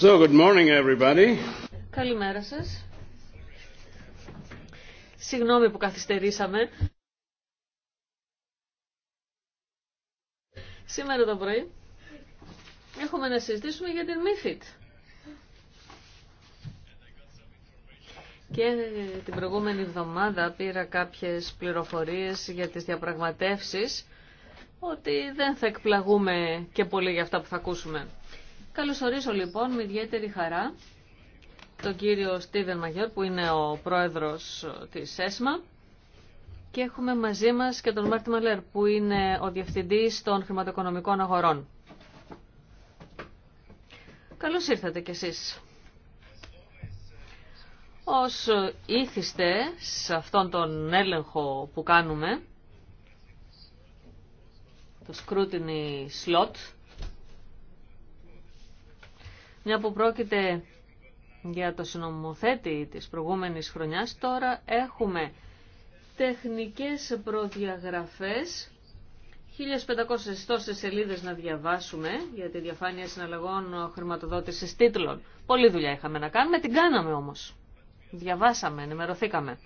So, good morning everybody. Καλημέρα σας. Συγγνώμη που καθυστερήσαμε. Σήμερα το πρωί έχουμε να συζητήσουμε για την Μύφιτ. Και την προηγούμενη εβδομάδα πήρα κάποιες πληροφορίες για τις διαπραγματεύσεις ότι δεν θα εκπλαγούμε και πολύ για αυτά που θα ακούσουμε. Καλωσορίζω λοιπόν με ιδιαίτερη χαρά τον κύριο Στίβεν Μαγιόρ που είναι ο πρόεδρος της ΕΣΜΑ και έχουμε μαζί μας και τον Μάρτι Μαλέρ που είναι ο διευθυντής των χρηματοοικονομικών αγορών. Καλώς ήρθατε κι εσείς. Ως ήθιστε σε αυτόν τον έλεγχο που κάνουμε, το scrutiny slot, μια που πρόκειται για το συνομοθέτη της προηγούμενης χρονιάς, τώρα έχουμε τεχνικές προδιαγραφές 1500 τόσε σελίδες να διαβάσουμε για τη διαφάνεια συναλλαγών χρηματοδότηση τίτλων. Πολύ δουλειά είχαμε να κάνουμε, την κάναμε όμως. Διαβάσαμε, ενημερωθήκαμε.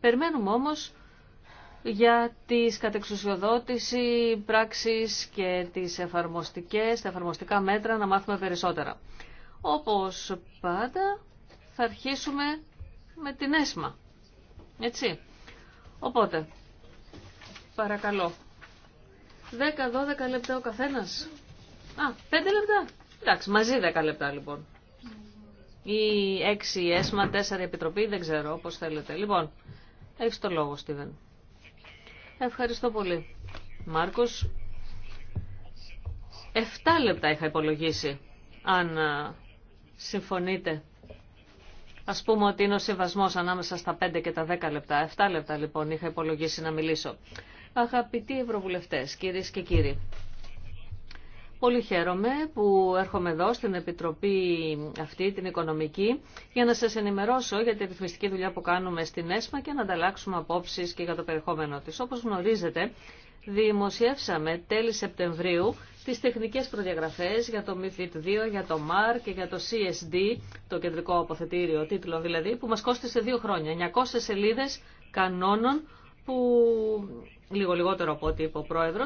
Περιμένουμε όμως για τι κατεξουσιοδότηση πράξεις και τι εφαρμοστικέ, τα εφαρμοστικά μέτρα να μάθουμε περισσότερα. Όπως πάντα θα αρχίσουμε με την ΕΣΜΑ. Έτσι. Οπότε, παρακαλώ. 10-12 λεπτά ο καθένας. Α, 5 λεπτά. Εντάξει, μαζί 10 λεπτά λοιπόν. Ή 6 ΕΣΜΑ, 4 Επιτροπή, δεν ξέρω, όπως θέλετε. Λοιπόν, έχεις το λόγο, Στίβεν. Ευχαριστώ πολύ. Μάρκος, 7 λεπτά είχα υπολογίσει, αν συμφωνείτε. Α πούμε ότι είναι ο συμβασμό ανάμεσα στα 5 και τα 10 λεπτά. 7 λεπτά λοιπόν είχα υπολογίσει να μιλήσω. Αγαπητοί Ευρωβουλευτές, κύριε και κύριοι. Πολύ χαίρομαι που έρχομαι εδώ στην Επιτροπή αυτή, την οικονομική, για να σας ενημερώσω για τη ρυθμιστική δουλειά που κάνουμε στην ΕΣΜΑ και να ανταλλάξουμε απόψεις και για το περιεχόμενο της. Όπως γνωρίζετε, δημοσιεύσαμε τέλη Σεπτεμβρίου τις τεχνικές προδιαγραφές για το MIFID 2, για το MAR και για το CSD, το κεντρικό αποθετήριο τίτλο δηλαδή, που μας κόστησε δύο χρόνια. 900 σελίδες κανόνων που λίγο λιγότερο από ό,τι είπε ο πρόεδρο,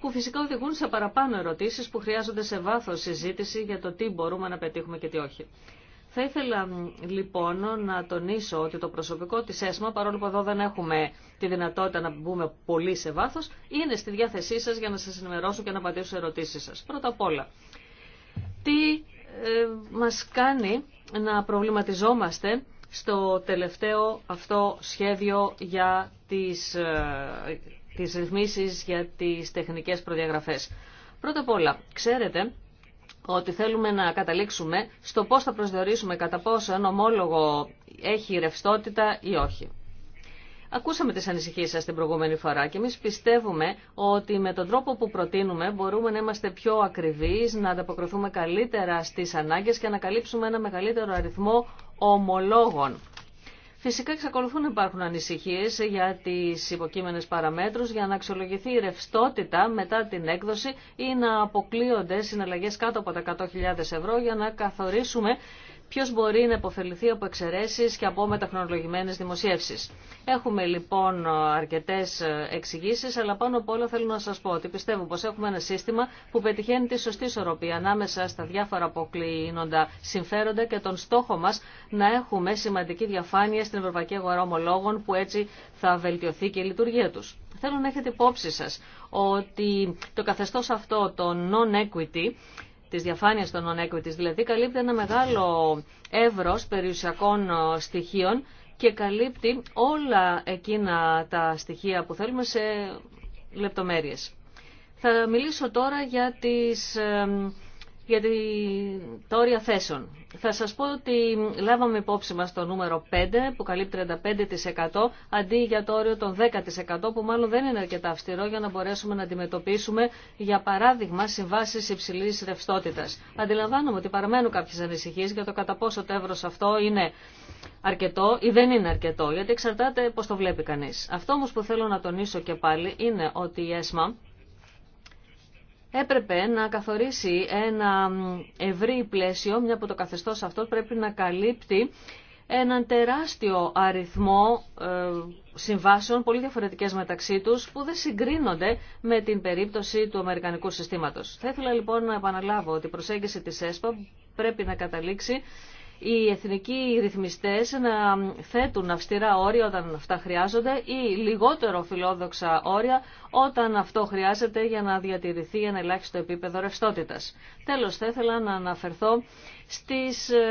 που φυσικά οδηγούν σε παραπάνω ερωτήσεις που χρειάζονται σε βάθος συζήτηση για το τι μπορούμε να πετύχουμε και τι όχι. Θα ήθελα λοιπόν να τονίσω ότι το προσωπικό της ΕΣΜΑ, παρόλο που εδώ δεν έχουμε τη δυνατότητα να μπούμε πολύ σε βάθος, είναι στη διάθεσή σας για να σας ενημερώσω και να απαντήσω σε ερωτήσεις σας. Πρώτα απ' όλα, τι ε, μας κάνει να προβληματιζόμαστε στο τελευταίο αυτό σχέδιο για τις, ε, τις ρυθμίσεις για τις τεχνικές προδιαγραφές. Πρώτα απ' όλα, ξέρετε ότι θέλουμε να καταλήξουμε στο πώς θα προσδιορίσουμε κατά πόσο ένα ομόλογο έχει ρευστότητα ή όχι. Ακούσαμε τις ανησυχίες σας την προηγούμενη φορά και εμείς πιστεύουμε ότι με τον τρόπο που προτείνουμε μπορούμε να είμαστε πιο ακριβείς, να ανταποκριθούμε καλύτερα στις ανάγκες και να καλύψουμε ένα μεγαλύτερο αριθμό ομολόγων Φυσικά εξακολουθούν να υπάρχουν ανησυχίες για τις υποκείμενες παραμέτρους για να αξιολογηθεί η ρευστότητα μετά την έκδοση ή να αποκλείονται συναλλαγές κάτω από τα 100.000 ευρώ για να καθορίσουμε ποιος μπορεί να υποφεληθεί από εξαιρέσει και από μεταχρονολογημένες δημοσιεύσεις. Έχουμε λοιπόν αρκετές εξηγήσει, αλλά πάνω απ' όλα θέλω να σας πω ότι πιστεύω πως έχουμε ένα σύστημα που πετυχαίνει τη σωστή ισορροπία ανάμεσα στα διάφορα αποκλίνοντα συμφέροντα και τον στόχο μας να έχουμε σημαντική διαφάνεια στην ευρωπαϊκή αγορά ομολόγων που έτσι θα βελτιωθεί και η λειτουργία τους. Θέλω να έχετε υπόψη σας ότι το καθεστώς αυτό, το non-equity, της διαφάνειας των non δηλαδή καλύπτει ένα μεγάλο εύρος περιουσιακών ε, στοιχείων και καλύπτει όλα εκείνα τα στοιχεία που θέλουμε σε λεπτομέρειες. Θα μιλήσω τώρα για τις ε, για τη... τα όρια θέσεων. Θα σας πω ότι λάβαμε υπόψη μας το νούμερο 5 που καλύπτει 35% αντί για το όριο των 10% που μάλλον δεν είναι αρκετά αυστηρό για να μπορέσουμε να αντιμετωπίσουμε για παράδειγμα συμβάσεις υψηλής ρευστότητας. Αντιλαμβάνομαι ότι παραμένουν κάποιες ανησυχίες για το κατά πόσο το εύρος αυτό είναι αρκετό ή δεν είναι αρκετό γιατί εξαρτάται πώς το βλέπει κανείς. Αυτό όμως που θέλω να τονίσω και πάλι είναι ότι η ΕΣΜΑ έπρεπε να καθορίσει ένα ευρύ πλαίσιο, μια που το καθεστώς αυτό πρέπει να καλύπτει έναν τεράστιο αριθμό ε, συμβάσεων, πολύ διαφορετικές μεταξύ τους, που δεν συγκρίνονται με την περίπτωση του Αμερικανικού συστήματος. Θα ήθελα λοιπόν να επαναλάβω ότι η προσέγγιση της ΕΣΠΑ πρέπει να καταλήξει οι εθνικοί ρυθμιστές να θέτουν αυστηρά όρια όταν αυτά χρειάζονται ή λιγότερο φιλόδοξα όρια όταν αυτό χρειάζεται για να διατηρηθεί ένα ελάχιστο επίπεδο ρευστότητα. Τέλος, θα ήθελα να αναφερθώ στις ε,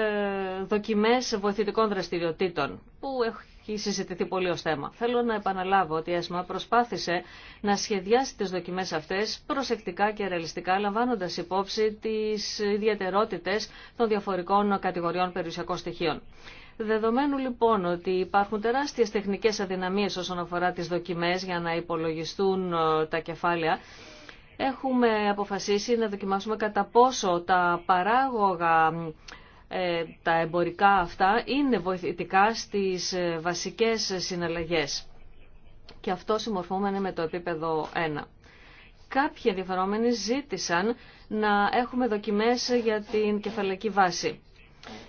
δοκιμές βοηθητικών δραστηριοτήτων που έχει συζητηθεί πολύ ως θέμα. Θέλω να επαναλάβω ότι η ΕΣΜΑ προσπάθησε να σχεδιάσει τις δοκιμές αυτές προσεκτικά και ρεαλιστικά, λαμβάνοντας υπόψη τις ιδιαιτερότητες των διαφορικών κατηγοριών περιουσιακών στοιχείων. Δεδομένου λοιπόν ότι υπάρχουν τεράστιες τεχνικές αδυναμίες όσον αφορά τις δοκιμές για να υπολογιστούν ε, τα κεφάλαια, έχουμε αποφασίσει να δοκιμάσουμε κατά πόσο τα παράγωγα ε, τα εμπορικά αυτά είναι βοηθητικά στις ε, βασικές συναλλαγές. Και αυτό συμμορφούμενοι με το επίπεδο 1. Κάποιοι ενδιαφερόμενοι ζήτησαν να έχουμε δοκιμές για την κεφαλαϊκή βάση.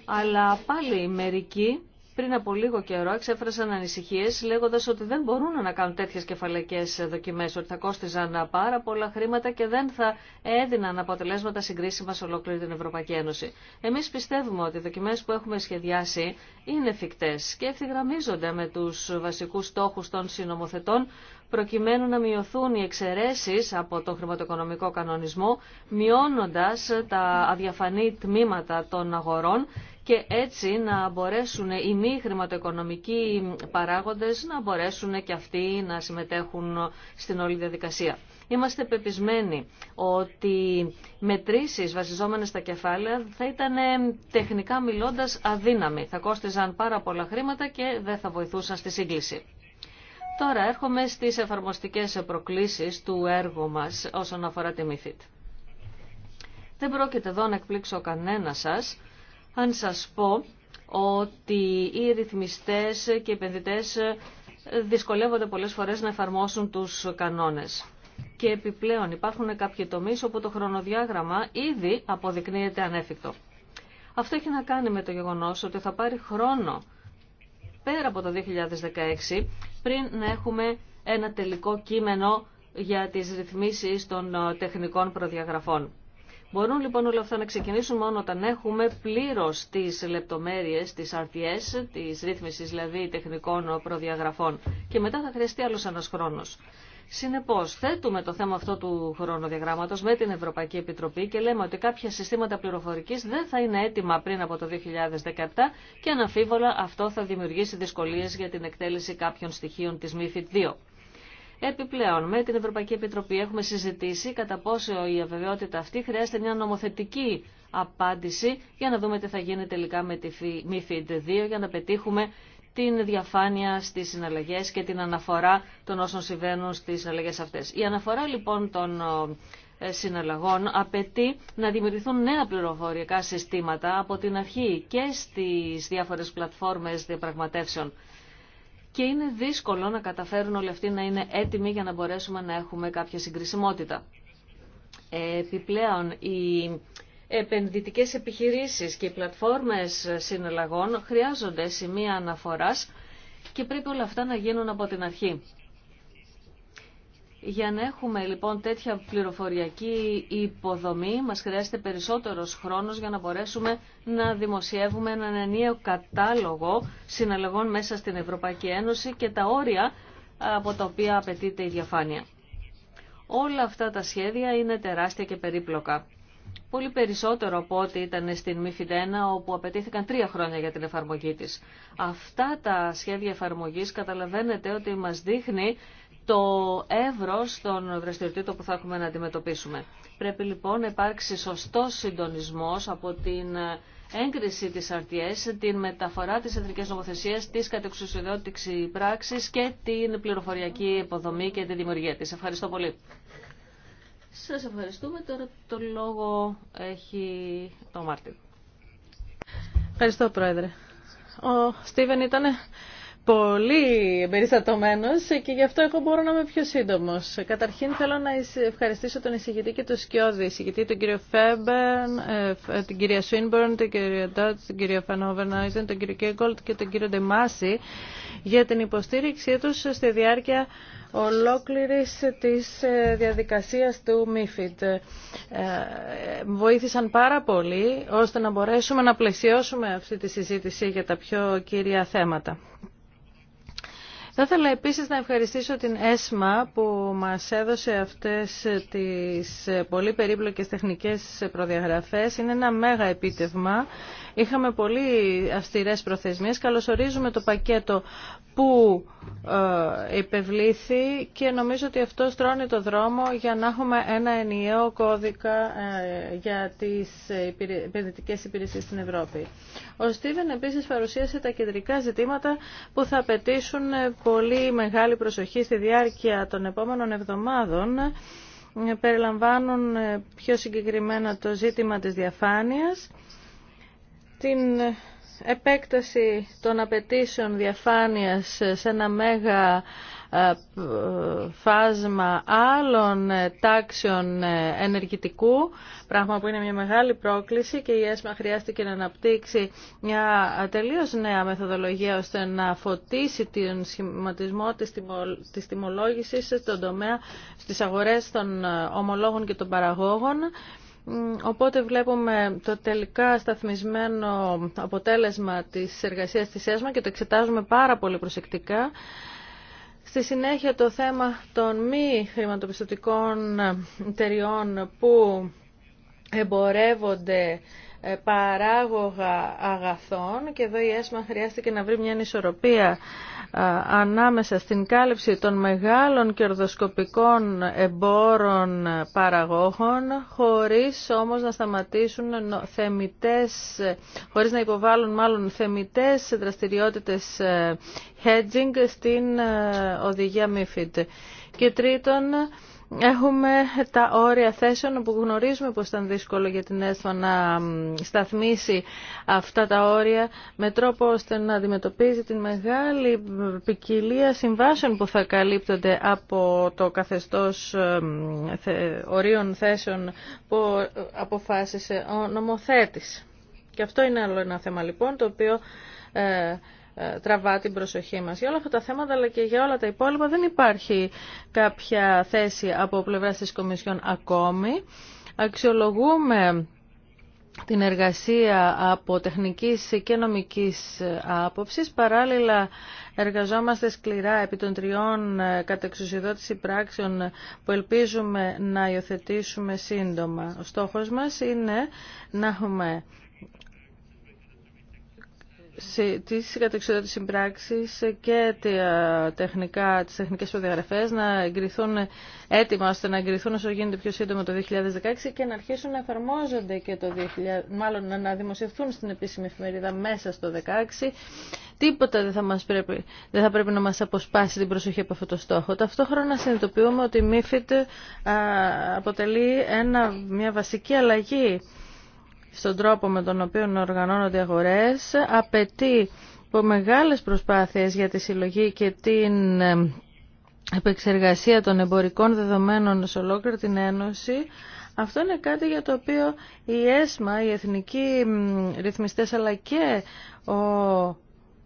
Αλλά πάλι μερικοί πριν από λίγο καιρό εξέφρασαν ανησυχίε λέγοντα ότι δεν μπορούν να κάνουν τέτοιε κεφαλαϊκέ δοκιμέ, ότι θα κόστιζαν πάρα πολλά χρήματα και δεν θα έδιναν αποτελέσματα συγκρίσιμα σε ολόκληρη την Ευρωπαϊκή Ένωση. Εμεί πιστεύουμε ότι οι δοκιμέ που έχουμε σχεδιάσει είναι εφικτέ και ευθυγραμμίζονται με του βασικού στόχου των συνομοθετών προκειμένου να μειωθούν οι εξαιρέσει από τον χρηματοοικονομικό κανονισμό, μειώνοντα τα αδιαφανή τμήματα των αγορών και έτσι να μπορέσουν οι μη χρηματοοικονομικοί παράγοντες να μπορέσουν και αυτοί να συμμετέχουν στην όλη διαδικασία. Είμαστε πεπισμένοι ότι μετρήσεις βασιζόμενες στα κεφάλαια θα ήταν ε, τεχνικά μιλώντας αδύναμοι. Θα κόστιζαν πάρα πολλά χρήματα και δεν θα βοηθούσαν στη σύγκληση. Τώρα έρχομαι στις εφαρμοστικές προκλήσεις του έργου μας όσον αφορά τη MIFID. Δεν πρόκειται εδώ να εκπλήξω κανένα σας αν σας πω ότι οι ρυθμιστές και οι επενδυτές δυσκολεύονται πολλές φορές να εφαρμόσουν τους κανόνες. Και επιπλέον υπάρχουν κάποιοι τομείς όπου το χρονοδιάγραμμα ήδη αποδεικνύεται ανέφικτο. Αυτό έχει να κάνει με το γεγονός ότι θα πάρει χρόνο πέρα από το 2016 πριν να έχουμε ένα τελικό κείμενο για τις ρυθμίσεις των τεχνικών προδιαγραφών. Μπορούν λοιπόν όλα αυτά να ξεκινήσουν μόνο όταν έχουμε πλήρω τι λεπτομέρειε τη RTS, τη ρύθμιση δηλαδή τεχνικών προδιαγραφών και μετά θα χρειαστεί άλλο ένα χρόνο. Συνεπώ, θέτουμε το θέμα αυτό του χρονοδιαγράμματο με την Ευρωπαϊκή Επιτροπή και λέμε ότι κάποια συστήματα πληροφορική δεν θα είναι έτοιμα πριν από το 2017 και αναφίβολα αυτό θα δημιουργήσει δυσκολίε για την εκτέλεση κάποιων στοιχείων τη MIFID 2. Επιπλέον, με την Ευρωπαϊκή Επιτροπή έχουμε συζητήσει κατά πόσο η αβεβαιότητα αυτή χρειάζεται μια νομοθετική απάντηση για να δούμε τι θα γίνει τελικά με τη MIFID 2 για να πετύχουμε την διαφάνεια στις συναλλαγές και την αναφορά των όσων συμβαίνουν στις συναλλαγές αυτές. Η αναφορά λοιπόν των ε, συναλλαγών απαιτεί να δημιουργηθούν νέα πληροφοριακά συστήματα από την αρχή και στις διάφορες πλατφόρμες διαπραγματεύσεων και είναι δύσκολο να καταφέρουν όλοι αυτοί να είναι έτοιμοι για να μπορέσουμε να έχουμε κάποια συγκρισιμότητα. Επιπλέον, οι επενδυτικές επιχειρήσεις και οι πλατφόρμες συναλλαγών χρειάζονται σημεία αναφοράς και πρέπει όλα αυτά να γίνουν από την αρχή. Για να έχουμε λοιπόν τέτοια πληροφοριακή υποδομή μας χρειάζεται περισσότερος χρόνος για να μπορέσουμε να δημοσιεύουμε έναν ενίο κατάλογο συναλλαγών μέσα στην Ευρωπαϊκή Ένωση και τα όρια από τα οποία απαιτείται η διαφάνεια. Όλα αυτά τα σχέδια είναι τεράστια και περίπλοκα. Πολύ περισσότερο από ό,τι ήταν στην ΜΥΦΙΔ 1, όπου απαιτήθηκαν τρία χρόνια για την εφαρμογή της. Αυτά τα σχέδια εφαρμογής καταλαβαίνετε ότι μας δείχνει το εύρος των δραστηριοτήτων που θα έχουμε να αντιμετωπίσουμε. Πρέπει λοιπόν να υπάρξει σωστός συντονισμός από την έγκριση της αρτιές, την μεταφορά της εθνικής νομοθεσίας, της κατεξουσιοδότηση πράξης και την πληροφοριακή υποδομή και τη δημιουργία της. Ευχαριστώ πολύ. Σας ευχαριστούμε. Τώρα το λόγο έχει το Μάρτιν. Ευχαριστώ, Πρόεδρε. Ο Στίβεν ήταν πολύ περιστατωμένο και γι' αυτό εγώ μπορώ να είμαι πιο σύντομο. Καταρχήν θέλω να ευχαριστήσω τον εισηγητή και τον σκιώδη εισηγητή, τον κύριο Φέμπερν, ε, ε, την κυρία Σουίνμπορν, τον κύριο την την κύριο Φανόβερνάιζεν, τον κύριο Κέγκολτ και τον κύριο Ντεμάση για την υποστήριξή του στη διάρκεια ολόκληρη τη ε, διαδικασία του ΜΥΦΙΤ. Βοήθησαν πάρα πολύ ώστε να μπορέσουμε να πλαισιώσουμε αυτή τη συζήτηση για τα πιο κύρια θέματα. Θα ήθελα επίσης να ευχαριστήσω την ΕΣΜΑ που μας έδωσε αυτές τις πολύ περίπλοκες τεχνικές προδιαγραφές. Είναι ένα μέγα επίτευγμα. Είχαμε πολύ αυστηρές προθεσμίες. Καλωσορίζουμε το πακέτο που ε, υπευλήθη και νομίζω ότι αυτό στρώνει το δρόμο για να έχουμε ένα ενιαίο κώδικα ε, για τις ε, επενδυτικές υπηρεσίες στην Ευρώπη. Ο Στίβεν επίσης παρουσίασε τα κεντρικά ζητήματα που θα απαιτήσουν πολύ μεγάλη προσοχή στη διάρκεια των επόμενων εβδομάδων. Περιλαμβάνουν πιο συγκεκριμένα το ζήτημα της διαφάνειας, την επέκταση των απαιτήσεων διαφάνειας σε ένα μέγα ε, φάσμα άλλων τάξεων ενεργητικού, πράγμα που είναι μια μεγάλη πρόκληση και η ΕΣΜΑ χρειάστηκε να αναπτύξει μια τελείως νέα μεθοδολογία ώστε να φωτίσει τον σχηματισμό της τιμολόγησης στον τομέα στις αγορές των ομολόγων και των παραγόγων. Οπότε βλέπουμε το τελικά σταθμισμένο αποτέλεσμα της εργασίας της ΕΣΜΑ και το εξετάζουμε πάρα πολύ προσεκτικά. Στη συνέχεια το θέμα των μη χρηματοπιστωτικών εταιριών που εμπορεύονται ε, παράγωγα αγαθών και εδώ η ΕΣΜΑ χρειάστηκε να βρει μια ανισορροπία ανάμεσα στην κάλυψη των μεγάλων κερδοσκοπικών εμπόρων παραγόγων χωρίς όμως να σταματήσουν θεμητές, χωρίς να υποβάλουν μάλλον θεμητές δραστηριότητες ε, hedging στην ε, οδηγία MIFID. Και τρίτον, Έχουμε τα όρια θέσεων που γνωρίζουμε πως ήταν δύσκολο για την ΕΣΦΑ να σταθμίσει αυτά τα όρια με τρόπο ώστε να αντιμετωπίζει την μεγάλη ποικιλία συμβάσεων που θα καλύπτονται από το καθεστώς ορίων θέσεων που αποφάσισε ο νομοθέτης. Και αυτό είναι άλλο ένα θέμα λοιπόν το οποίο ε, ε, τραβά την προσοχή μας. Για όλα αυτά τα θέματα αλλά και για όλα τα υπόλοιπα δεν υπάρχει κάποια θέση από πλευρά της Κομισιόν ακόμη. Αξιολογούμε την εργασία από τεχνικής και νομικής άποψης. Παράλληλα εργαζόμαστε σκληρά επί των τριών ε, κατεξουσιοδότηση πράξεων που ελπίζουμε να υιοθετήσουμε σύντομα. Ο στόχος μας είναι να έχουμε τις κατεξοδότητες συμπράξεις και τα τεχνικά, τις τεχνικές προδιαγραφές να εγκριθούν έτοιμα ώστε να εγκριθούν όσο γίνεται πιο σύντομα το 2016 και να αρχίσουν να εφαρμόζονται και το 2000, μάλλον να δημοσιευθούν στην επίσημη εφημερίδα μέσα στο 2016. Τίποτα δεν θα, μας πρέπει, δεν θα πρέπει να μας αποσπάσει την προσοχή από αυτό το στόχο. Ταυτόχρονα συνειδητοποιούμε ότι η MIFID αποτελεί ένα, μια βασική αλλαγή στον τρόπο με τον οποίο οργανώνονται οι αγορές, απαιτεί μεγάλες προσπάθειες για τη συλλογή και την ε, επεξεργασία των εμπορικών δεδομένων σε ολόκληρη την Ένωση. Αυτό είναι κάτι για το οποίο η ΕΣΜΑ, οι εθνικοί ρυθμιστές αλλά και ο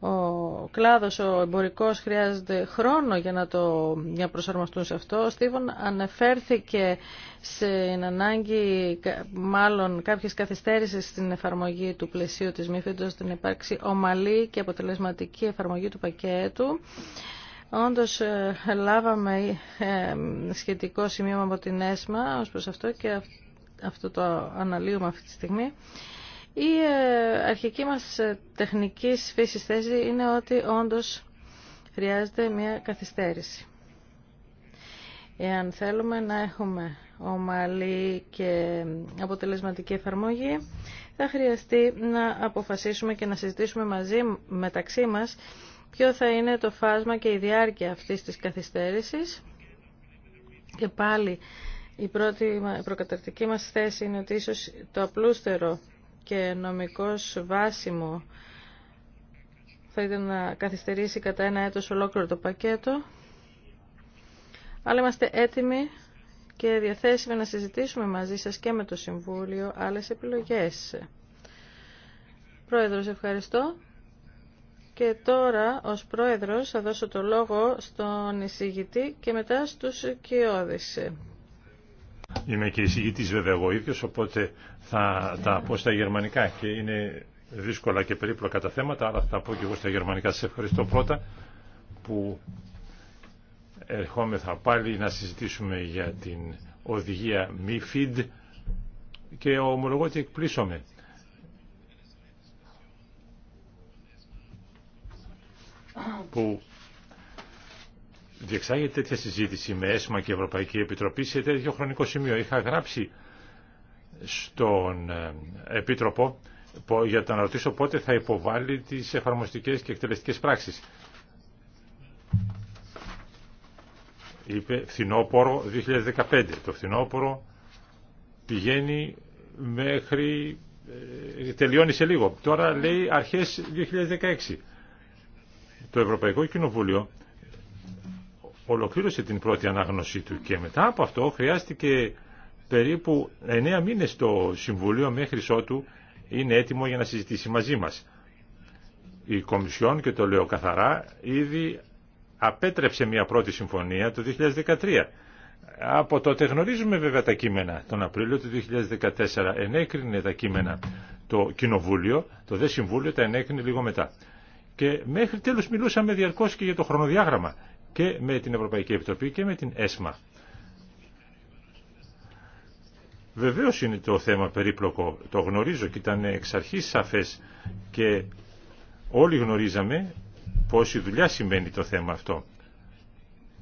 ο κλάδος ο εμπορικός χρειάζεται χρόνο για να, το, για προσαρμοστούν σε αυτό. Ο Στίβον ανεφέρθηκε στην ανάγκη μάλλον κάποιες καθυστέρησεις στην εφαρμογή του πλαισίου της ΜΥΦΕΝΤΟ ώστε να υπάρξει ομαλή και αποτελεσματική εφαρμογή του πακέτου. Όντως ε, λάβαμε ε, σχετικό σημείο από την ΕΣΜΑ ως προς αυτό και αυτό το αναλύουμε αυτή τη στιγμή. Η ε, αρχική μας ε, τεχνική φύσης θέση είναι ότι όντως χρειάζεται μια καθυστέρηση. Εάν θέλουμε να έχουμε ομαλή και αποτελεσματική εφαρμογή, θα χρειαστεί να αποφασίσουμε και να συζητήσουμε μαζί μεταξύ μας ποιο θα είναι το φάσμα και η διάρκεια αυτής της καθυστέρησης. Και πάλι η πρώτη προκαταρκτική προκαταρτική μας θέση είναι ότι ίσως το απλούστερο και νομικός βάσιμο θα ήταν να καθυστερήσει κατά ένα έτος ολόκληρο το πακέτο. Αλλά είμαστε έτοιμοι και διαθέσιμοι να συζητήσουμε μαζί σας και με το Συμβούλιο άλλες επιλογές. Πρόεδρος, ευχαριστώ. Και τώρα, ως πρόεδρος, θα δώσω το λόγο στον εισηγητή και μετά στους κοιόδης. Είμαι και εισηγητή βέβαια εγώ ίδιο, οπότε θα τα πω στα γερμανικά και είναι δύσκολα και περίπλοκα τα θέματα, αλλά θα τα πω και εγώ στα γερμανικά. Σε ευχαριστώ πρώτα που ερχόμεθα πάλι να συζητήσουμε για την οδηγία MIFID και ομολογώ ότι εκπλήσωμαι διεξάγεται τέτοια συζήτηση με ΕΣΜΑ και Ευρωπαϊκή Επιτροπή σε τέτοιο χρονικό σημείο. Είχα γράψει στον ε, Επίτροπο για να ρωτήσω πότε θα υποβάλει τις εφαρμοστικές και εκτελεστικές πράξεις. Είπε φθινόπορο 2015. Το φθινόπορο πηγαίνει μέχρι... Ε, τελειώνει σε λίγο. Τώρα λέει αρχές 2016. Το Ευρωπαϊκό Κοινοβούλιο ολοκλήρωσε την πρώτη ανάγνωσή του και μετά από αυτό χρειάστηκε περίπου 9 μήνες το Συμβουλίο μέχρι ότου είναι έτοιμο για να συζητήσει μαζί μας. Η Κομισιόν, και το λέω καθαρά, ήδη απέτρεψε μια πρώτη συμφωνία το 2013. Από τότε γνωρίζουμε βέβαια τα κείμενα. Τον Απρίλιο του 2014 ενέκρινε τα κείμενα το Κοινοβούλιο, το ΔΕ Συμβούλιο τα ενέκρινε λίγο μετά. Και μέχρι τέλους μιλούσαμε διαρκώς και για το χρονοδιάγραμμα και με την Ευρωπαϊκή Επιτροπή και με την ΕΣΜΑ. Βεβαίω είναι το θέμα περίπλοκο, το γνωρίζω και ήταν εξ αρχής σαφές και όλοι γνωρίζαμε η δουλειά σημαίνει το θέμα αυτό.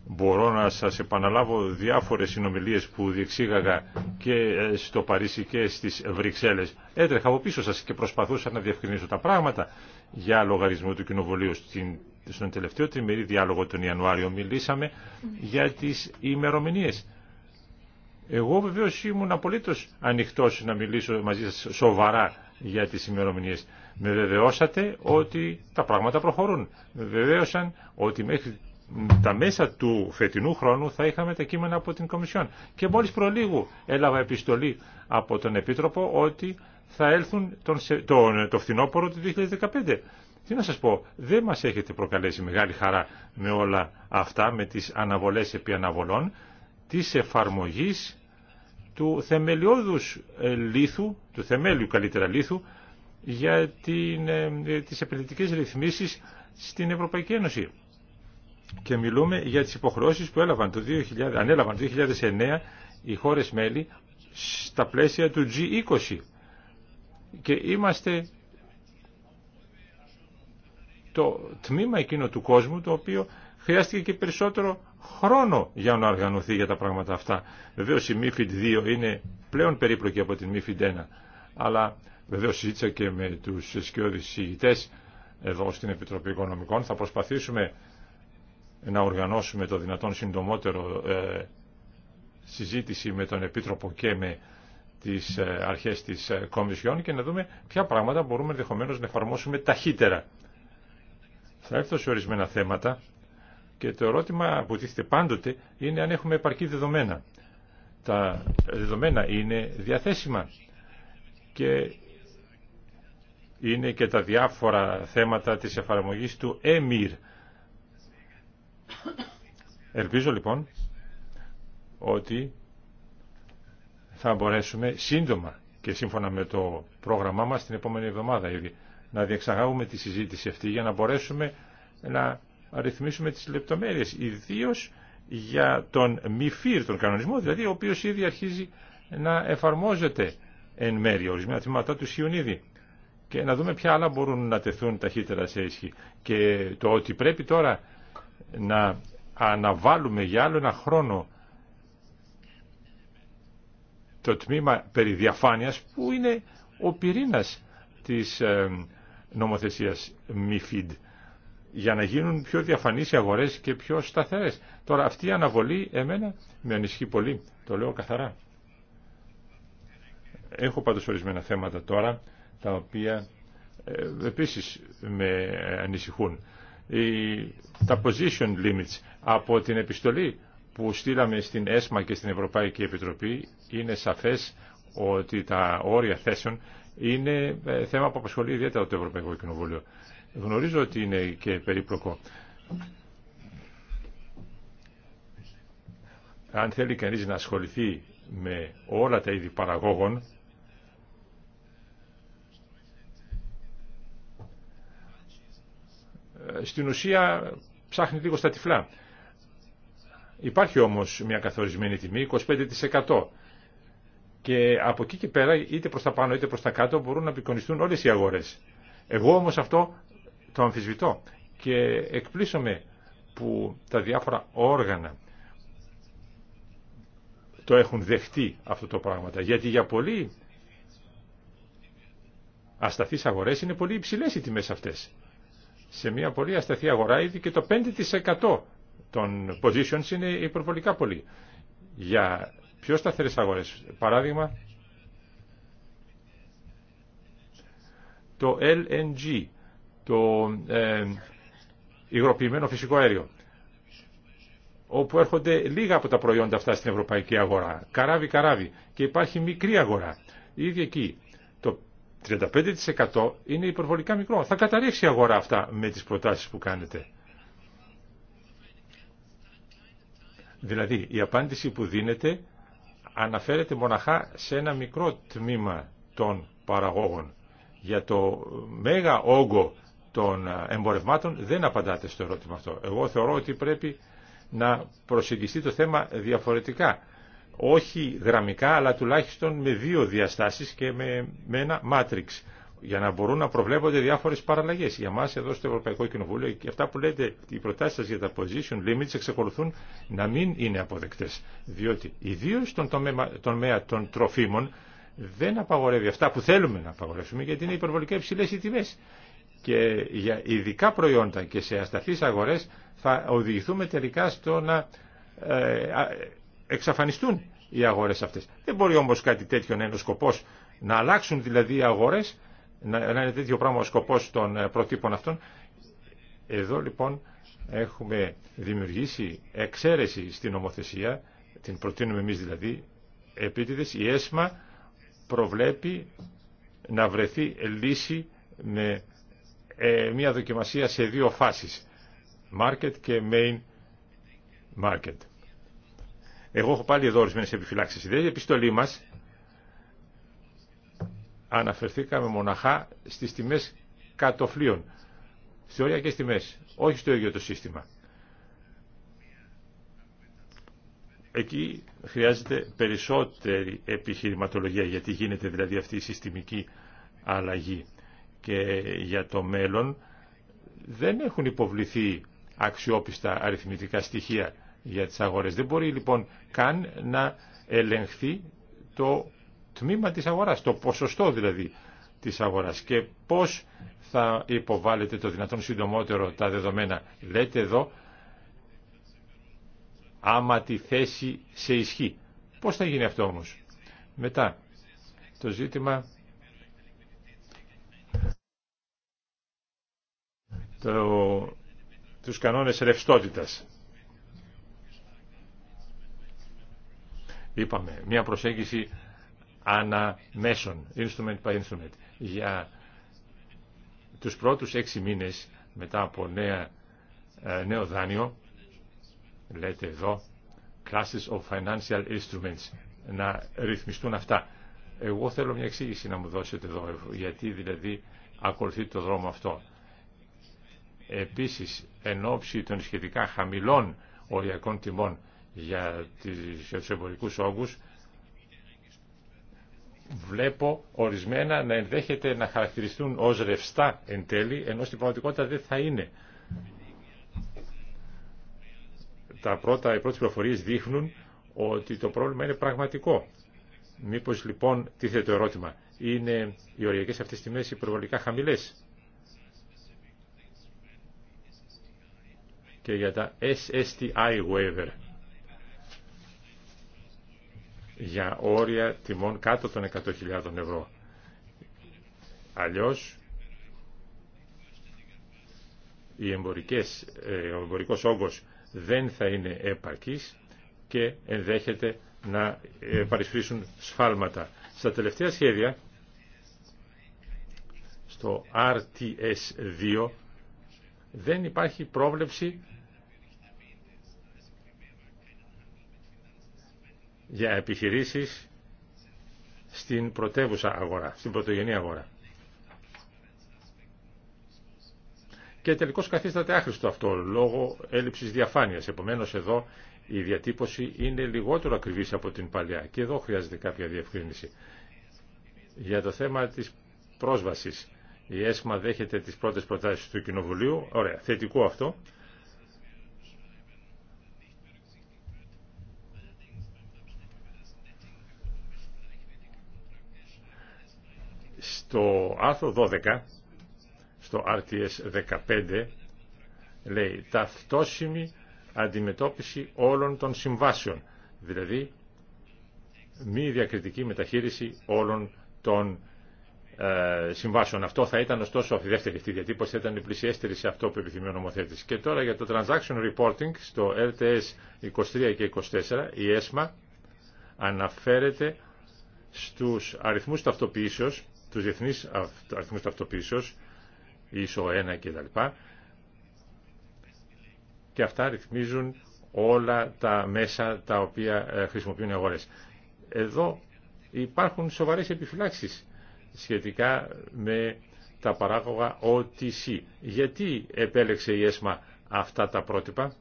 Μπορώ να σας επαναλάβω διάφορες συνομιλίες που διεξήγαγα και ε, στο Παρίσι και στις Βρυξέλλες. Έτρεχα από πίσω σας και προσπαθούσα να διευκρινίσω τα πράγματα για λογαριασμό του κοινοβολίου στην στον τελευταίο τριμερή διάλογο τον Ιανουάριο μιλήσαμε για τις ημερομηνίες. Εγώ βεβαίω ήμουν απολύτω ανοιχτό να μιλήσω μαζί σας σοβαρά για τις ημερομηνίε. Με βεβαιώσατε ότι τα πράγματα προχωρούν. Με βεβαίωσαν ότι μέχρι τα μέσα του φετινού χρόνου θα είχαμε τα κείμενα από την Κομισιόν. Και μόλις προλίγου έλαβα επιστολή από τον Επίτροπο ότι θα έλθουν τον, το, το φθινόπωρο του 2015. Τι να σας πω, δεν μας έχετε προκαλέσει μεγάλη χαρά με όλα αυτά, με τις αναβολές επί αναβολών, της εφαρμογής του θεμελιώδους ε, λίθου, του θεμέλιου καλύτερα λίθου, για την, ε, ε, τις επενδυτικές ρυθμίσεις στην Ευρωπαϊκή Ένωση. Και μιλούμε για τις υποχρεώσεις που έλαβαν το 2000, ανέλαβαν το 2009 οι χώρες μέλη στα πλαίσια του G20. Και είμαστε το τμήμα εκείνο του κόσμου το οποίο χρειάστηκε και περισσότερο χρόνο για να οργανωθεί για τα πράγματα αυτά. Βεβαίω η MIFID 2 είναι πλέον περίπλοκη από την MIFID 1, αλλά βεβαίω συζήτησα και με του σκιώδει συγητές εδώ στην Επιτροπή Οικονομικών. Θα προσπαθήσουμε να οργανώσουμε το δυνατόν συντομότερο ε, συζήτηση με τον Επίτροπο και με τις ε, αρχές της ε, Κομισιόν και να δούμε ποια πράγματα μπορούμε ενδεχομένω να εφαρμόσουμε ταχύτερα θα έρθω σε ορισμένα θέματα και το ερώτημα που τίθεται πάντοτε είναι αν έχουμε επαρκή δεδομένα. Τα δεδομένα είναι διαθέσιμα και είναι και τα διάφορα θέματα της εφαρμογής του ΕΜΙΡ. Ελπίζω λοιπόν ότι θα μπορέσουμε σύντομα και σύμφωνα με το πρόγραμμά μας την επόμενη εβδομάδα ήδη να διεξαγάγουμε τη συζήτηση αυτή για να μπορέσουμε να ρυθμίσουμε τις λεπτομέρειες, ιδίω για τον φύρ, τον κανονισμό, δηλαδή ο οποίος ήδη αρχίζει να εφαρμόζεται εν μέρει ορισμένα τμήματα του Σιουνίδη και να δούμε ποια άλλα μπορούν να τεθούν ταχύτερα σε ίσχυ. Και το ότι πρέπει τώρα να αναβάλουμε για άλλο ένα χρόνο το τμήμα περί που είναι ο πυρήνας της ε, νομοθεσίας MIFID για να γίνουν πιο διαφανείς οι αγορές και πιο σταθερές. Τώρα αυτή η αναβολή εμένα με ανισχύει πολύ, το λέω καθαρά. Έχω πάντως ορισμένα θέματα τώρα, τα οποία ε, επίσης με ανησυχούν. Η, τα position limits από την επιστολή που στείλαμε στην ΕΣΜΑ και στην Ευρωπαϊκή Επιτροπή είναι σαφές ότι τα όρια θέσεων είναι ε, θέμα που απασχολεί ιδιαίτερα το Ευρωπαϊκό Κοινοβούλιο. Γνωρίζω ότι είναι και περίπλοκο. Αν θέλει κανείς να ασχοληθεί με όλα τα είδη παραγόγων, ε, στην ουσία ψάχνει λίγο στα τυφλά. Υπάρχει όμως μια καθορισμένη τιμή, 25% και από εκεί και πέρα είτε προς τα πάνω είτε προς τα κάτω μπορούν να απεικονιστούν όλες οι αγορές. Εγώ όμως αυτό το αμφισβητώ και εκπλήσωμαι που τα διάφορα όργανα το έχουν δεχτεί αυτό το πράγμα. Γιατί για πολλοί ασταθείς αγορές είναι πολύ υψηλές οι τιμές αυτές. Σε μια πολύ ασταθή αγορά ήδη και το 5% των positions είναι υπερβολικά πολύ. Για πιο σταθερές αγορές. Παράδειγμα, το LNG, το ε, υγροποιημένο φυσικό αέριο, όπου έρχονται λίγα από τα προϊόντα αυτά στην ευρωπαϊκή αγορά, καράβι-καράβι, και υπάρχει μικρή αγορά. Ήδη εκεί το 35% είναι υπερβολικά μικρό. Θα καταρρίψει η αγορά αυτά με τις προτάσεις που κάνετε. Δηλαδή, η απάντηση που δίνεται αναφέρεται μοναχά σε ένα μικρό τμήμα των παραγόγων. Για το μέγα όγκο των ε, εμπορευμάτων δεν απαντάτε στο ερώτημα αυτό. Εγώ θεωρώ ότι πρέπει να προσεγγιστεί το θέμα διαφορετικά. Όχι γραμμικά, αλλά τουλάχιστον με δύο διαστάσεις και με, με ένα μάτριξ για να μπορούν να προβλέπονται διάφορε παραλλαγέ. Για εμά εδώ στο Ευρωπαϊκό Κοινοβούλιο και αυτά που λέτε, οι προτάσεις σα για τα position limits εξακολουθούν να μην είναι αποδεκτέ. Διότι ιδίω στον τομέα των τροφίμων δεν απαγορεύει αυτά που θέλουμε να απαγορεύσουμε γιατί είναι υπερβολικά υψηλέ οι τιμέ. Και για ειδικά προϊόντα και σε ασταθεί αγορέ θα οδηγηθούμε τελικά στο να ε, εξαφανιστούν οι αγορε αυτέ. Δεν μπορεί όμω κάτι τέτοιο να είναι ο σκοπό να αλλάξουν δηλαδή οι αγορές να είναι τέτοιο πράγμα ο σκοπός των ε, προτύπων αυτών. Εδώ λοιπόν έχουμε δημιουργήσει εξαίρεση στην νομοθεσία, την προτείνουμε εμείς δηλαδή, επίτηδες η ΕΣΜΑ προβλέπει να βρεθεί λύση με ε, μια δοκιμασία σε δύο φάσεις, market και main market. Εγώ έχω πάλι εδώ ορισμένε επιφυλάξει. Η επιστολή μας αναφερθήκαμε μοναχά στις τιμές κατοφλίων, σε και τιμές, όχι στο ίδιο το σύστημα. Εκεί χρειάζεται περισσότερη επιχειρηματολογία γιατί γίνεται δηλαδή αυτή η συστημική αλλαγή. Και για το μέλλον δεν έχουν υποβληθεί αξιόπιστα αριθμητικά στοιχεία για τις αγορές. Δεν μπορεί λοιπόν καν να ελεγχθεί το τμήμα της αγοράς, το ποσοστό δηλαδή της αγοράς και πώς θα υποβάλλετε το δυνατόν συντομότερο τα δεδομένα. Λέτε εδώ, άμα τη θέση σε ισχύ. Πώς θα γίνει αυτό όμως. Μετά, το ζήτημα το, τους κανόνες ρευστότητας. Είπαμε, μια προσέγγιση αναμέσων, instrument by instrument. Για τους πρώτους έξι μήνες μετά από νέα, ε, νέο δάνειο, λέτε εδώ, classes of financial instruments, να ρυθμιστούν αυτά. Εγώ θέλω μια εξήγηση να μου δώσετε εδώ, γιατί δηλαδή ακολουθεί το δρόμο αυτό. Επίσης, εν ώψη των σχετικά χαμηλών οριακών τιμών για τους εμπορικούς όγκους, βλέπω ορισμένα να ενδέχεται να χαρακτηριστούν ως ρευστά εν τέλει, ενώ στην πραγματικότητα δεν θα είναι. Τα πρώτα, οι πρώτες πληροφορίες δείχνουν ότι το πρόβλημα είναι πραγματικό. Μήπως λοιπόν τίθεται το ερώτημα, είναι οι οριακές αυτές τιμές υπερβολικά χαμηλές. Και για τα SSTI waiver για όρια τιμών κάτω των 100.000 ευρώ. Αλλιώς οι εμπορικές, ε, ο εμπορικός όγκος δεν θα είναι επαρκής και ενδέχεται να ε, παρισφρήσουν σφάλματα. Στα τελευταία σχέδια, στο RTS2, δεν υπάρχει πρόβλεψη για επιχειρήσεις στην πρωτεύουσα αγορά, στην πρωτογενή αγορά. Και τελικώ καθίσταται άχρηστο αυτό λόγω έλλειψη διαφάνεια. Επομένω εδώ η διατύπωση είναι λιγότερο ακριβή από την παλιά και εδώ χρειάζεται κάποια διευκρίνηση. Για το θέμα τη πρόσβαση. Η ΕΣΜΑ δέχεται τι πρώτε προτάσει του Κοινοβουλίου. Ωραία, θετικό αυτό. Στο άρθρο 12, στο RTS 15, λέει ταυτόσιμη αντιμετώπιση όλων των συμβάσεων, δηλαδή μη διακριτική μεταχείριση όλων των ε, συμβάσεων. Αυτό θα ήταν ωστόσο η δεύτερη αυτή διατύπωση, θα ήταν η πλησιέστερη σε αυτό που επιθυμεί ο νομοθέτης. Και τώρα για το Transaction Reporting στο RTS 23 και 24, η ΕΣΜΑ αναφέρεται στους αριθμούς ταυτοποιήσεως τους διεθνείς αριθμούς ταυτοποίησεως, ίσο 1 λοιπά Και αυτά ρυθμίζουν όλα τα μέσα τα οποία ε, χρησιμοποιούν οι αγορές. Εδώ υπάρχουν σοβαρές επιφυλάξεις σχετικά με τα παράγωγα OTC. Γιατί επέλεξε η ΕΣΜΑ αυτά τα πρότυπα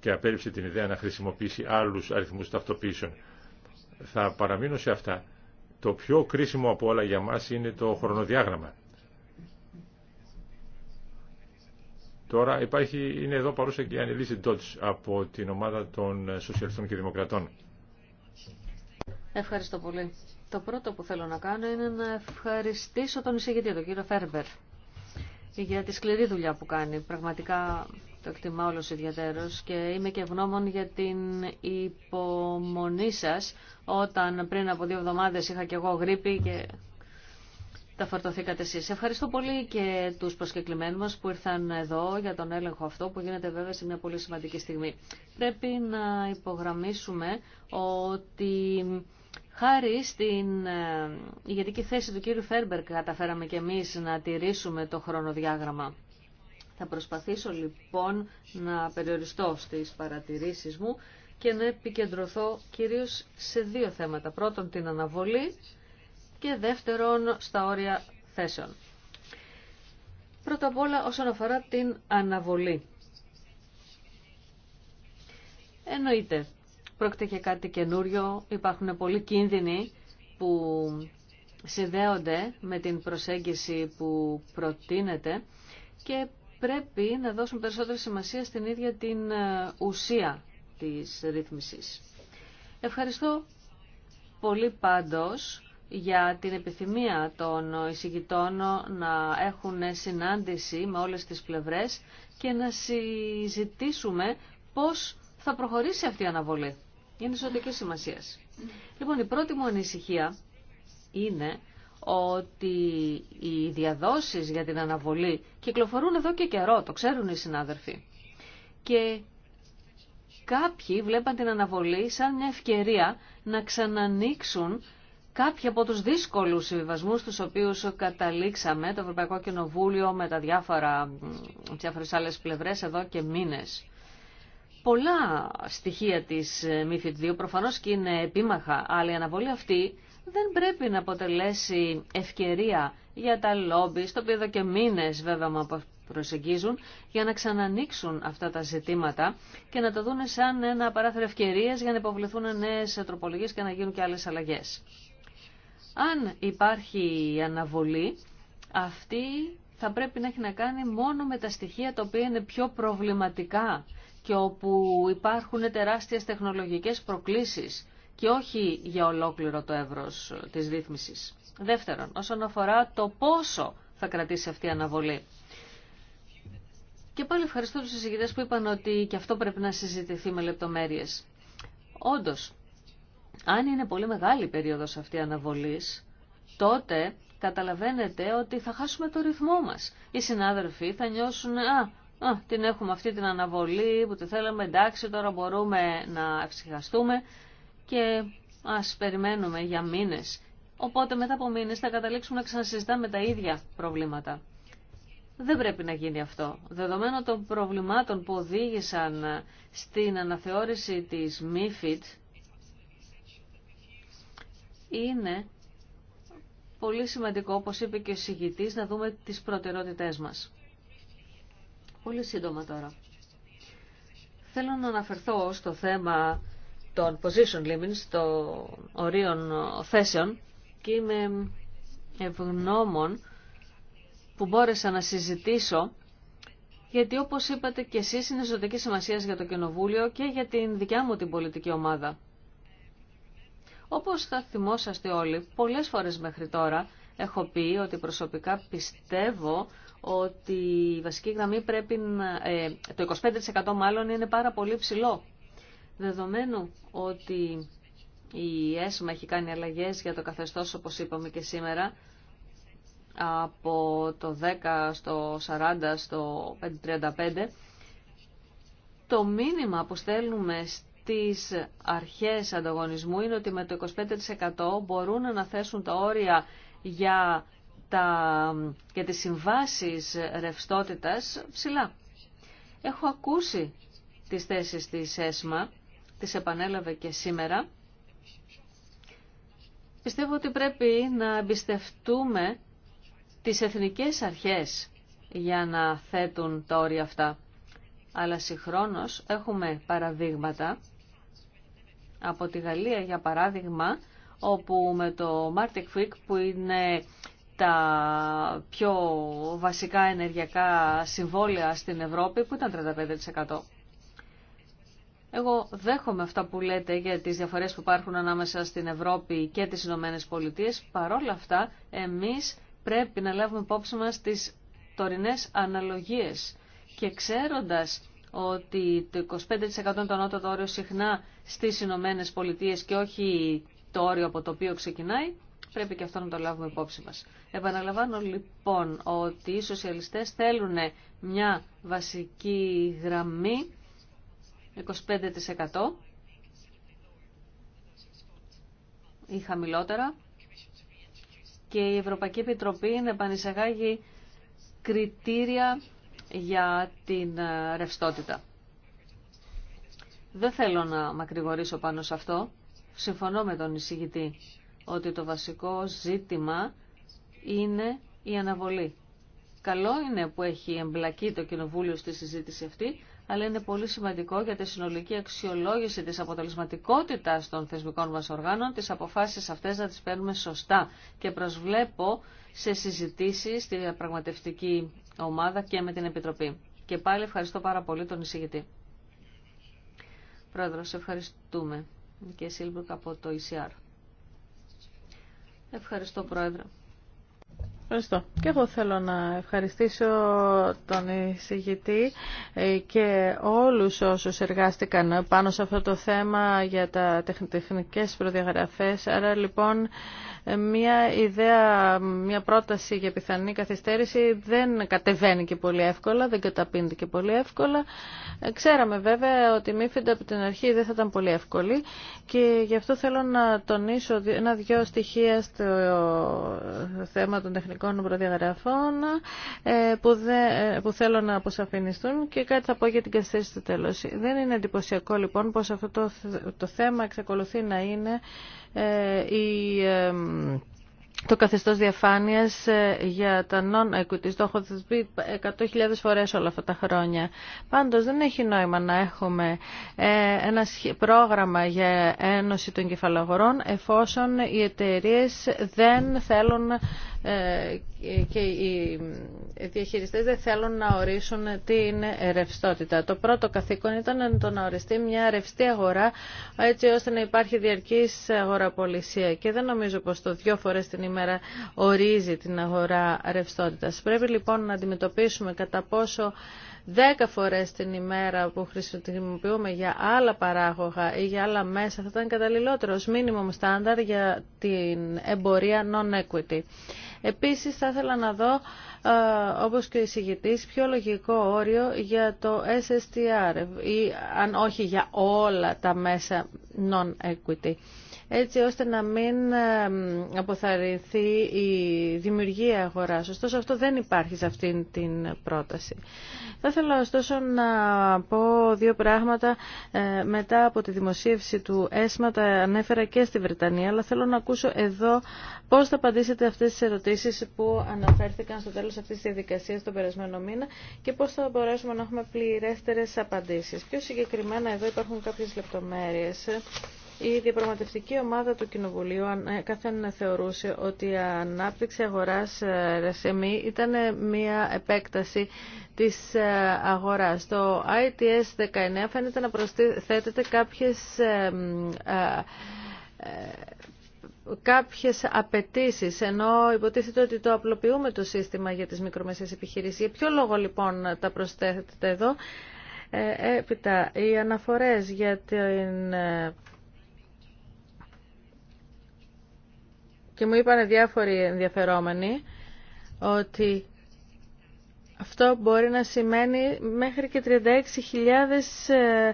και απέριψε την ιδέα να χρησιμοποιήσει άλλους αριθμούς ταυτοποίησεων. Θα παραμείνω σε αυτά το πιο κρίσιμο από όλα για μας είναι το χρονοδιάγραμμα. Τώρα υπάρχει, είναι εδώ παρούσα και η Ανελίση Ντότς από την ομάδα των Σοσιαλιστών και Δημοκρατών. Ευχαριστώ πολύ. Το πρώτο που θέλω να κάνω είναι να ευχαριστήσω τον εισηγητή, τον κύριο Φέρμπερ, για τη σκληρή δουλειά που κάνει. Πραγματικά το εκτιμά όλος ιδιαίτερος και είμαι και ευγνώμων για την υπομονή σας όταν πριν από δύο εβδομάδες είχα και εγώ γρήπη και τα φορτωθήκατε εσεί. Ευχαριστώ πολύ και τους προσκεκλημένους μα που ήρθαν εδώ για τον έλεγχο αυτό που γίνεται βέβαια σε μια πολύ σημαντική στιγμή. Πρέπει να υπογραμμίσουμε ότι χάρη στην ε, ηγετική θέση του κύριου Φέρμπερκ καταφέραμε και εμείς να τηρήσουμε το χρονοδιάγραμμα. Θα προσπαθήσω λοιπόν να περιοριστώ στις παρατηρήσεις μου και να επικεντρωθώ κυρίως σε δύο θέματα. Πρώτον την αναβολή και δεύτερον στα όρια θέσεων. Πρώτα απ' όλα όσον αφορά την αναβολή. Εννοείται, πρόκειται και κάτι καινούριο, υπάρχουν πολλοί κίνδυνοι που συνδέονται με την προσέγγιση που προτείνεται και πρέπει να δώσουν περισσότερη σημασία στην ίδια την ε, ουσία της ρύθμισης. Ευχαριστώ πολύ πάντως για την επιθυμία των εισηγητών να έχουν συνάντηση με όλες τις πλευρές και να συζητήσουμε πώς θα προχωρήσει αυτή η αναβολή. Είναι ζωτική σημασία. Λοιπόν, η πρώτη μου ανησυχία είναι ότι οι διαδόσεις για την αναβολή κυκλοφορούν εδώ και καιρό, το ξέρουν οι συνάδελφοι. Και κάποιοι βλέπαν την αναβολή σαν μια ευκαιρία να ξανανοίξουν κάποιοι από τους δύσκολους συμβιβασμούς τους οποίους καταλήξαμε το Ευρωπαϊκό Κοινοβούλιο με τα διάφορα, διάφορες άλλες πλευρές εδώ και μήνες. Πολλά στοιχεία της ε, MIFID 2 προφανώς και είναι επίμαχα, αλλά η αναβολή αυτή δεν πρέπει να αποτελέσει ευκαιρία για τα λόμπι, στο οποίο εδώ και μήνες βέβαια μου προσεγγίζουν, για να ξανανοίξουν αυτά τα ζητήματα και να το δουν σαν ένα παράθυρο ευκαιρίας για να υποβληθούν νέες τροπολογίες και να γίνουν και άλλες αλλαγές. Αν υπάρχει αναβολή, αυτή θα πρέπει να έχει να κάνει μόνο με τα στοιχεία τα οποία είναι πιο προβληματικά και όπου υπάρχουν τεράστιες τεχνολογικές προκλήσεις και όχι για ολόκληρο το εύρος της ρύθμισης. Δεύτερον, όσον αφορά το πόσο θα κρατήσει αυτή η αναβολή. Και πάλι ευχαριστώ τους συζητητές που είπαν ότι και αυτό πρέπει να συζητηθεί με λεπτομέρειες. Όντως, αν είναι πολύ μεγάλη η περίοδος αυτή η αναβολής, τότε καταλαβαίνετε ότι θα χάσουμε το ρυθμό μας. Οι συνάδελφοι θα νιώσουν, α, την έχουμε αυτή την αναβολή που τη θέλαμε, εντάξει, τώρα μπορούμε να ευσυχαστούμε» και ας περιμένουμε για μήνες. Οπότε μετά από μήνες θα καταλήξουμε να ξανασυζητάμε τα ίδια προβλήματα. Δεν πρέπει να γίνει αυτό. Δεδομένου των προβλημάτων που οδήγησαν στην αναθεώρηση της MIFID, είναι πολύ σημαντικό, όπως είπε και ο συγητής, να δούμε τις προτεραιότητές μας. Πολύ σύντομα τώρα. Θέλω να αναφερθώ στο θέμα των position limits, των ορίων θέσεων και είμαι ευγνώμων που μπόρεσα να συζητήσω γιατί όπως είπατε και εσείς είναι ζωτική σημασία για το Κοινοβούλιο και για την δικιά μου την πολιτική ομάδα. Όπως θα θυμόσαστε όλοι, πολλές φορές μέχρι τώρα έχω πει ότι προσωπικά πιστεύω ότι η βασική γραμμή πρέπει να... Ε, το 25% μάλλον είναι πάρα πολύ ψηλό Δεδομένου ότι η ΕΣΜΑ έχει κάνει αλλαγές για το καθεστώς όπως είπαμε και σήμερα από το 10 στο 40 στο 5,35%, το μήνυμα που στέλνουμε στις αρχές ανταγωνισμού είναι ότι με το 25% μπορούν να θέσουν τα όρια για, τα, για τις συμβάσεις ρευστότητας ψηλά. Έχω ακούσει τις θέσεις της ΕΣΜΑ τις επανέλαβε και σήμερα, πιστεύω ότι πρέπει να εμπιστευτούμε τις εθνικές αρχές για να θέτουν τα όρια αυτά. Αλλά συγχρόνως έχουμε παραδείγματα από τη Γαλλία για παράδειγμα όπου με το Martic που είναι τα πιο βασικά ενεργειακά συμβόλαια στην Ευρώπη που ήταν 35%. Εγώ δέχομαι αυτά που λέτε για τις διαφορές που υπάρχουν ανάμεσα στην Ευρώπη και τις Ηνωμένε Πολιτείε. Παρόλα αυτά, εμείς πρέπει να λάβουμε υπόψη μας τις τωρινές αναλογίες. Και ξέροντας ότι το 25% το ανώτατο όριο συχνά στις Ηνωμένε Πολιτείε και όχι το όριο από το οποίο ξεκινάει, πρέπει και αυτό να το λάβουμε υπόψη μας. Επαναλαμβάνω λοιπόν ότι οι σοσιαλιστές θέλουν μια βασική γραμμή 25% ή χαμηλότερα και η Ευρωπαϊκή Επιτροπή να επανεισαγάγει κριτήρια για την ε, ρευστότητα. Δεν θέλω να μακρηγορήσω πάνω σε αυτό. Συμφωνώ με τον εισηγητή ότι το βασικό ζήτημα είναι η αναβολή. Καλό είναι που έχει εμπλακεί το Κοινοβούλιο στη συζήτηση αυτή, αλλά είναι πολύ σημαντικό για τη συνολική αξιολόγηση της αποτελεσματικότητας των θεσμικών μας οργάνων, τις αποφάσεις αυτές να τις παίρνουμε σωστά και προσβλέπω σε συζητήσεις στη διαπραγματευτική ομάδα και με την Επιτροπή. Και πάλι ευχαριστώ πάρα πολύ τον εισηγητή. Πρόεδρο, σε ευχαριστούμε. Και Σίλμπρουκ από το ECR. Ευχαριστώ, Πρόεδρε. Ευχαριστώ. Και εγώ θέλω να ευχαριστήσω τον εισηγητή ε, και όλους όσους εργάστηκαν πάνω σε αυτό το θέμα για τα τεχνικές προδιαγραφές. Άρα λοιπόν μια ιδέα, μια πρόταση για πιθανή καθυστέρηση δεν κατεβαίνει και πολύ εύκολα, δεν καταπίνεται και πολύ εύκολα. Ε, ξέραμε βέβαια ότι η Μίφιντα από την αρχή δεν θα ήταν πολύ εύκολη και γι' αυτό θέλω να τονίσω ένα-δυο στοιχεία στο θέμα των τεχνικών τεχνικών προδιαγραφών ε, που, δεν, ε, που θέλω να αποσαφινιστούν και κάτι θα πω για την καθυστέρηση στο τέλος. Δεν είναι εντυπωσιακό λοιπόν πως αυτό το, το θέμα εξακολουθεί να είναι ε, η το καθεστώ διαφάνειας για τα non-equity. Το έχω πει 100.000 φορέ όλα αυτά τα χρόνια. Πάντως δεν έχει νόημα να έχουμε ένα πρόγραμμα για ένωση των κεφαλαγορών εφόσον οι εταιρείε δεν θέλουν ε, και οι διαχειριστές δεν θέλουν να ορίσουν τι είναι ρευστότητα. Το πρώτο καθήκον ήταν το να οριστεί μια ρευστή αγορά έτσι ώστε να υπάρχει διαρκής αγοραπολισία και δεν νομίζω πως το δυο φορές την ημέρα ορίζει την αγορά ρευστότητας. Πρέπει λοιπόν να αντιμετωπίσουμε κατά πόσο Δέκα φορέ την ημέρα που χρησιμοποιούμε για άλλα παράγωγα ή για άλλα μέσα θα ήταν καταλληλότερο ως μήνυμο στάνταρ για την εμπορία non-equity. Επίσης θα ήθελα να δω, ε, όπως και ο εισηγητής, πιο λογικό όριο για το SSTR ή αν όχι για όλα τα μέσα non-equity έτσι ώστε να μην αποθαρρυνθεί η δημιουργία αγοράς. Ωστόσο αυτό δεν υπάρχει σε αυτήν την πρόταση. Θα ήθελα ωστόσο να πω δύο πράγματα ε, μετά από τη δημοσίευση του ΕΣΜΑ, τα ανέφερα και στη Βρετανία, αλλά θέλω να ακούσω εδώ πώς θα απαντήσετε αυτές τις ερωτήσεις που αναφέρθηκαν στο τέλος αυτής της διαδικασίας τον περασμένο μήνα και πώς θα μπορέσουμε να έχουμε πληρέστερες απαντήσεις. Πιο συγκεκριμένα εδώ υπάρχουν κάποιες λεπτομέρειες η διαπραγματευτική ομάδα του Κοινοβουλίου ε, καθένα θεωρούσε ότι η ανάπτυξη αγοράς ε, ΡΣΜΗ ήταν ε, μια επέκταση της αγοράς. Το ITS 19 φαίνεται να προσθέτεται κάποιες κάποιες απαιτήσει, ενώ υποτίθεται ότι το απλοποιούμε το σύστημα για τις μικρομεσαίες επιχειρήσεις. Για ποιο λόγο λοιπόν τα προσθέτεται εδώ. έπειτα, οι αναφορές για την και μου είπαν διάφοροι ενδιαφερόμενοι ότι αυτό μπορεί να σημαίνει μέχρι και 36.000 ε,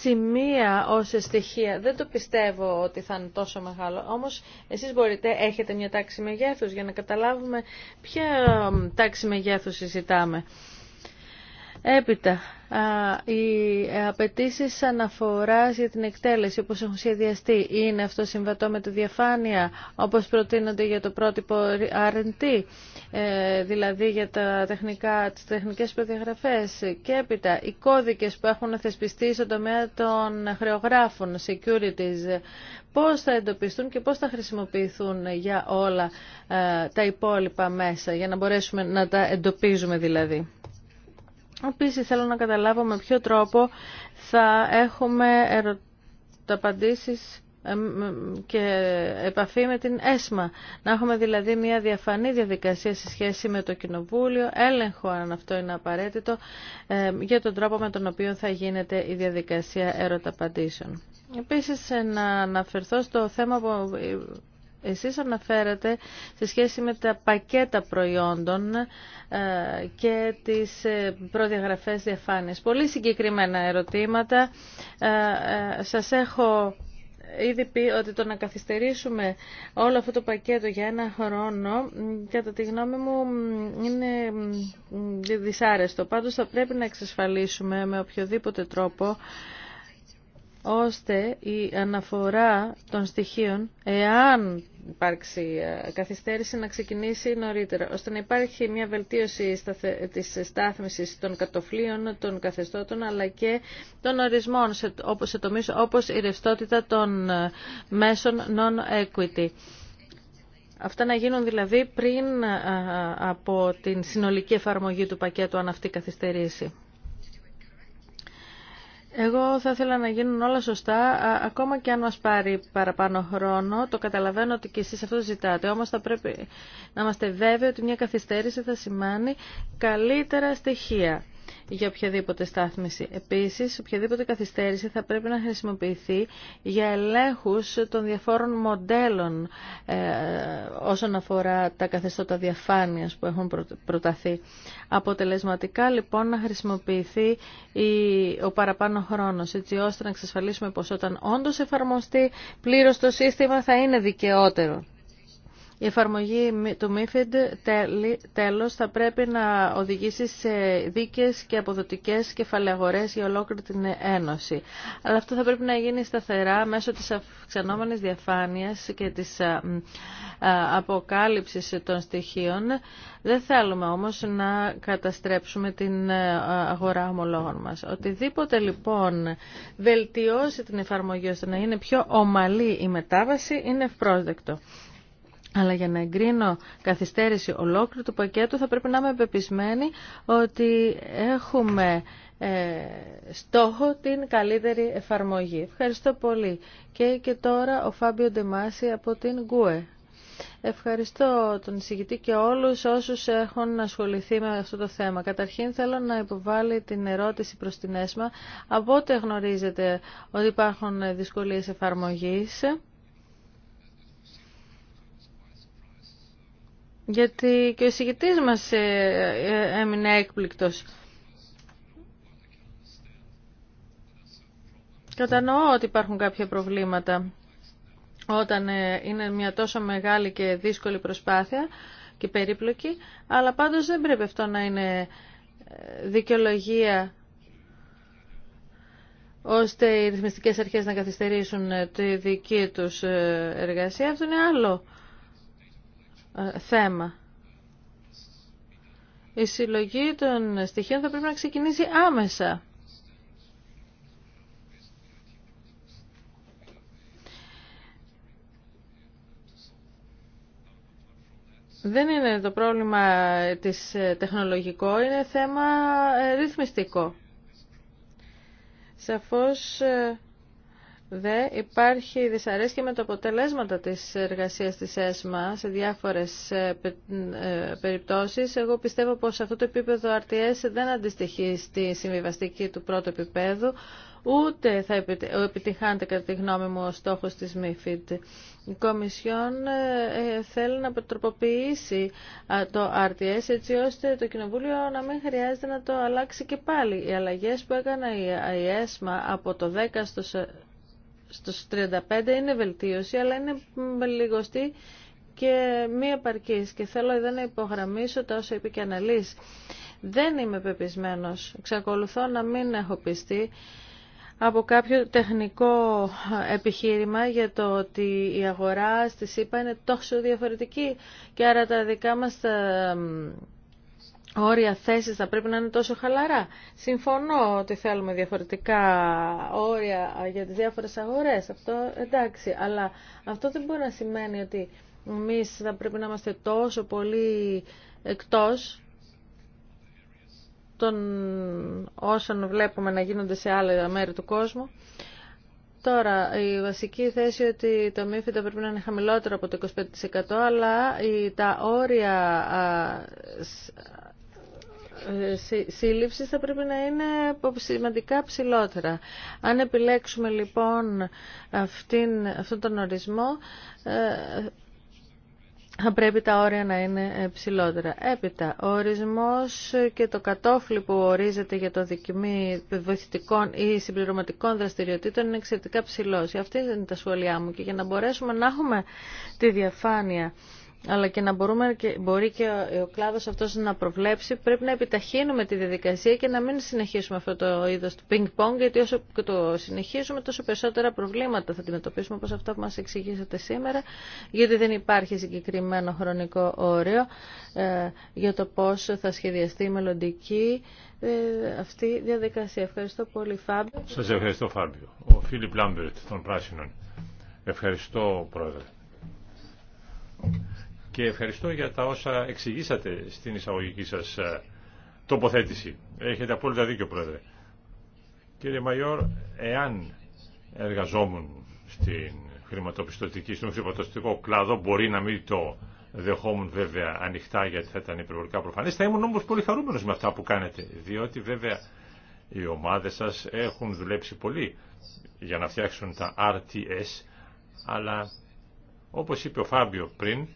σημεία ως στοιχεία. Δεν το πιστεύω ότι θα είναι τόσο μεγάλο. Όμως εσείς μπορείτε, έχετε μια τάξη μεγέθους για να καταλάβουμε ποια τάξη μεγέθους συζητάμε. Έπειτα, οι απαιτήσει αναφορά για την εκτέλεση όπω έχουν σχεδιαστεί είναι αυτό συμβατό με τη διαφάνεια όπω προτείνονται για το πρότυπο RT, ε, δηλαδή για τα τεχνικά, τι τεχνικέ προδιαγραφέ. Και έπειτα, οι κώδικε που έχουν θεσπιστεί στον τομέα των χρεογράφων, securities, πώ θα εντοπιστούν και πώ θα χρησιμοποιηθούν για όλα ε, τα υπόλοιπα μέσα, για να μπορέσουμε να τα εντοπίζουμε δηλαδή. Επίση θέλω να καταλάβω με ποιο τρόπο θα έχουμε ερωταπαντήσεις και επαφή με την ΕΣΜΑ. Να έχουμε δηλαδή μια διαφανή διαδικασία σε σχέση με το Κοινοβούλιο, έλεγχο αν αυτό είναι απαραίτητο, για τον τρόπο με τον οποίο θα γίνεται η διαδικασία ερωταπαντήσεων. Επίσης να αναφερθώ στο θέμα που εσείς αναφέρατε σε σχέση με τα πακέτα προϊόντων ε, και τις ε, προδιαγραφές διαφάνειας. Πολύ συγκεκριμένα ερωτήματα. Ε, σας έχω ήδη πει ότι το να καθυστερήσουμε όλο αυτό το πακέτο για ένα χρόνο, κατά τη γνώμη μου, είναι δυσάρεστο. Πάντως θα πρέπει να εξασφαλίσουμε με οποιοδήποτε τρόπο ώστε η αναφορά των στοιχείων, εάν υπάρξει ε, καθυστέρηση, να ξεκινήσει νωρίτερα, ώστε να υπάρχει μια βελτίωση της στάθμισης των κατοφλίων, των καθεστώτων, αλλά και των ορισμών σε, όπως, σε τομείς, όπως η ρευστότητα των ε, μέσων non-equity. Αυτά να γίνουν δηλαδή πριν ε, από την συνολική εφαρμογή του πακέτου, αν αυτή καθυστερήσει. Εγώ θα ήθελα να γίνουν όλα σωστά, ακόμα και αν μας πάρει παραπάνω χρόνο. Το καταλαβαίνω ότι και εσείς αυτό ζητάτε, όμως θα πρέπει να είμαστε βέβαιοι ότι μια καθυστέρηση θα σημάνει καλύτερα στοιχεία για οποιαδήποτε στάθμιση. Επίσης, οποιαδήποτε καθυστέρηση θα πρέπει να χρησιμοποιηθεί για ελέγχους των διαφόρων μοντέλων ε, όσον αφορά τα καθεστώτα διαφάνειας που έχουν προταθεί. Αποτελεσματικά, λοιπόν, να χρησιμοποιηθεί η, ο παραπάνω χρόνος, έτσι ώστε να εξασφαλίσουμε πως όταν όντως εφαρμοστεί πλήρως το σύστημα θα είναι δικαιότερο. Η εφαρμογή του MIFID τέλος θα πρέπει να οδηγήσει σε δίκες και αποδοτικές κεφαλαγορές για ολόκληρη την Ένωση. Αλλά αυτό θα πρέπει να γίνει σταθερά μέσω της αυξανόμενης διαφάνειας και της αποκάλυψης των στοιχείων. Δεν θέλουμε όμως να καταστρέψουμε την αγορά ομολόγων μας. Οτιδήποτε λοιπόν βελτιώσει την εφαρμογή ώστε να είναι πιο ομαλή η μετάβαση είναι ευπρόσδεκτο. Αλλά για να εγκρίνω καθυστέρηση ολόκληρου του πακέτου θα πρέπει να είμαι πεπισμένη ότι έχουμε ε, στόχο την καλύτερη εφαρμογή. Ευχαριστώ πολύ. Και, και τώρα ο Φάμπιο Ντεμάση από την Γκουε. Ευχαριστώ τον εισηγητή και όλους όσους έχουν ασχοληθεί με αυτό το θέμα. Καταρχήν θέλω να υποβάλει την ερώτηση προς την ΕΣΜΑ. Από ό,τι γνωρίζετε ότι υπάρχουν δυσκολίες εφαρμογής Γιατί και ο εισηγητής μας ε, ε, έμεινε έκπληκτος. Κατανοώ ότι υπάρχουν κάποια προβλήματα όταν ε, είναι μια τόσο μεγάλη και δύσκολη προσπάθεια και περίπλοκη, αλλά πάντως δεν πρέπει αυτό να είναι δικαιολογία ώστε οι ρυθμιστικές αρχές να καθυστερήσουν τη δική τους εργασία. Αυτό είναι άλλο ε, θέμα. Η συλλογή των στοιχείων θα πρέπει να ξεκινήσει άμεσα. Δεν είναι το πρόβλημα της ε, τεχνολογικό, είναι θέμα ε, ρυθμιστικό. Σαφώς Δε υπάρχει δυσαρέσκεια με τα αποτελέσματα της εργασίας της ΕΣΜΑ σε διάφορες ε, ε, περιπτώσεις. Εγώ πιστεύω πως αυτό το επίπεδο RTS δεν αντιστοιχεί στη συμβιβαστική του πρώτου επίπεδου, ούτε θα επιτυχάνεται κατά τη γνώμη μου ο στόχος της MIFID. Η Κομισιόν ε, θέλει να τροποποιήσει το RTS έτσι ώστε το Κοινοβούλιο να μην χρειάζεται να το αλλάξει και πάλι. Οι αλλαγές που έκανα η ΕΣΜΑ από το 10 στο στους 35 είναι βελτίωση, αλλά είναι λιγοστή και μη επαρκής. Και θέλω εδώ να υπογραμμίσω τα όσα είπε και αναλύς. Δεν είμαι πεπισμένος. ξακολουθώ να μην έχω πιστεί από κάποιο τεχνικό επιχείρημα για το ότι η αγορά στη ΣΥΠΑ είναι τόσο διαφορετική και άρα τα δικά μας όρια θέσεις θα πρέπει να είναι τόσο χαλαρά. Συμφωνώ ότι θέλουμε διαφορετικά όρια για τις διάφορες αγορές. Αυτό εντάξει, αλλά αυτό δεν μπορεί να σημαίνει ότι εμεί θα πρέπει να είμαστε τόσο πολύ εκτός των όσων βλέπουμε να γίνονται σε άλλα μέρη του κόσμου. Τώρα, η βασική θέση ότι το μύφι πρέπει να είναι χαμηλότερο από το 25% αλλά τα όρια ε, σύλληψης θα πρέπει να είναι σημαντικά ψηλότερα. Αν επιλέξουμε λοιπόν αυτήν, αυτόν τον ορισμό ε, θα πρέπει τα όρια να είναι ε, ψηλότερα. Έπειτα, ο ορισμός και το κατόφλι που ορίζεται για το δικημή βοηθητικών ή συμπληρωματικών δραστηριοτήτων είναι εξαιρετικά ψηλός. Αυτή είναι τα σχόλιά μου και για να μπορέσουμε να έχουμε τη διαφάνεια αλλά και να μπορούμε, μπορεί και ο κλάδος αυτός να προβλέψει, πρέπει να επιταχύνουμε τη διαδικασία και να μην συνεχίσουμε αυτό το είδος του ping-pong, γιατί όσο το συνεχίζουμε τόσο περισσότερα προβλήματα θα αντιμετωπίσουμε όπως αυτά που μας εξηγήσατε σήμερα, γιατί δεν υπάρχει συγκεκριμένο χρονικό όριο ε, για το πώς θα σχεδιαστεί η μελλοντική ε, αυτή διαδικασία. Ευχαριστώ πολύ Φάμπιο. Σας ευχαριστώ Φάμπιο. Ο Φίλιπ Λάμπερτ των Πράσινων. Ευχαριστώ Πρόεδρε και ευχαριστώ για τα όσα εξηγήσατε στην εισαγωγική σας ε, τοποθέτηση. Έχετε απόλυτα δίκιο, Πρόεδρε. Κύριε Μαϊόρ, εάν εργαζόμουν στην χρηματοπιστωτική, στον χρηματοπιστωτικό κλάδο, μπορεί να μην το δεχόμουν βέβαια ανοιχτά γιατί θα ήταν υπερβολικά προφανέ, Θα ήμουν όμω πολύ χαρούμενο με αυτά που κάνετε, διότι βέβαια οι ομάδε σα έχουν δουλέψει πολύ για να φτιάξουν τα RTS, αλλά όπω είπε ο Φάμπιο πριν,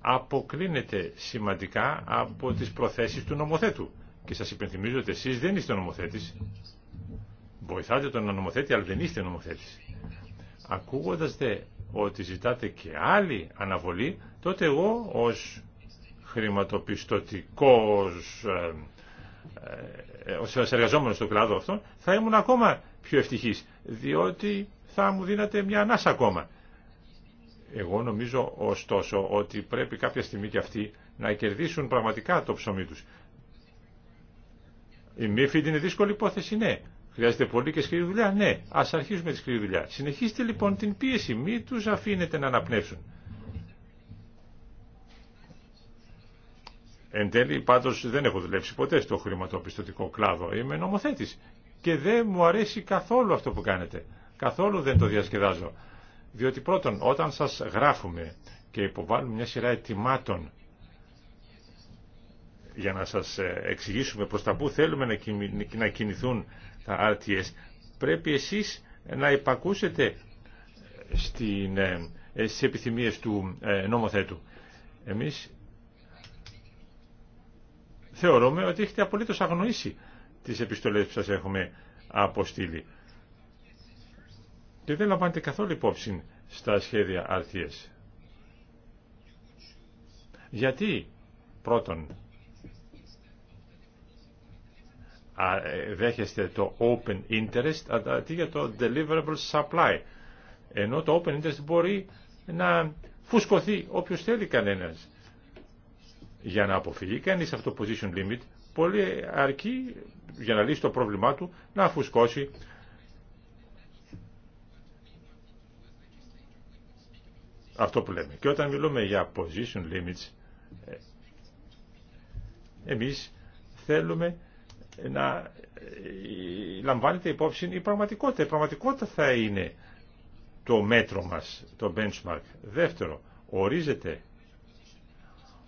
αποκλίνεται σημαντικά από τις προθέσεις του νομοθέτου. Και σας υπενθυμίζω ότι εσείς δεν είστε νομοθέτης. Βοηθάτε τον νομοθέτη, αλλά δεν είστε νομοθέτης. Ακούγοντας δε ότι ζητάτε και άλλη αναβολή, τότε εγώ ως χρηματοπιστωτικός, ως, ε, ε, ε, ως εργαζόμενος στον κλάδο αυτό, θα ήμουν ακόμα πιο ευτυχής, διότι θα μου δίνατε μια ανάσα ακόμα. Εγώ νομίζω ωστόσο ότι πρέπει κάποια στιγμή και αυτοί να κερδίσουν πραγματικά το ψωμί τους. Η μύφη είναι δύσκολη υπόθεση, ναι. Χρειάζεται πολύ και σκληρή δουλειά, ναι. Ας αρχίσουμε τη σκληρή δουλειά. Συνεχίστε λοιπόν την πίεση, μη τους αφήνετε να αναπνεύσουν. Εν τέλει πάντως δεν έχω δουλέψει ποτέ στο χρηματοπιστωτικό κλάδο. Είμαι νομοθέτης και δεν μου αρέσει καθόλου αυτό που κάνετε. Καθόλου δεν το διασκεδάζω. Διότι πρώτον, όταν σας γράφουμε και υποβάλλουμε μια σειρά ετοιμάτων για να σας ε, εξηγήσουμε προς τα που θέλουμε να κινηθούν τα RTS, πρέπει εσείς να υπακούσετε στην, ε, ε, στις επιθυμίες του νόμοθέτου. Εμείς θεωρούμε ότι έχετε απολύτως αγνοήσει τις επιστολές που σας έχουμε αποστείλει και δεν λαμβάνεται καθόλου υπόψη στα σχέδια αρτίες. Γιατί πρώτον ε, δέχεστε το open interest αντί για το deliverable supply ενώ το open interest μπορεί να φουσκωθεί όποιος θέλει κανένας. Για να αποφύγει κανείς αυτό το position limit πολύ αρκεί για να λύσει το πρόβλημά του να φουσκώσει Αυτό που λέμε. Και όταν μιλούμε για position limits, ε, εμείς θέλουμε να ε, λαμβάνετε υπόψη η πραγματικότητα. Η πραγματικότητα θα είναι το μέτρο μας, το benchmark. Δεύτερο, ορίζεται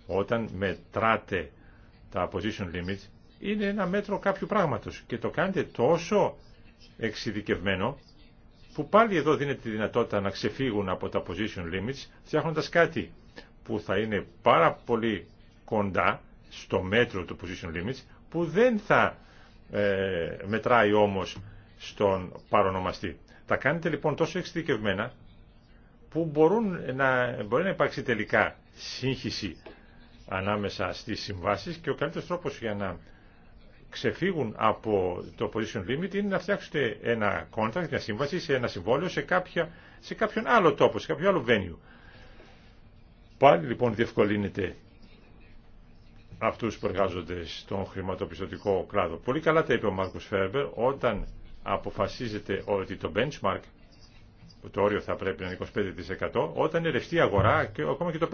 όταν μετράτε τα position limits, είναι ένα μέτρο κάποιου πράγματος και το κάνετε τόσο εξειδικευμένο που πάλι εδώ δίνεται τη δυνατότητα να ξεφύγουν από τα position limits, φτιάχνοντας κάτι που θα είναι πάρα πολύ κοντά στο μέτρο του position limits, που δεν θα ε, μετράει όμως στον παρονομαστή. Τα κάνετε λοιπόν τόσο εξειδικευμένα, που μπορούν να, μπορεί να υπάρξει τελικά σύγχυση ανάμεσα στις συμβάσεις και ο καλύτερος τρόπος για να ξεφύγουν από το position limit είναι να φτιάξετε ένα contract, μια σύμβαση, σε ένα συμβόλαιο σε, κάποια, σε κάποιον άλλο τόπο, σε κάποιο άλλο venue. Πάλι λοιπόν διευκολύνεται αυτούς που εργάζονται στον χρηματοπιστωτικό κλάδο. Πολύ καλά τα είπε ο Μάρκος Φέρμπερ όταν αποφασίζεται ότι το benchmark το όριο θα πρέπει να είναι 25% όταν ρευστή αγορά και ακόμα και το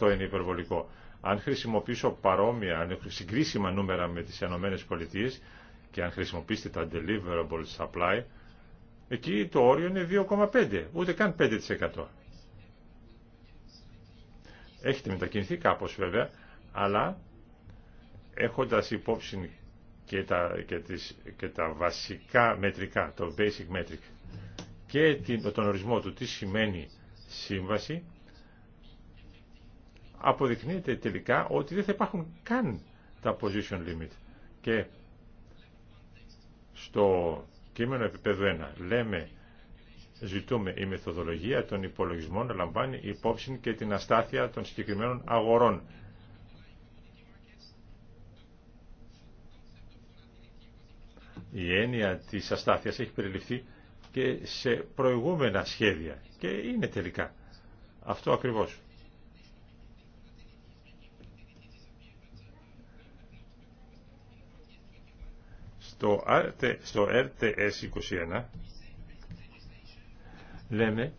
5% είναι υπερβολικό. Αν χρησιμοποιήσω παρόμοια, αν συγκρίσιμα νούμερα με τις ΗΠΑ και αν χρησιμοποιήσετε τα deliverable supply, εκεί το όριο είναι 2,5, ούτε καν 5%. Έχετε μετακινηθεί κάπως βέβαια, αλλά έχοντας υπόψη και τα, τις, και τα βασικά μετρικά, το basic metric, και τον ορισμό του τι σημαίνει σύμβαση, αποδεικνύεται τελικά ότι δεν θα υπάρχουν καν τα position limit. Και στο κείμενο επίπεδο 1 λέμε ζητούμε η μεθοδολογία των υπολογισμών να λαμβάνει υπόψη και την αστάθεια των συγκεκριμένων αγορών. Η έννοια της αστάθειας έχει περιληφθεί και σε προηγούμενα σχέδια. Και είναι τελικά. Αυτό ακριβώς. Στο, RT, στο RTS 21 λέμε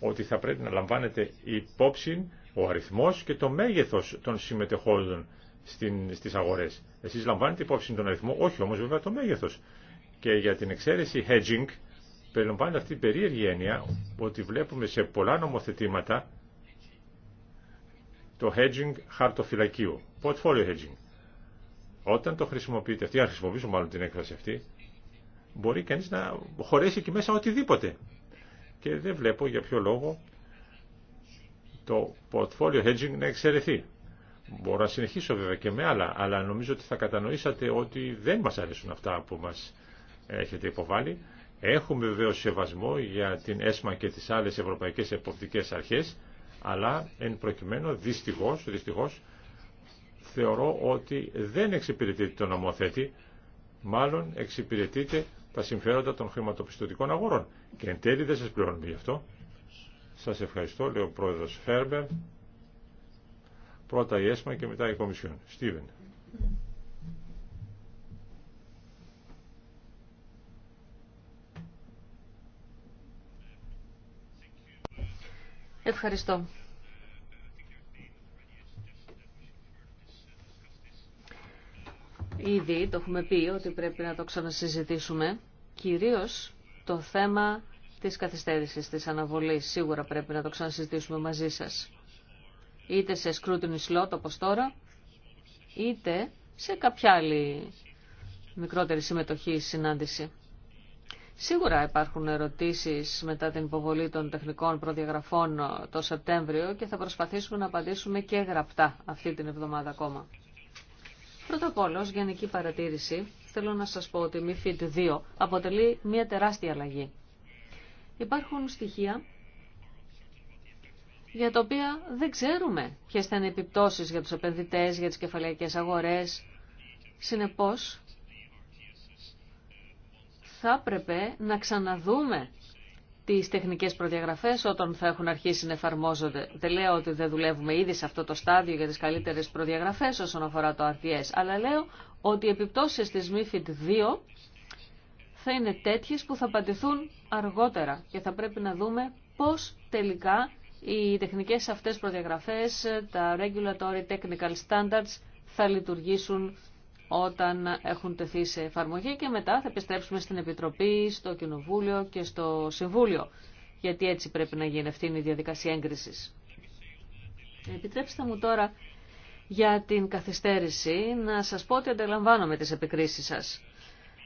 ότι θα πρέπει να λαμβάνεται υπόψη ο αριθμός και το μέγεθος των συμμετεχόντων στην, στις αγορές. Εσείς λαμβάνετε υπόψη τον αριθμό, όχι όμως βέβαια το μέγεθος. Και για την εξαίρεση hedging περιλαμβάνει αυτή η περίεργη έννοια ότι βλέπουμε σε πολλά νομοθετήματα το hedging χαρτοφυλακίου, portfolio hedging. Όταν το χρησιμοποιείτε αυτή, αν χρησιμοποιήσω μάλλον την έκφραση αυτή, μπορεί κανείς να χωρέσει εκεί μέσα οτιδήποτε. Και δεν βλέπω για ποιο λόγο το portfolio hedging να εξαιρεθεί. Μπορώ να συνεχίσω βέβαια και με άλλα, αλλά νομίζω ότι θα κατανοήσατε ότι δεν μας αρέσουν αυτά που μας έχετε υποβάλει. Έχουμε βεβαίως σεβασμό για την ΕΣΜΑ και τις άλλες ευρωπαϊκές εποπτικές αρχές, αλλά εν προκειμένου δυστυχώς, δυστυχώς θεωρώ ότι δεν εξυπηρετείται τον νομοθέτη, μάλλον εξυπηρετείται τα συμφέροντα των χρηματοπιστωτικών αγορών. Και εν τέλει δεν σας πληρώνουμε γι' αυτό. Σας ευχαριστώ, λέει ο πρόεδρος Φέρμπερ. Πρώτα η ΕΣΜΑ και μετά η Κομισιόν. Στίβεν. Ευχαριστώ. Ήδη το έχουμε πει ότι πρέπει να το ξανασυζητήσουμε. Κυρίως το θέμα της καθυστέρησης, της αναβολής. Σίγουρα πρέπει να το ξανασυζητήσουμε μαζί σας. Είτε σε scrutiny slot όπως τώρα, είτε σε κάποια άλλη μικρότερη συμμετοχή ή συνάντηση. Σίγουρα υπάρχουν ερωτήσεις μετά την υποβολή των τεχνικών προδιαγραφών το Σεπτέμβριο και θα προσπαθήσουμε να απαντήσουμε και γραπτά αυτή την εβδομάδα ακόμα. Πρώτα απ' όλα, γενική παρατήρηση, θέλω να σας πω ότι η MIFID 2 αποτελεί μια τεράστια αλλαγή. Υπάρχουν στοιχεία για τα οποία δεν ξέρουμε ποιες θα είναι οι επιπτώσεις για τους επενδυτές, για τις κεφαλαϊκές αγορές θα έπρεπε να ξαναδούμε τις τεχνικές προδιαγραφές όταν θα έχουν αρχίσει να εφαρμόζονται. Δεν λέω ότι δεν δουλεύουμε ήδη σε αυτό το στάδιο για τις καλύτερες προδιαγραφές όσον αφορά το RTS, αλλά λέω ότι οι επιπτώσεις της MIFID 2 θα είναι τέτοιες που θα απαντηθούν αργότερα και θα πρέπει να δούμε πώς τελικά οι τεχνικές αυτές προδιαγραφές, τα regulatory technical standards, θα λειτουργήσουν όταν έχουν τεθεί σε εφαρμογή και μετά θα επιστρέψουμε στην Επιτροπή, στο Κοινοβούλιο και στο Συμβούλιο. Γιατί έτσι πρέπει να γίνει αυτή η διαδικασία έγκριση. Επιτρέψτε μου τώρα για την καθυστέρηση να σας πω ότι αντιλαμβάνομαι τις επικρίσεις σας.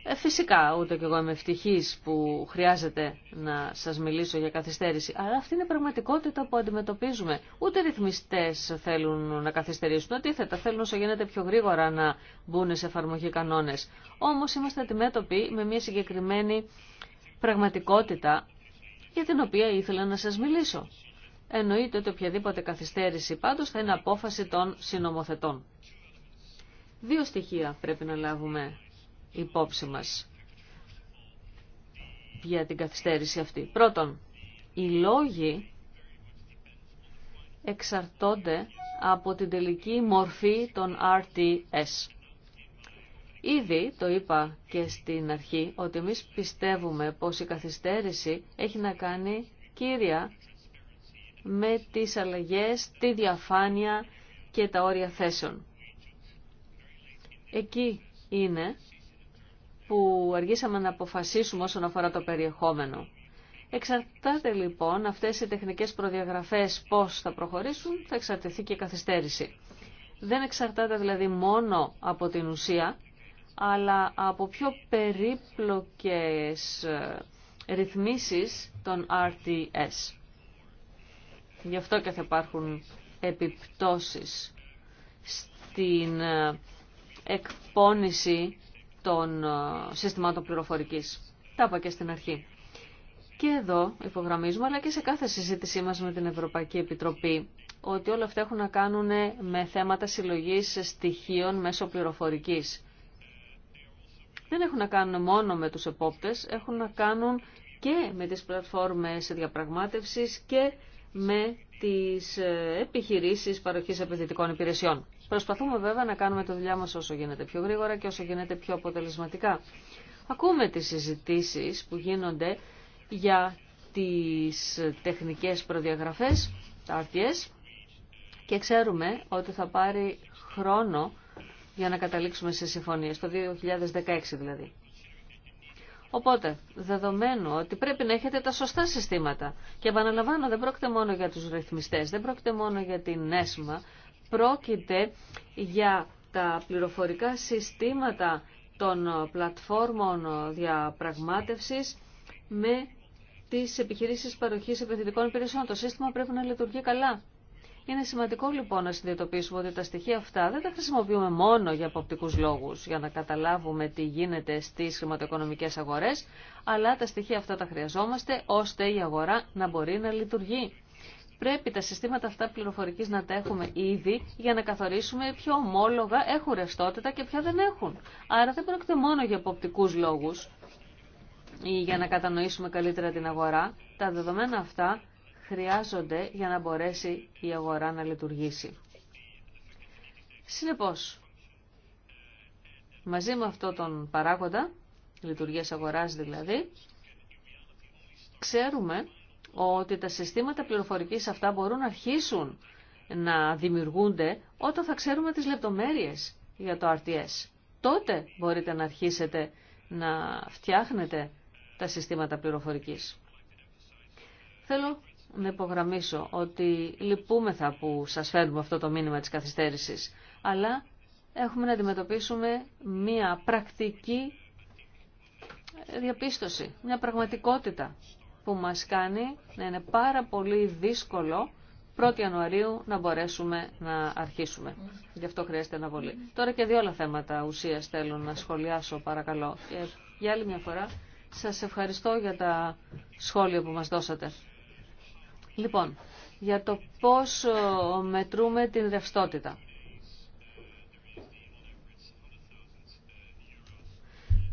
Ε, φυσικά, ούτε κι εγώ είμαι ευτυχή που χρειάζεται να σα μιλήσω για καθυστέρηση. Αλλά αυτή είναι η πραγματικότητα που αντιμετωπίζουμε. Ούτε ρυθμιστέ θέλουν να καθυστερήσουν. Αντίθετα, θέλουν όσο γίνεται πιο γρήγορα να μπουν σε εφαρμογή κανόνε. Όμω είμαστε αντιμέτωποι με μια συγκεκριμένη πραγματικότητα για την οποία ήθελα να σας μιλήσω. Εννοείται ότι οποιαδήποτε καθυστέρηση πάντως θα είναι απόφαση των συνομοθετών. Δύο στοιχεία πρέπει να λάβουμε υπόψη μας για την καθυστέρηση αυτή. Πρώτον, οι λόγοι εξαρτώνται από την τελική μορφή των RTS. Ήδη το είπα και στην αρχή ότι εμείς πιστεύουμε πως η καθυστέρηση έχει να κάνει κύρια με τις αλλαγές, τη διαφάνεια και τα όρια θέσεων. Εκεί είναι που αργήσαμε να αποφασίσουμε όσον αφορά το περιεχόμενο. Εξαρτάται λοιπόν αυτές οι τεχνικές προδιαγραφές πώς θα προχωρήσουν, θα εξαρτηθεί και η καθυστέρηση. Δεν εξαρτάται δηλαδή μόνο από την ουσία, αλλά από πιο περίπλοκες ε, ρυθμίσεις των RTS. Γι' αυτό και θα υπάρχουν επιπτώσεις στην ε, εκπόνηση των ε, συστημάτων πληροφορικής. Τα είπα και στην αρχή. Και εδώ υπογραμμίζουμε, αλλά και σε κάθε συζήτησή μας με την Ευρωπαϊκή Επιτροπή, ότι όλα αυτά έχουν να κάνουν με θέματα συλλογής στοιχείων μέσω πληροφορικής. Δεν έχουν να κάνουν μόνο με τους επόπτες, έχουν να κάνουν και με τις πλατφόρμες διαπραγμάτευσης και με τις ε, επιχειρήσεις παροχής επενδυτικών υπηρεσιών. Προσπαθούμε βέβαια να κάνουμε τη δουλειά μας όσο γίνεται πιο γρήγορα και όσο γίνεται πιο αποτελεσματικά. Ακούμε τις συζητήσεις που γίνονται για τις τεχνικές προδιαγραφές, τα RTS, και ξέρουμε ότι θα πάρει χρόνο για να καταλήξουμε σε συμφωνίες, το 2016 δηλαδή. Οπότε, δεδομένου ότι πρέπει να έχετε τα σωστά συστήματα, και επαναλαμβάνω δεν πρόκειται μόνο για τους ρυθμιστές, δεν πρόκειται μόνο για την ΕΣΜΑ, πρόκειται για τα πληροφορικά συστήματα των πλατφόρμων διαπραγμάτευσης με τις επιχειρήσεις παροχής επενδυτικών υπηρεσιών. Το σύστημα πρέπει να λειτουργεί καλά. Είναι σημαντικό λοιπόν να συνειδητοποιήσουμε ότι τα στοιχεία αυτά δεν τα χρησιμοποιούμε μόνο για αποπτικούς λόγους, για να καταλάβουμε τι γίνεται στις χρηματοοικονομικές αγορές, αλλά τα στοιχεία αυτά τα χρειαζόμαστε ώστε η αγορά να μπορεί να λειτουργεί. Πρέπει τα συστήματα αυτά πληροφορικής να τα έχουμε ήδη για να καθορίσουμε ποιο ομόλογα έχουν ρευστότητα και ποια δεν έχουν. Άρα δεν πρόκειται μόνο για αποπτικού λόγους ή για να κατανοήσουμε καλύτερα την αγορά. Τα δεδομένα αυτά χρειάζονται για να μπορέσει η αγορά να λειτουργήσει. Συνεπώς, μαζί με αυτό τον παράγοντα, λειτουργίας αγοράς δηλαδή, ξέρουμε ότι τα συστήματα πληροφορικής αυτά μπορούν να αρχίσουν να δημιουργούνται όταν θα ξέρουμε τις λεπτομέρειες για το RTS. Τότε μπορείτε να αρχίσετε να φτιάχνετε τα συστήματα πληροφορικής. Θέλω να υπογραμμίσω ότι λυπούμεθα που σας φέρνουμε αυτό το μήνυμα της καθυστέρησης, αλλά έχουμε να αντιμετωπίσουμε μία πρακτική διαπίστωση, μια πραγματικότητα που μας κάνει να είναι πάρα πολύ δύσκολο 1η Ιανουαρίου να μπορέσουμε να αρχίσουμε. Γι' αυτό χρειάζεται αναβολή. Τώρα και δύο άλλα θέματα ουσία θέλω να σχολιάσω παρακαλώ. Και ε, για άλλη μια φορά σας ευχαριστώ για τα σχόλια που μας δώσατε. Λοιπόν, για το πώς ε, μετρούμε την ρευστότητα.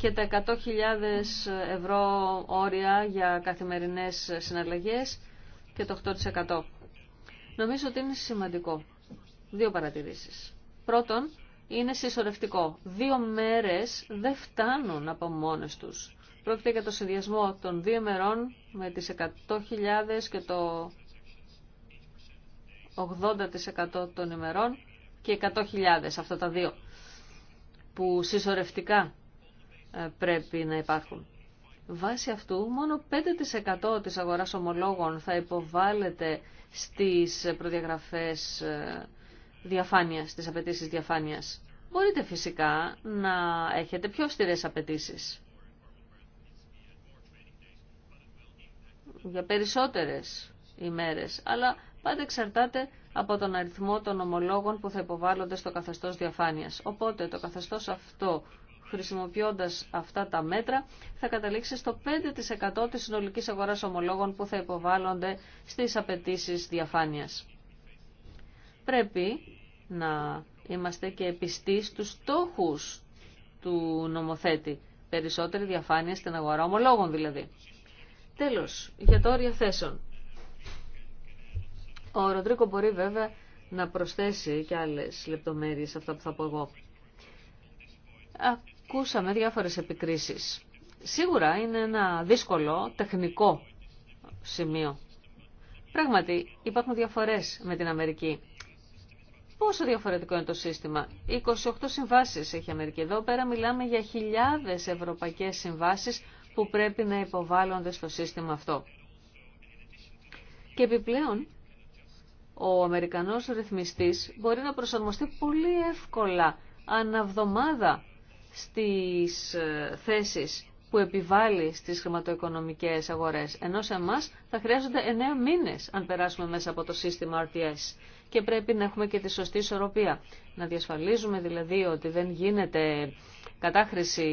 και τα 100.000 ευρώ όρια για καθημερινές συναλλαγές και το 8%. Νομίζω ότι είναι σημαντικό. Δύο παρατηρήσεις. Πρώτον, είναι συσσωρευτικό. Δύο μέρες δεν φτάνουν από μόνες τους. Πρόκειται για το συνδυασμό των δύο μερών με τις 100.000 και το 80% των ημερών και 100.000, αυτά τα δύο, που συσσωρευτικά πρέπει να υπάρχουν. Βάσει αυτού, μόνο 5% της αγοράς ομολόγων θα υποβάλλεται στις προδιαγραφές ε, διαφάνειας, στις απαιτήσεις διαφάνειας. Μπορείτε φυσικά να έχετε πιο στερεές απαιτήσει. για περισσότερες ημέρες, αλλά πάντα εξαρτάται από τον αριθμό των ομολόγων που θα υποβάλλονται στο καθεστώς διαφάνειας. Οπότε το καθεστώς αυτό χρησιμοποιώντας αυτά τα μέτρα θα καταλήξει στο 5% της συνολικής αγοράς ομολόγων που θα υποβάλλονται στις απαιτήσει διαφάνειας. Πρέπει να είμαστε και επιστοί στους στόχους του νομοθέτη. Περισσότερη διαφάνεια στην αγορά ομολόγων δηλαδή. Τέλος, για τα όρια θέσεων. Ο Ροντρίκο μπορεί βέβαια να προσθέσει και άλλες λεπτομέρειες αυτά που θα πω εγώ. Ακούσαμε διάφορες επικρίσεις. Σίγουρα είναι ένα δύσκολο τεχνικό σημείο. Πράγματι, υπάρχουν διαφορές με την Αμερική. Πόσο διαφορετικό είναι το σύστημα. 28 συμβάσεις έχει η Αμερική. Εδώ πέρα μιλάμε για χιλιάδες ευρωπαϊκές συμβάσεις που πρέπει να υποβάλλονται στο σύστημα αυτό. Και επιπλέον, ο Αμερικανός ρυθμιστής μπορεί να προσαρμοστεί πολύ εύκολα αναβδομάδα στις ε, θέσεις που επιβάλλει στις χρηματοοικονομικές αγορές. Ενώ σε εμά θα χρειάζονται 9 μήνες αν περάσουμε μέσα από το σύστημα RTS. Και πρέπει να έχουμε και τη σωστή ισορροπία. Να διασφαλίζουμε δηλαδή ότι δεν γίνεται κατάχρηση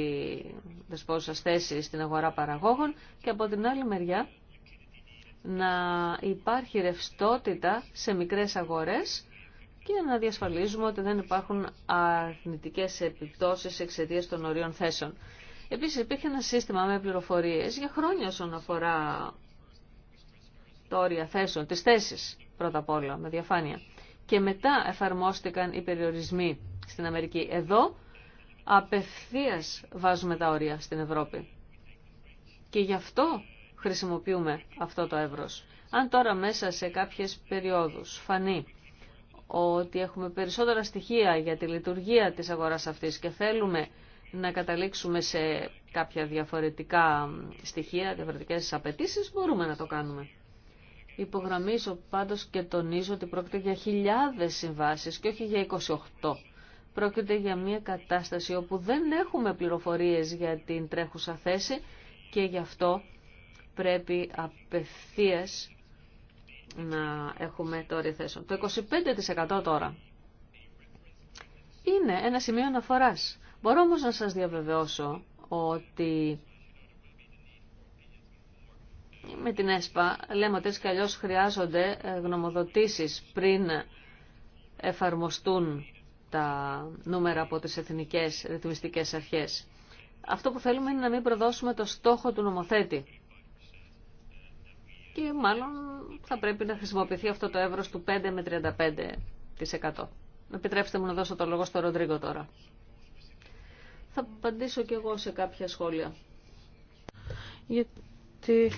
δεσπόζουσας θέση στην αγορά παραγόγων και από την άλλη μεριά να υπάρχει ρευστότητα σε μικρές αγορές και να διασφαλίζουμε ότι δεν υπάρχουν αρνητικές επιπτώσεις εξαιτίας των ορίων θέσεων. Επίσης υπήρχε ένα σύστημα με πληροφορίες για χρόνια όσον αφορά τα όρια θέσεων, τις θέσεις πρώτα απ' όλα με διαφάνεια. Και μετά εφαρμόστηκαν οι περιορισμοί στην Αμερική. Εδώ απευθείας βάζουμε τα όρια στην Ευρώπη. Και γι' αυτό χρησιμοποιούμε αυτό το εύρος. Αν τώρα μέσα σε κάποιες περιόδους φανεί ότι έχουμε περισσότερα στοιχεία για τη λειτουργία της αγοράς αυτής και θέλουμε να καταλήξουμε σε κάποια διαφορετικά στοιχεία, διαφορετικές απαιτήσεις, μπορούμε να το κάνουμε. Υπογραμμίζω πάντως και τονίζω ότι πρόκειται για χιλιάδες συμβάσεις και όχι για 28. Πρόκειται για μια κατάσταση όπου δεν έχουμε πληροφορίες για την τρέχουσα θέση και γι' αυτό πρέπει απευθείας να έχουμε το Το 25% τώρα είναι ένα σημείο αναφοράς. Μπορώ όμως να σας διαβεβαιώσω ότι με την ΕΣΠΑ λέμε ότι έτσι κι χρειάζονται ε, γνωμοδοτήσεις πριν εφαρμοστούν τα νούμερα από τις εθνικές ρυθμιστικές αρχές. Αυτό που θέλουμε είναι να μην προδώσουμε το στόχο του νομοθέτη και μάλλον θα πρέπει να χρησιμοποιηθεί αυτό το εύρος του 5 με 35%. Επιτρέψτε μου να δώσω το λόγο στο Ροντρίγκο τώρα. Θα απαντήσω κι εγώ σε κάποια σχόλια. Γιατί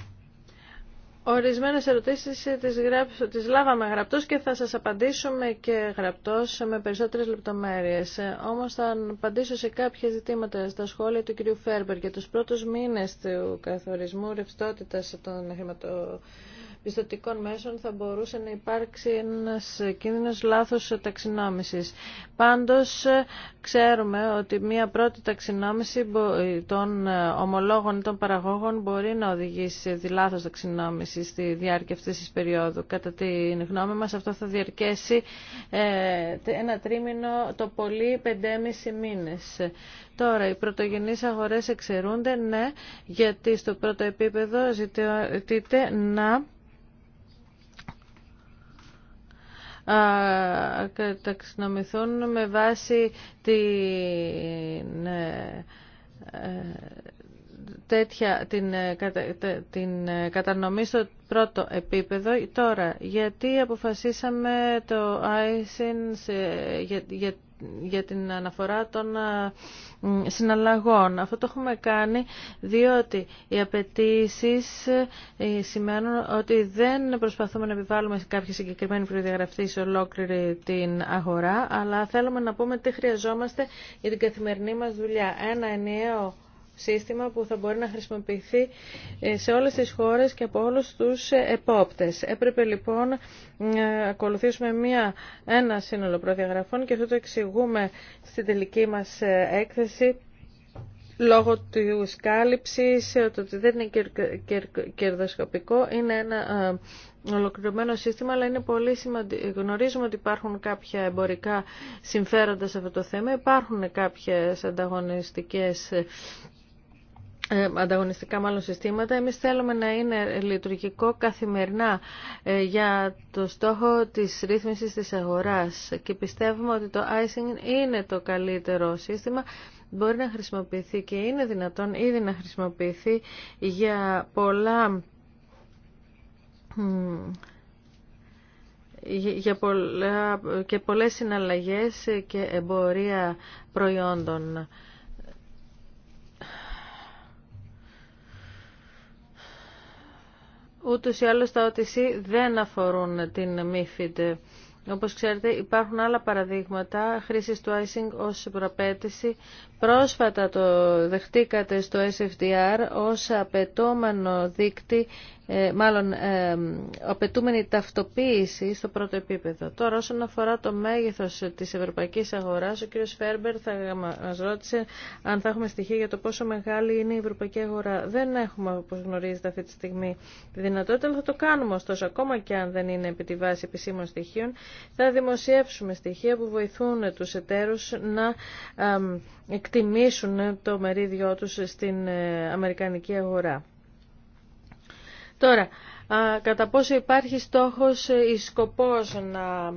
Ορισμένες ερωτήσεις ε, τις, τις λάβαμε γραπτός και θα σας απαντήσουμε και γραπτός με περισσότερες λεπτομέρειες. Ε, όμως θα απαντήσω σε κάποια ζητήματα στα σχόλια του κ. Φέρμπερ για τους πρώτους μήνες του καθορισμού ρευστότητας των χρηματοδοτών πιστοτικών μέσων θα μπορούσε να υπάρξει ένας κίνδυνος λάθος ταξινόμησης. Πάντως ξέρουμε ότι μια πρώτη ταξινόμηση των ομολόγων ή των παραγόγων μπορεί να οδηγήσει σε λάθος ταξινόμηση στη διάρκεια αυτής της περίοδου. Κατά την γνώμη μας αυτό θα διαρκέσει ε, ένα τρίμηνο το πολύ 5,5 μήνες. Τώρα, οι πρωτογενείς αγορές εξαιρούνται, ναι, γιατί στο πρώτο επίπεδο ζητείτε να ταξινομηθούν με βάση την ε, ε, τέτοια την, ε, την ε, κατανομή στο πρώτο επίπεδο. Τώρα, γιατί αποφασίσαμε το ISIN σε, για, για, την αναφορά των ε, συναλλαγών. Αυτό το έχουμε κάνει διότι οι απαιτήσει σημαίνουν ότι δεν προσπαθούμε να επιβάλλουμε σε κάποια συγκεκριμένη προδιαγραφή σε ολόκληρη την αγορά, αλλά θέλουμε να πούμε τι χρειαζόμαστε για την καθημερινή μας δουλειά. Ένα ενιαίο σύστημα που θα μπορεί να χρησιμοποιηθεί ε, σε όλες τις χώρες και από όλους τους ε, επόπτες. Έπρεπε λοιπόν να ακολουθήσουμε μία, ένα σύνολο προδιαγραφών και αυτό το εξηγούμε στην τελική μας ε, έκθεση λόγω του κάλυψης, ότι δεν είναι κερδοσκοπικό, είναι ένα ολοκληρωμένο σύστημα, αλλά είναι πολύ σημαντικό. Γνωρίζουμε ότι υπάρχουν κάποια εμπορικά συμφέροντα σε αυτό το θέμα, υπάρχουν κάποιες ανταγωνιστικές ε, ανταγωνιστικά μάλλον συστήματα. Εμείς θέλουμε να είναι λειτουργικό καθημερινά ε, για το στόχο της ρύθμισης της αγοράς και πιστεύουμε ότι το icing είναι το καλύτερο σύστημα μπορεί να χρησιμοποιηθεί και είναι δυνατόν ήδη να χρησιμοποιηθεί για πολλά για πολλά και πολλές συναλλαγές και εμπορία προϊόντων. Ούτως ή άλλως τα OTC δεν αφορούν την MIFID. Όπως ξέρετε υπάρχουν άλλα παραδείγματα χρήσης του icing ως προαπέτηση Πρόσφατα το δεχτήκατε στο SFDR ως απαιτόμενο δίκτυ, ε, μάλλον ε, απαιτούμενη ταυτοποίηση στο πρώτο επίπεδο. Τώρα όσον αφορά το μέγεθος της ευρωπαϊκής αγοράς, ο κ. Φέρμπερ θα μας ρώτησε αν θα έχουμε στοιχεία για το πόσο μεγάλη είναι η ευρωπαϊκή αγορά. Δεν έχουμε, όπως γνωρίζετε αυτή τη στιγμή, τη δυνατότητα, αλλά θα το κάνουμε ωστόσο, ακόμα και αν δεν είναι επί τη βάση επισήμων στοιχείων, θα δημοσιεύσουμε στοιχεία που βοηθούν τους εταίρους να ε, εκτιμήσουν το μερίδιό τους στην ε, αμερικανική αγορά. Τώρα, κατά πόσο υπάρχει στόχος ή σκοπός να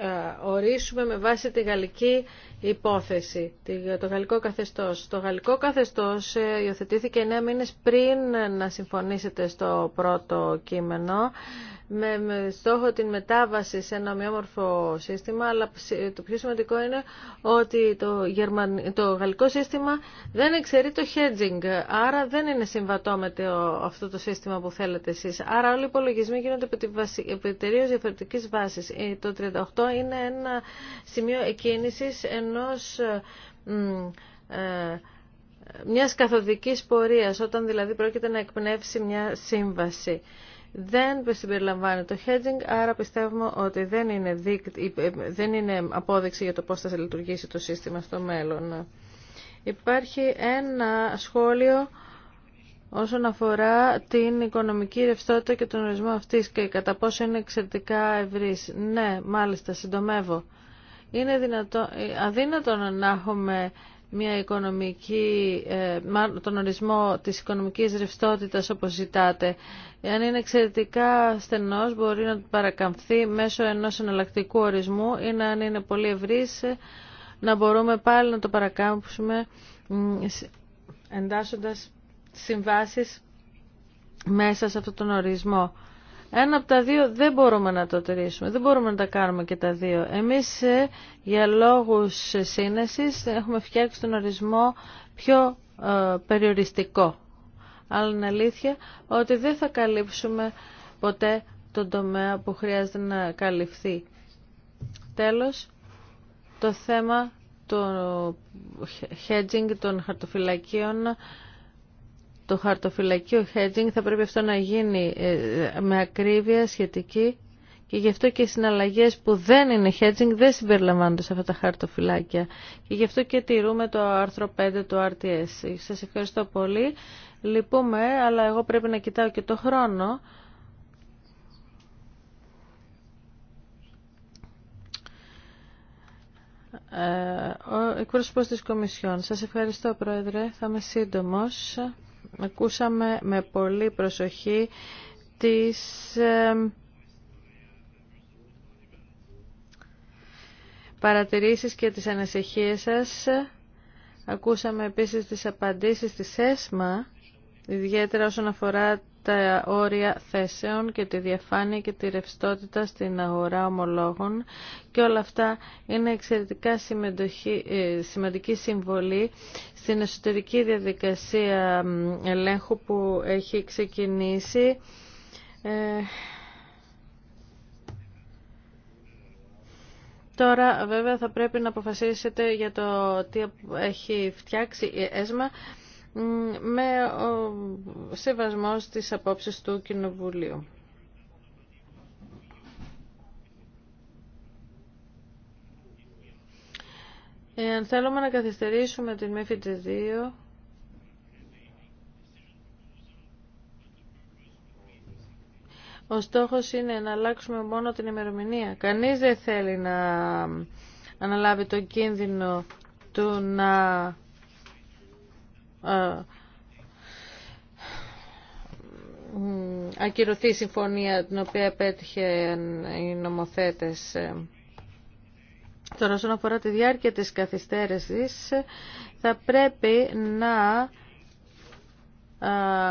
ε, ορίσουμε με βάση τη γαλλική υπόθεση, το γαλλικό καθεστώς. Το γαλλικό καθεστώς ε, υιοθετήθηκε 9 μήνες πριν να συμφωνήσετε στο πρώτο κείμενο με στόχο την μετάβαση σε ένα ομοιόμορφο σύστημα, αλλά το πιο σημαντικό είναι ότι το, γερμαν... το γαλλικό σύστημα δεν εξαιρεί το hedging, άρα δεν είναι συμβατό με το... αυτό το σύστημα που θέλετε εσείς. Άρα όλοι οι υπολογισμοί γίνονται επί διαφορετικής βάσης. Ε, το 38 είναι ένα σημείο εκκίνησης ενός ε, μιας καθοδικής πορείας, όταν δηλαδή πρόκειται να εκπνεύσει μια σύμβαση. Δεν συμπεριλαμβάνει το hedging, άρα πιστεύουμε ότι δεν είναι, δίκ, ε, ε, δεν είναι απόδειξη για το πώς θα λειτουργήσει το σύστημα στο μέλλον. Υπάρχει ένα σχόλιο όσον αφορά την οικονομική ρευστότητα και τον ορισμό αυτής και κατά πόσο είναι εξαιρετικά ευρύς. Ναι, μάλιστα, συντομεύω. Είναι δυνατό, ε, αδύνατο να έχουμε μια οικονομική, ε, τον ορισμό της οικονομικής ρευστότητας όπως ζητάτε. Αν είναι εξαιρετικά στενός μπορεί να παρακαμφθεί μέσω ενός εναλλακτικού ορισμού ή αν είναι πολύ ευρύς να μπορούμε πάλι να το παρακάμψουμε εντάσσοντας συμβάσεις μέσα σε αυτόν τον ορισμό. Ένα από τα δύο δεν μπορούμε να το τηρήσουμε, δεν μπορούμε να τα κάνουμε και τα δύο. Εμείς ε, για λόγους σύνεσης έχουμε φτιάξει τον ορισμό πιο ε, περιοριστικό. Αλλά είναι αλήθεια ότι δεν θα καλύψουμε ποτέ τον τομέα που χρειάζεται να καλυφθεί. Τέλος, το θέμα του hedging των χαρτοφυλακίων το χαρτοφυλακείο hedging θα πρέπει αυτό να γίνει ε, με ακρίβεια σχετική και γι' αυτό και οι συναλλαγές που δεν είναι hedging δεν συμπεριλαμβάνονται σε αυτά τα χαρτοφυλάκια. Και γι' αυτό και τηρούμε το άρθρο 5 του RTS. Σας ευχαριστώ πολύ. Λυπούμε, αλλά εγώ πρέπει να κοιτάω και το χρόνο. Ε, ο εκπρόσωπος της Κομισιόν. Σας ευχαριστώ, Πρόεδρε. Θα είμαι σύντομος ακούσαμε με πολύ προσοχή τις ε, παρατηρήσεις και τις ανησυχίες σας. Ακούσαμε επίσης τις απαντήσεις της ΕΣΜΑ, ιδιαίτερα όσον αφορά τα όρια θέσεων και τη διαφάνεια και τη ρευστότητα στην αγορά ομολόγων και όλα αυτά είναι εξαιρετικά ε, σημαντική συμβολή στην εσωτερική διαδικασία ελέγχου που έχει ξεκινήσει ε, Τώρα βέβαια θα πρέπει να αποφασίσετε για το τι έχει φτιάξει η ΕΣΜΑ με σεβασμό της απόψεις του Κοινοβουλίου. Εάν θέλουμε να καθυστερήσουμε την ΜΕΦΙΤ 2, ο στόχος είναι να αλλάξουμε μόνο την ημερομηνία. Κανείς δεν θέλει να αναλάβει τον κίνδυνο του να ακυρωθεί η συμφωνία την οποία πέτυχε οι νομοθέτες. Τώρα όσον αφορά τη διάρκεια της καθυστέρησης θα πρέπει να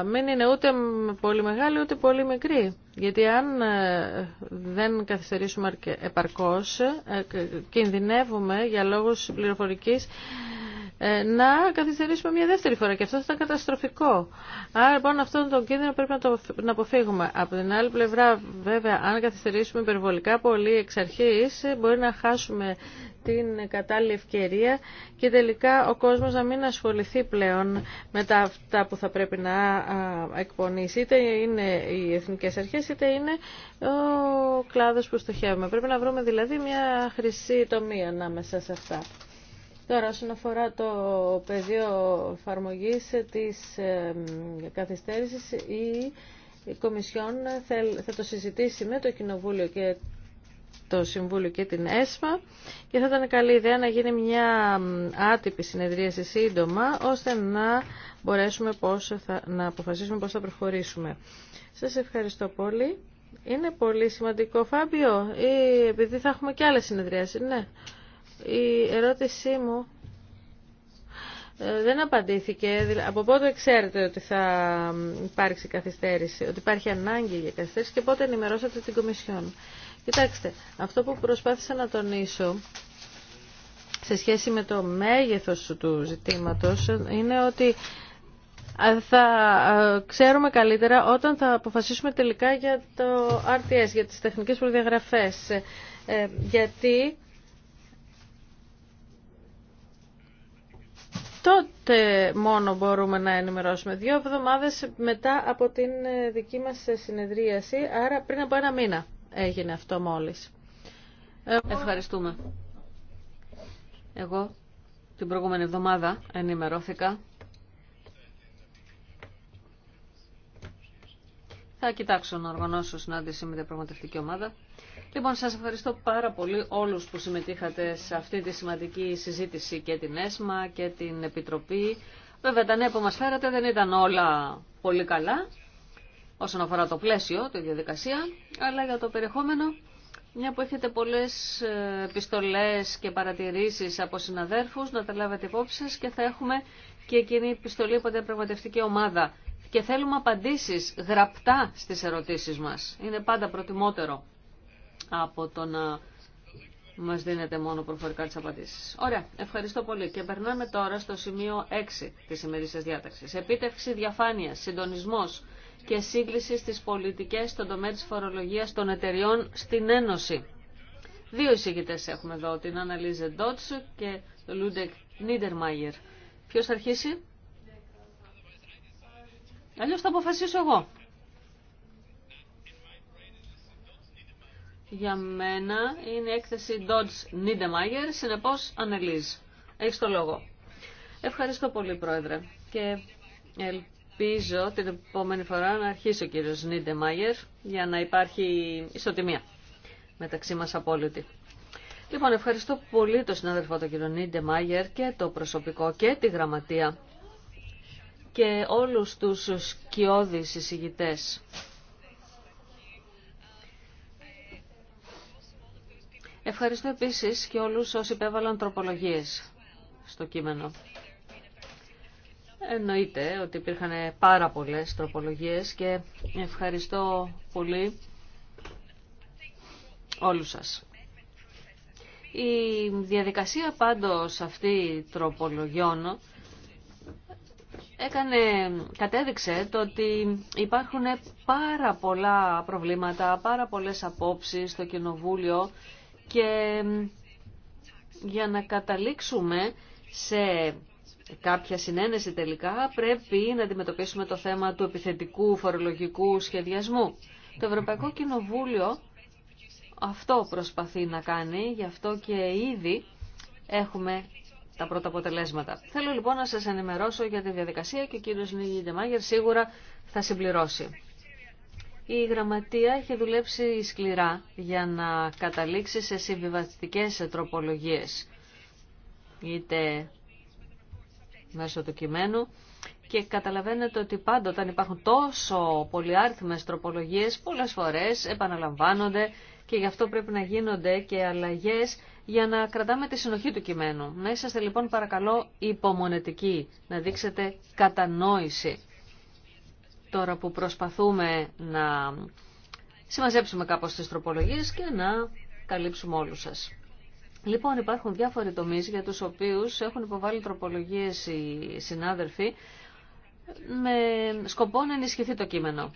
μην είναι ούτε πολύ μεγάλη ούτε πολύ μικρή. Γιατί αν ε, δεν καθυστερήσουμε επαρκώς, ε, κινδυνεύουμε για λόγους πληροφορικής ε, να καθυστερήσουμε μια δεύτερη φορά και αυτό θα ήταν καταστροφικό. Άρα λοιπόν αυτόν τον κίνδυνο πρέπει να το να αποφύγουμε. Από την άλλη πλευρά βέβαια αν καθυστερήσουμε υπερβολικά πολύ εξ αρχής ε, μπορεί να χάσουμε την κατάλληλη ευκαιρία και τελικά ο κόσμος να μην ασχοληθεί πλέον με τα αυτά που θα πρέπει να εκπονήσει. Είτε είναι οι εθνικές αρχές είτε είναι ο κλάδος που στοχεύουμε. Πρέπει να βρούμε δηλαδή μια χρυσή τομή ανάμεσα σε αυτά. Τώρα, όσον αφορά το πεδίο εφαρμογή της καθυστέρησης, η Κομισιόν θα το συζητήσει με το Κοινοβούλιο και το Συμβούλιο και την ΕΣΜΑ και θα ήταν καλή ιδέα να γίνει μια άτυπη συνεδρίαση σύντομα ώστε να μπορέσουμε πώς θα, να αποφασίσουμε πώς θα προχωρήσουμε. Σας ευχαριστώ πολύ. Είναι πολύ σημαντικό, Φάμπιο, ή επειδή θα έχουμε και άλλες συνεδριάσεις, ναι η ερώτησή μου ε, δεν απαντήθηκε. Από πότε ξέρετε ότι θα υπάρξει καθυστέρηση, ότι υπάρχει ανάγκη για καθυστέρηση και πότε ενημερώσατε την Κομισιόν. Κοιτάξτε, αυτό που προσπάθησα να τονίσω σε σχέση με το μέγεθος του ζητήματος είναι ότι ε, θα ε, ξέρουμε καλύτερα όταν θα αποφασίσουμε τελικά για το RTS, για τις τεχνικές προδιαγραφές. Γιατί τότε μόνο μπορούμε να ενημερώσουμε. Δύο εβδομάδες μετά από την ε, δική μας συνεδρίαση, άρα πριν από ένα μήνα έγινε αυτό μόλις. Ευχαριστούμε. Εγώ την προηγούμενη εβδομάδα ενημερώθηκα. Θα κοιτάξω να οργανώσω συνάντηση με την πραγματευτική ομάδα. Λοιπόν, σας ευχαριστώ πάρα πολύ όλους που συμμετείχατε σε αυτή τη σημαντική συζήτηση και την ΕΣΜΑ και την Επιτροπή. Βέβαια, τα νέα που μας φέρατε δεν ήταν όλα πολύ καλά όσον αφορά το πλαίσιο, τη διαδικασία, αλλά για το περιεχόμενο, μια που έχετε πολλές ε, επιστολές και παρατηρήσεις από συναδέρφους, να τα λάβετε υπόψη σας και θα έχουμε και εκείνη η επιστολή από την πραγματευτική ομάδα. Και θέλουμε απαντήσεις γραπτά στις ερωτήσεις μας. Είναι πάντα προτιμότερο από το να μας δίνετε μόνο προφορικά τις απαντήσεις. Ωραία, ευχαριστώ πολύ. Και περνάμε τώρα στο σημείο 6 της ημερήσιας διάταξης. Επίτευξη διαφάνειας, συντονισμός και σύγκληση στις πολιτικές στον τομέα της φορολογίας των εταιριών στην Ένωση. Δύο εισηγητές έχουμε εδώ, την Αναλίζε Ντότς και Λούντεκ Νίτερμαγερ. Ποιος θα αρχίσει? Αλλιώς θα αποφασίσω εγώ. για μένα είναι η έκθεση Dodge Niedermayer, συνεπώς αναλύζει. Έχεις το λόγο. Ευχαριστώ πολύ, Πρόεδρε. Και ελπίζω την επόμενη φορά να αρχίσει ο κύριος Niedermayer για να υπάρχει ισοτιμία μεταξύ μας απόλυτη. Λοιπόν, ευχαριστώ πολύ τον συνάδελφο τον κύριο Niedermayer και το προσωπικό και τη γραμματεία και όλους τους σκιώδεις εισηγητές Ευχαριστώ επίσης και όλους όσοι υπέβαλαν τροπολογίες στο κείμενο. Εννοείται ότι υπήρχαν πάρα πολλές τροπολογίες και ευχαριστώ πολύ όλους σας. Η διαδικασία πάντως αυτή τροπολογιών έκανε, κατέδειξε το ότι υπάρχουν πάρα πολλά προβλήματα, πάρα πολλές απόψεις στο Κοινοβούλιο και για να καταλήξουμε σε κάποια συνένεση τελικά πρέπει να αντιμετωπίσουμε το θέμα του επιθετικού φορολογικού σχεδιασμού. Το Ευρωπαϊκό Κοινοβούλιο αυτό προσπαθεί να κάνει, γι' αυτό και ήδη έχουμε τα πρώτα αποτελέσματα. Θέλω λοιπόν να σας ενημερώσω για τη διαδικασία και ο κύριος Νίγη Ντεμάγερ σίγουρα θα συμπληρώσει. Η Γραμματεία έχει δουλέψει σκληρά για να καταλήξει σε συμβιβαστικές τροπολογίες, είτε μέσω του κειμένου, και καταλαβαίνετε ότι πάντα όταν υπάρχουν τόσο πολυάριθμες τροπολογίες, πολλές φορές επαναλαμβάνονται και γι' αυτό πρέπει να γίνονται και αλλαγές για να κρατάμε τη συνοχή του κειμένου. Να είσαστε λοιπόν παρακαλώ υπομονετικοί, να δείξετε κατανόηση τώρα που προσπαθούμε να συμμαζέψουμε κάπως τις τροπολογίες και να καλύψουμε όλους σας. Λοιπόν, υπάρχουν διάφοροι τομείς για τους οποίους έχουν υποβάλει τροπολογίες οι συνάδελφοι με σκοπό να ενισχυθεί το κείμενο.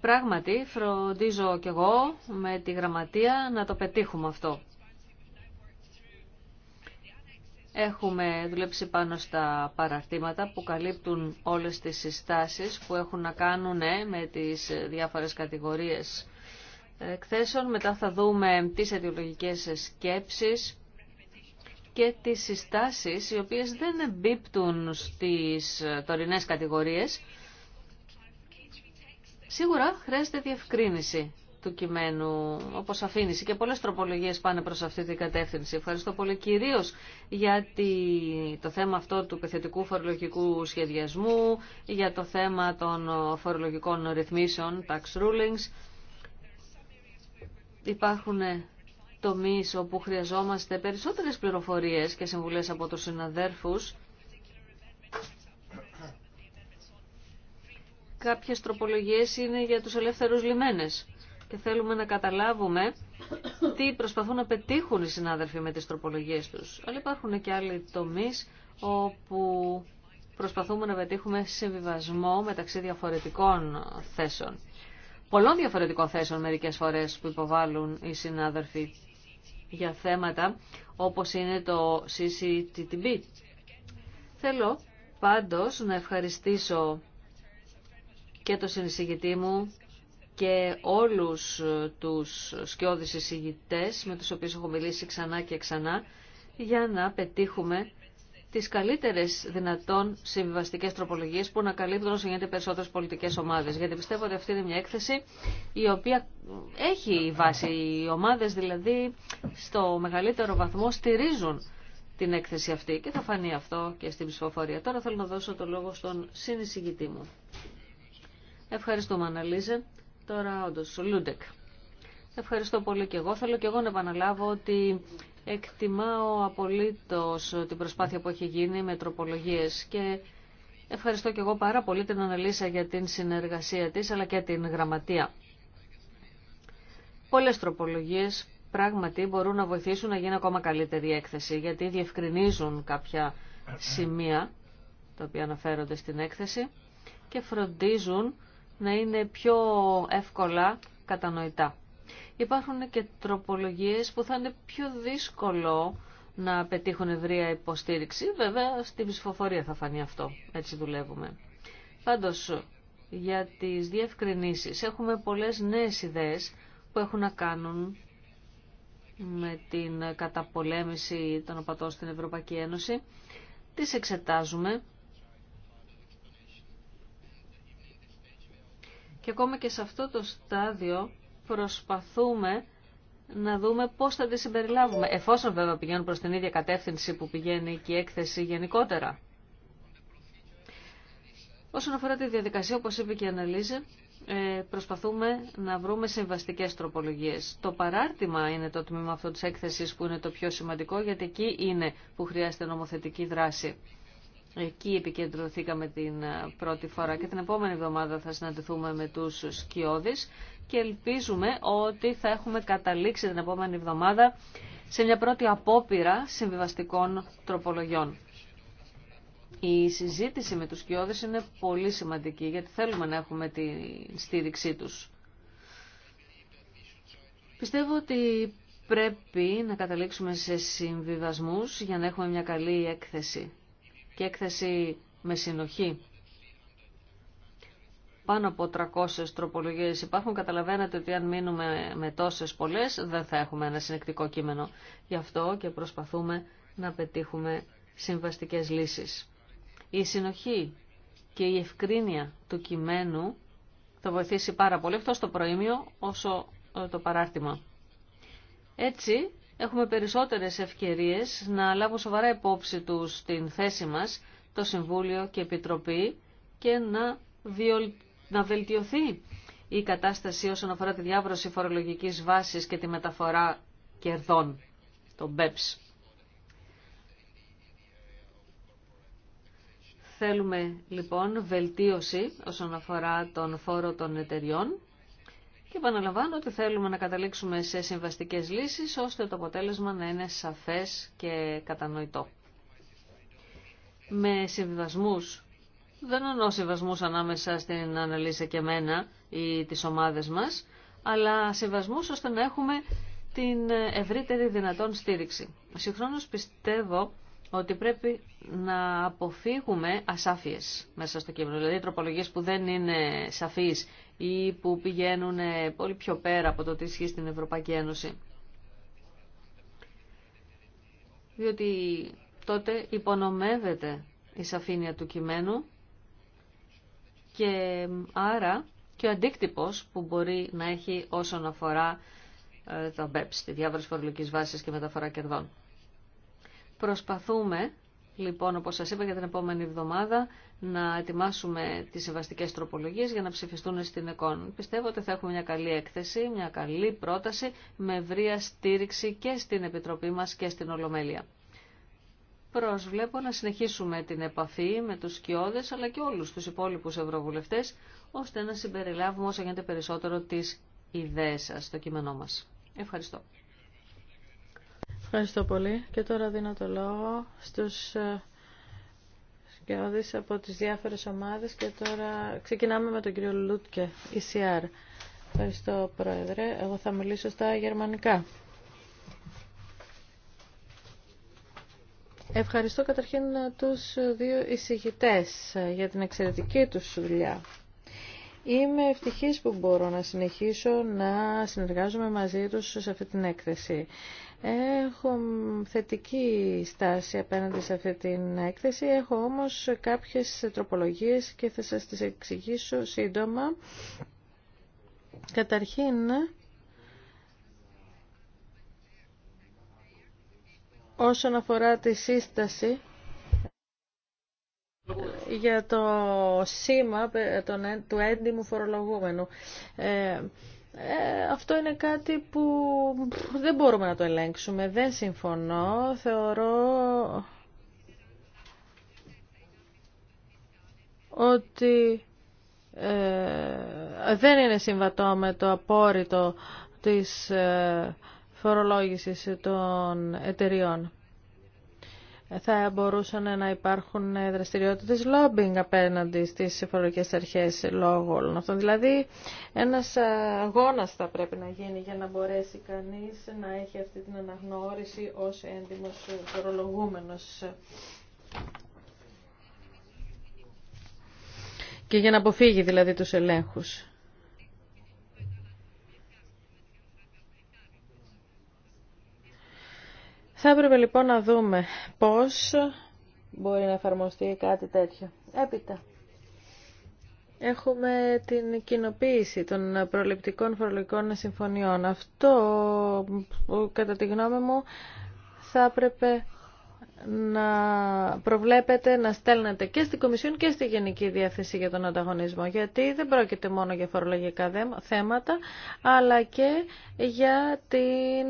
Πράγματι, φροντίζω κι εγώ με τη γραμματεία να το πετύχουμε αυτό. Έχουμε δουλέψει πάνω στα παραρτήματα που καλύπτουν όλες τις συστάσεις που έχουν να κάνουν ε, με τις διάφορες κατηγορίες εκθέσεων. Μετά θα δούμε τις αιτιολογικές σκέψεις και τις συστάσεις οι οποίες δεν εμπίπτουν στις τωρινές κατηγορίες. Σίγουρα χρειάζεται διευκρίνηση του κειμένου, όπως αφήνει Και πολλές τροπολογίες πάνε προς αυτή την κατεύθυνση. Ευχαριστώ πολύ κυρίω για το θέμα αυτό του πεθετικού φορολογικού σχεδιασμού, για το θέμα των φορολογικών ρυθμίσεων, tax rulings. Υπάρχουν τομεί όπου χρειαζόμαστε περισσότερες πληροφορίες και συμβουλές από τους συναδέρφους. Κάποιες τροπολογίες είναι για τους ελεύθερους λιμένες και θέλουμε να καταλάβουμε τι προσπαθούν να πετύχουν οι συνάδελφοι με τις τροπολογίες τους. Αλλά υπάρχουν και άλλοι τομείς όπου προσπαθούμε να πετύχουμε συμβιβασμό μεταξύ διαφορετικών θέσεων. Πολλών διαφορετικών θέσεων μερικές φορές που υποβάλλουν οι συνάδελφοι για θέματα όπως είναι το CCTB. Θέλω πάντως να ευχαριστήσω και το συνεισηγητή μου και όλους τους σκιώδεις εισηγητές με τους οποίους έχω μιλήσει ξανά και ξανά για να πετύχουμε τις καλύτερες δυνατόν συμβιβαστικές τροπολογίες που να καλύπτουν όσο γίνεται περισσότερες πολιτικές ομάδες. Γιατί πιστεύω ότι αυτή είναι μια έκθεση η οποία έχει βάση. Οι ομάδες δηλαδή στο μεγαλύτερο βαθμό στηρίζουν την έκθεση αυτή και θα φανεί αυτό και στην ψηφοφορία. Τώρα θέλω να δώσω το λόγο στον συνεισηγητή μου. Ευχαριστούμε Αναλίζε. Τώρα όντω, ο Λούντεκ. Ευχαριστώ πολύ και εγώ. Θέλω και εγώ να επαναλάβω ότι εκτιμάω απολύτως την προσπάθεια που έχει γίνει με τροπολογίε και ευχαριστώ και εγώ πάρα πολύ την Αναλύσα για την συνεργασία της αλλά και την γραμματεία. Πολλέ τροπολογίε πράγματι μπορούν να βοηθήσουν να γίνει ακόμα καλύτερη η έκθεση γιατί διευκρινίζουν κάποια σημεία τα οποία αναφέρονται στην έκθεση και φροντίζουν να είναι πιο εύκολα κατανοητά. Υπάρχουν και τροπολογίες που θα είναι πιο δύσκολο να πετύχουν ευρεία υποστήριξη. Βέβαια, στη ψηφοφορία θα φανεί αυτό. Έτσι δουλεύουμε. Πάντως, για τις διευκρινήσεις έχουμε πολλές νέες ιδέες που έχουν να κάνουν με την καταπολέμηση των απατών στην Ευρωπαϊκή Ένωση. Τις εξετάζουμε Και ακόμα και σε αυτό το στάδιο προσπαθούμε να δούμε πώς θα τις συμπεριλάβουμε, εφόσον βέβαια πηγαίνουν προς την ίδια κατεύθυνση που πηγαίνει και η έκθεση γενικότερα. Όσον αφορά τη διαδικασία, όπως είπε και η Αναλύζη, ε, προσπαθούμε να βρούμε συμβαστικές τροπολογίες. Το παράρτημα είναι το τμήμα αυτό της έκθεσης που είναι το πιο σημαντικό, γιατί εκεί είναι που χρειάζεται νομοθετική δράση. Εκεί επικεντρωθήκαμε την ε, πρώτη φορά και την επόμενη εβδομάδα θα συναντηθούμε με τους σκιώδεις και ελπίζουμε ότι θα έχουμε καταλήξει την επόμενη εβδομάδα σε μια πρώτη απόπειρα συμβιβαστικών τροπολογιών. Η συζήτηση με τους σκιώδες είναι πολύ σημαντική γιατί θέλουμε να έχουμε τη στήριξή τους. Πιστεύω ότι πρέπει να καταλήξουμε σε συμβιβασμούς για να έχουμε μια καλή έκθεση και έκθεση με συνοχή. Πάνω από 300 τροπολογίες υπάρχουν. Καταλαβαίνετε ότι αν μείνουμε με τόσες πολλέ δεν θα έχουμε ένα συνεκτικό κείμενο. Γι' αυτό και προσπαθούμε να πετύχουμε συμβαστικέ λύσεις. Η συνοχή και η ευκρίνεια του κειμένου θα βοηθήσει πάρα πολύ αυτό στο προήμιο όσο ε, το παράρτημα. Έτσι έχουμε περισσότερες ευκαιρίες να λάβουν σοβαρά υπόψη τους την θέση μας, το Συμβούλιο και Επιτροπή και να, να βελτιωθεί η κατάσταση όσον αφορά τη διάβρωση φορολογικής βάσης και τη μεταφορά κερδών, το BEPS. Θέλουμε λοιπόν βελτίωση όσον αφορά τον φόρο των εταιριών και επαναλαμβάνω ότι θέλουμε να καταλήξουμε σε συμβαστικές λύσεις ώστε το αποτέλεσμα να είναι σαφές και κατανοητό. Με συμβασμούς, δεν εννοώ συμβασμούς ανάμεσα στην αναλύση και εμένα ή τις ομάδες μας, αλλά συμβασμούς ώστε να έχουμε την ευρύτερη δυνατόν στήριξη. Συγχρόνως πιστεύω ότι πρέπει να αποφύγουμε ασάφειες μέσα στο κείμενο. Δηλαδή τροπολογίες που δεν είναι σαφείς ή που πηγαίνουν ε, πολύ πιο πέρα από το τι ισχύει στην Ευρωπαϊκή Ένωση. Διότι τότε υπονομεύεται η σαφήνεια του κειμένου και ε, άρα και ο αντίκτυπος που μπορεί να έχει όσον αφορά ε, τα BEPS, τη διάβαση φορολογικής βάσης και μεταφορά κερδών. Προσπαθούμε λοιπόν, όπως σας είπα, για την επόμενη εβδομάδα να ετοιμάσουμε τις συμβαστικές τροπολογίες για να ψηφιστούν στην ΕΚΟΝ. Πιστεύω ότι θα έχουμε μια καλή έκθεση, μια καλή πρόταση με ευρεία στήριξη και στην Επιτροπή μας και στην Ολομέλεια. Προσβλέπω να συνεχίσουμε την επαφή με τους σκιώδες αλλά και όλους τους υπόλοιπους ευρωβουλευτές ώστε να συμπεριλάβουμε όσο γίνεται περισσότερο τις ιδέες σας στο κείμενό μας. Ευχαριστώ. Ευχαριστώ πολύ. Και τώρα δίνω το λόγο στους ε, σκιώδεις από τις διάφορες ομάδες και τώρα ξεκινάμε με τον κύριο Λούτκε, ECR. Ευχαριστώ Πρόεδρε. Εγώ θα μιλήσω στα γερμανικά. Ευχαριστώ καταρχήν τους δύο εισηγητές για την εξαιρετική τους δουλειά. Είμαι ευτυχής που μπορώ να συνεχίσω να συνεργάζομαι μαζί τους σε αυτή την έκθεση. Έχω θετική στάση απέναντι σε αυτή την έκθεση. Έχω όμως κάποιες τροπολογίες και θα σας τις εξηγήσω σύντομα. Καταρχήν, όσον αφορά τη σύσταση για το σήμα του έντιμου φορολογούμενου. Ε, ε, αυτό είναι κάτι που δεν μπορούμε να το ελέγξουμε. Δεν συμφωνώ. Θεωρώ ότι ε, δεν είναι συμβατό με το απόρριτο της ε, φορολόγησης των εταιριών θα μπορούσαν να υπάρχουν ε, δραστηριότητες lobbying απέναντι στις φορολογικές αρχές λόγω όλων αυτών. Δηλαδή ένας ε, αγώνας θα πρέπει να γίνει για να μπορέσει κανείς να έχει αυτή την αναγνώριση ως έντιμος φορολογούμενος. Και για να αποφύγει δηλαδή τους ελέγχους. Θα έπρεπε λοιπόν να δούμε πώς μπορεί να εφαρμοστεί κάτι τέτοιο. Έπειτα. Έχουμε την κοινοποίηση των προληπτικών φορολογικών συμφωνιών. Αυτό, κατά τη γνώμη μου, θα έπρεπε να προβλέπετε να στέλνετε και στην Κομισιόν και στη Γενική Διαθέση για τον Ανταγωνισμό, γιατί δεν πρόκειται μόνο για φορολογικά θέματα, αλλά και για την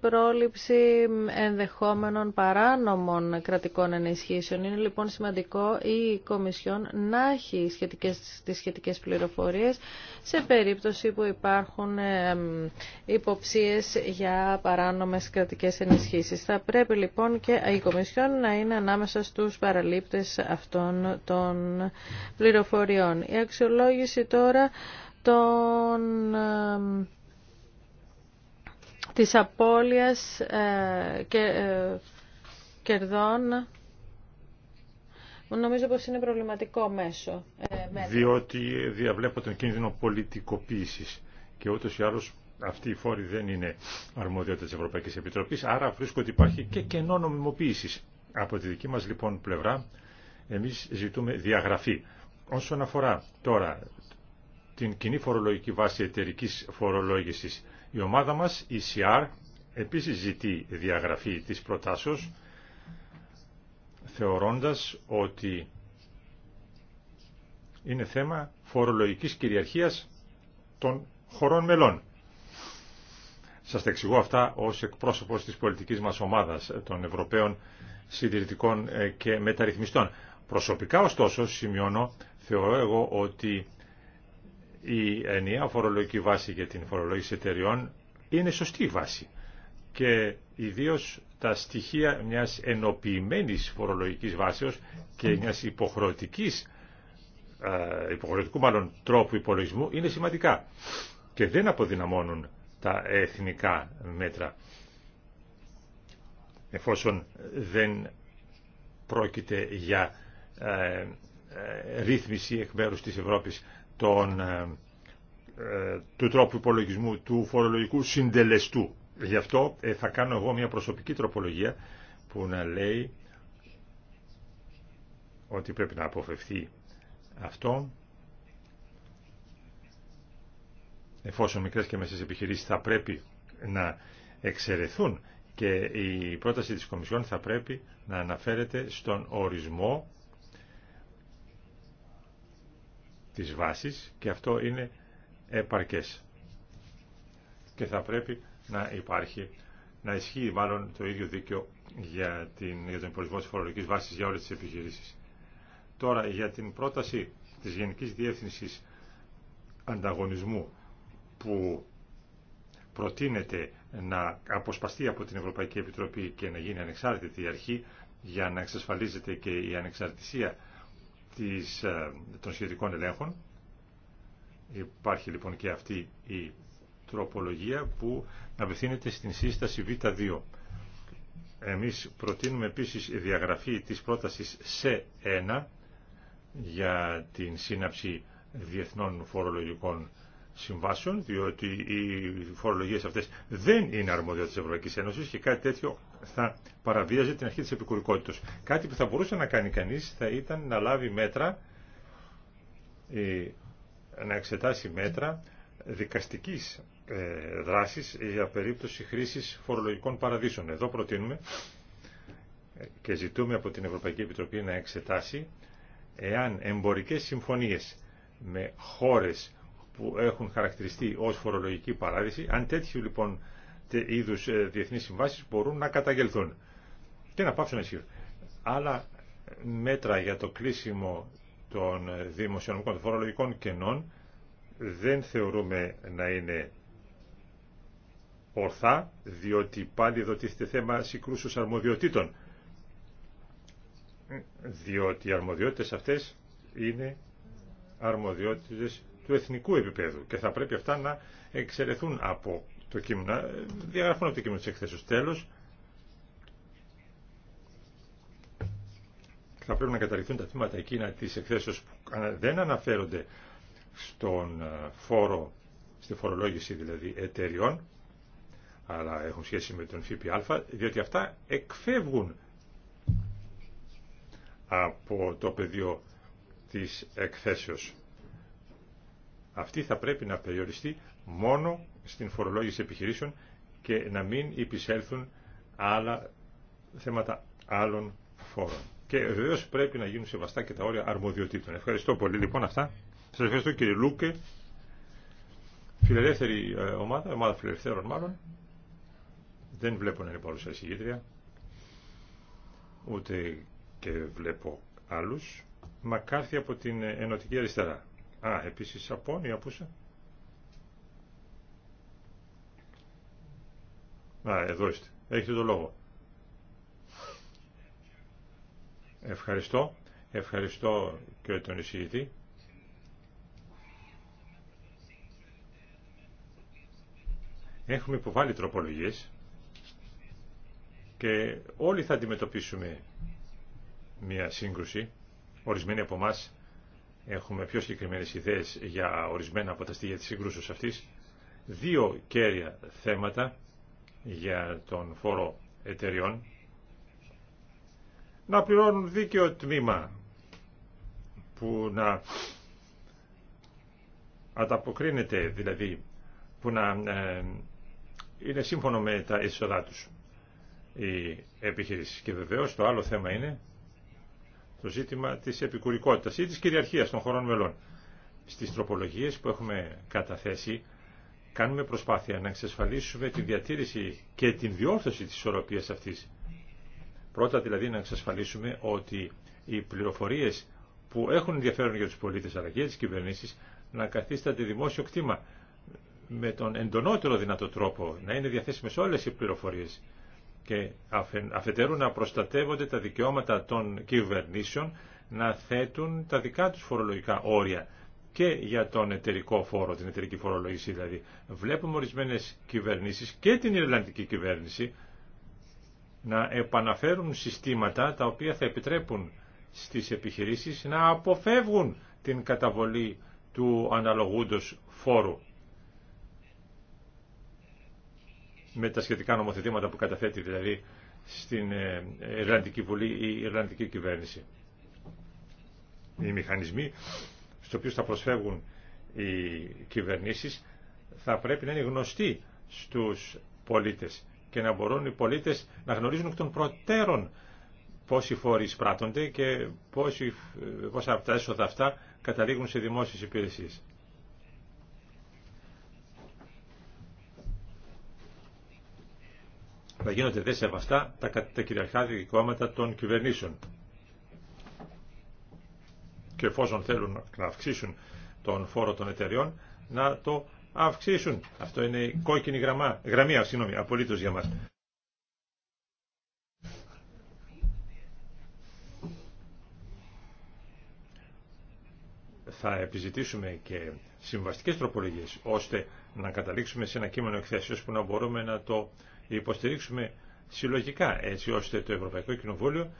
πρόληψη ενδεχόμενων παράνομων κρατικών ενισχύσεων. Είναι λοιπόν σημαντικό η Κομισιόν να έχει σχετικές, τις σχετικές πληροφορίες σε περίπτωση που υπάρχουν υποψίες για παράνομες κρατικές ενισχύσεις. Θα πρέπει λοιπόν και η Κομισιόν να είναι ανάμεσα στους παραλήπτες αυτών των πληροφοριών. Η αξιολόγηση τώρα των της απώλειας ε, και ε, κερδών νομίζω πως είναι προβληματικό μέσο. Ε, Διότι διαβλέπω τον κίνδυνο πολιτικοποίησης και ούτως ή άλλως αυτή η φόροι δεν είναι αρμοδιότητα της Ευρωπαϊκής Επιτροπής, άρα βρίσκω ότι υπάρχει και κενό νομιμοποίηση Από τη δική μας λοιπόν πλευρά, εμείς ζητούμε διαγραφή. Όσον αφορά τώρα την κοινή φορολογική βάση εταιρική φορολόγηση, η ομάδα μας, η CR, επίσης ζητεί διαγραφή της προτάσεως, θεωρώντας ότι είναι θέμα φορολογικής κυριαρχίας των χωρών μελών. Σα τα εξηγώ αυτά ως εκπρόσωπο τη πολιτική μα ομάδα των Ευρωπαίων Συντηρητικών ε, και Μεταρρυθμιστών. Προσωπικά ωστόσο σημειώνω, θεωρώ εγώ ότι η ενιαία φορολογική βάση για την φορολογική εταιριών είναι σωστή βάση και ιδίως τα στοιχεία μιας ενοποιημένης φορολογικής βάσεως και μιας υποχρεωτική, ε, υποχρεωτικού μάλλον τρόπου υπολογισμού είναι σημαντικά και δεν αποδυναμώνουν τα εθνικά μέτρα. Εφόσον δεν πρόκειται για ε, ε, ρύθμιση εκ μέρους της Ευρώπης των, ε, ε, του τρόπου υπολογισμού του φορολογικού συντελεστού. Γι' αυτό ε, θα κάνω εγώ μια προσωπική τροπολογία που να λέει ότι πρέπει να αποφευθεί αυτό εφόσον μικρές και μεσές επιχειρήσεις θα πρέπει να εξαιρεθούν και η πρόταση της Κομισιόν θα πρέπει να αναφέρεται στον ορισμό της βάσης και αυτό είναι επαρκές. Και θα πρέπει να υπάρχει, να ισχύει μάλλον το ίδιο δίκαιο για, την, για τον υπολογισμό της φορολογικής βάσης για όλες τις επιχειρήσεις. Τώρα για την πρόταση της Γενικής Διεύθυνσης Ανταγωνισμού που προτείνεται να αποσπαστεί από την Ευρωπαϊκή Επιτροπή και να γίνει ανεξάρτητη αρχή για να εξασφαλίζεται και η ανεξαρτησία της, ε, των σχετικών ελέγχων. Υπάρχει λοιπόν και αυτή η τροπολογία που απευθύνεται στην σύσταση Β2. Εμείς προτείνουμε επίσης διαγραφή της πρότασης σε 1 για την σύναψη διεθνών φορολογικών συμβάσεων, διότι οι φορολογίες αυτές δεν είναι αρμόδια της Ευρωπαϊκής Ένωσης και κάτι τέτοιο θα παραβίαζε την αρχή της επικουρικότητας. Κάτι που θα μπορούσε να κάνει κανείς θα ήταν να λάβει μέτρα, ε, να εξετάσει μέτρα δικαστικής ε, δράσης για περίπτωση χρήσης φορολογικών παραδείσων. Εδώ προτείνουμε και ζητούμε από την Ευρωπαϊκή Επιτροπή να εξετάσει εάν εμπορικές συμφωνίες με χώρες που έχουν χαρακτηριστεί ως φορολογική παράδειση, αν τέτοιου λοιπόν είδους ε, διεθνείς συμβάσεις μπορούν να καταγγελθούν και να πάψουν να Άλλα μέτρα για το κλείσιμο των δημοσιονομικών των φορολογικών κενών δεν θεωρούμε να είναι ορθά, διότι πάλι εδώ θέμα συγκρούσεως αρμοδιοτήτων. Διότι οι αρμοδιότητες αυτές είναι αρμοδιότητες του εθνικού επίπεδου και θα πρέπει αυτά να εξαιρεθούν από το κείμενο, διαγραφούν από το κείμενο της εκθέσεως. Τέλος, θα πρέπει να καταληφθούν τα θύματα εκείνα της εκθέσεως που δεν αναφέρονται στον ε, φόρο, στη φορολόγηση δηλαδή εταιριών, αλλά έχουν σχέση με τον ΦΠΑ, διότι αυτά εκφεύγουν από το πεδίο της εκθέσεως αυτή θα πρέπει να περιοριστεί μόνο στην φορολόγηση επιχειρήσεων και να μην υπησέλθουν άλλα θέματα άλλων φόρων. Και βεβαίω πρέπει να γίνουν σεβαστά και τα όρια αρμοδιοτήτων. Ευχαριστώ πολύ λοιπόν αυτά. Σα ευχαριστώ κύριε Λούκε. Φιλελεύθερη ε, ομάδα, ομάδα φιλελευθέρων μάλλον. Δεν βλέπω να είναι παρούσα εισηγήτρια. Ούτε και βλέπω άλλους. Μακάρθη από την Ενωτική Αριστερά. Α, επίσης απόνοια, πούσα. Α, εδώ είστε. Έχετε το λόγο. Ευχαριστώ. Ευχαριστώ και τον εισηγητή. Έχουμε υποβάλει τροπολογίες και όλοι θα αντιμετωπίσουμε μια σύγκρουση. Ορισμένοι από εμά έχουμε πιο συγκεκριμένε ιδέε για ορισμένα από τα στοιχεία της συγκρούσεως αυτή. Δύο κέρια θέματα για τον φόρο εταιριών. Να πληρώνουν δίκαιο τμήμα που να ανταποκρίνεται, δηλαδή που να ε, είναι σύμφωνο με τα έσοδά τους η επιχείρηση. Και βεβαίως το άλλο θέμα είναι το ζήτημα της επικουρικότητας ή της κυριαρχίας των χωρών μελών. Στις τροπολογίες που έχουμε καταθέσει κάνουμε προσπάθεια να εξασφαλίσουμε τη διατήρηση και την διόρθωση της ισορροπίας αυτής. Πρώτα δηλαδή να εξασφαλίσουμε ότι οι πληροφορίες που έχουν ενδιαφέρον για τους πολίτες αλλά και για τις να καθίστανται δημόσιο κτήμα με τον εντονότερο δυνατό τρόπο να είναι διαθέσιμες όλες οι πληροφορίες και αφετέρου να προστατεύονται τα δικαιώματα των κυβερνήσεων να θέτουν τα δικά τους φορολογικά όρια και για τον εταιρικό φόρο, την εταιρική φορολογήση δηλαδή. Βλέπουμε ορισμένε κυβερνήσεις και την Ιρλανδική κυβέρνηση να επαναφέρουν συστήματα τα οποία θα επιτρέπουν στις επιχειρήσεις να αποφεύγουν την καταβολή του αναλογούντος φόρου. με τα σχετικά νομοθετήματα που καταθέτει δηλαδή στην ε, Ιρλανδική Βουλή ή η Ιρλανδική Κυβέρνηση. Οι μηχανισμοί στους οποίους θα προσφεύγουν οι κυβερνήσεις θα πρέπει να είναι γνωστοί στους πολίτες και να μπορούν οι πολίτες να γνωρίζουν εκ των προτέρων πόσοι φόροι εισπράττονται και ε, πόσα από τα έσοδα αυτά καταλήγουν σε δημόσιες υπηρεσίες. να γίνονται δε σεβαστά τα, τα κυριαρχά δικαιώματα των κυβερνήσεων. Και εφόσον θέλουν να αυξήσουν τον φόρο των εταιριών, να το αυξήσουν. Αυτό είναι η κόκκινη γραμμά, γραμμή, συγγνώμη, απολύτως για μας. θα επιζητήσουμε και συμβαστικές τροπολογίες ώστε να καταλήξουμε σε ένα κείμενο εκθέσεως που να μπορούμε να το υποστηρίξουμε συλλογικά έτσι ώστε το Ευρωπαϊκό Κοινοβούλιο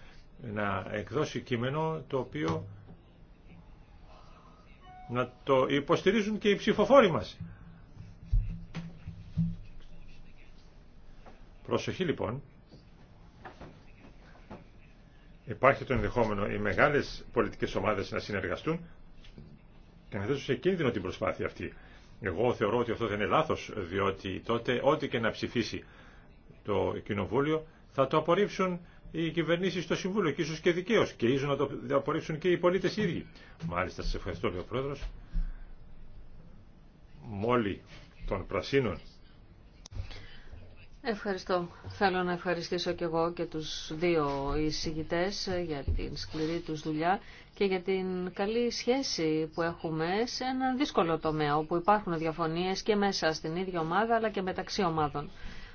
να εκδώσει κείμενο το οποίο να το υποστηρίζουν και οι ψηφοφόροι μας. Προσοχή λοιπόν. Υπάρχει το ενδεχόμενο οι μεγάλες πολιτικές ομάδες να συνεργαστούν και να θέσουν σε κίνδυνο την προσπάθεια αυτή. Εγώ θεωρώ ότι αυτό δεν είναι λάθος, διότι τότε ό,τι και να ψηφίσει το Κοινοβούλιο, θα το απορρίψουν οι κυβερνήσει στο Συμβούλιο και ίσω και δικαίω. Και ίσω να το απορρίψουν και οι πολίτε οι ίδιοι. Μάλιστα, σα ευχαριστώ, λέει ο Πρόεδρο. Μόλι των Πρασίνων. Ευχαριστώ. Θέλω να ευχαριστήσω και εγώ και τους δύο εισηγητές για την σκληρή του δουλειά και για την καλή σχέση που έχουμε σε έναν δύσκολο τομέα όπου υπάρχουν διαφωνίες και μέσα στην ίδια ομάδα αλλά και μεταξύ ομάδων.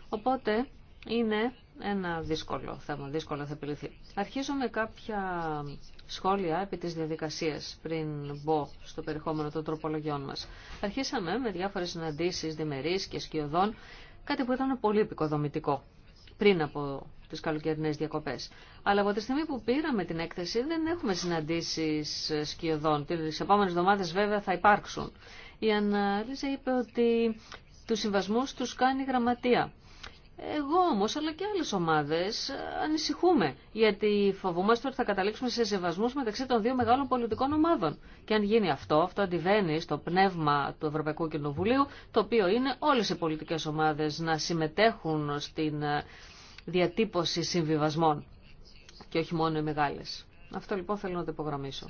Οπότε είναι ένα δύσκολο θέμα, δύσκολο θα επιληθεί. Αρχίζω με κάποια σχόλια επί της διαδικασίας πριν μπω στο περιεχόμενο των τροπολογιών μας. Αρχίσαμε με διάφορες συναντήσεις διμερείς και σκιωδών, κάτι που ήταν πολύ επικοδομητικό πριν από τις καλοκαιρινές διακοπές. Αλλά από τη στιγμή που πήραμε την έκθεση δεν έχουμε συναντήσεις σκιωδών. Τις επόμενες εβδομάδες βέβαια θα υπάρξουν. Η Αναλίζα είπε ότι τους συμβασμούς τους κάνει η γραμματεία. Εγώ όμως, αλλά και άλλες ομάδες, ανησυχούμε, γιατί φοβούμαστε ότι θα καταλήξουμε σε σεβασμούς μεταξύ των δύο μεγάλων πολιτικών ομάδων. Και αν γίνει αυτό, αυτό αντιβαίνει στο πνεύμα του Ευρωπαϊκού Κοινοβουλίου, το οποίο είναι όλες οι πολιτικές ομάδες να συμμετέχουν στην ε, διατύπωση συμβιβασμών και όχι μόνο οι μεγάλες. Αυτό λοιπόν θέλω να το υπογραμμίσω.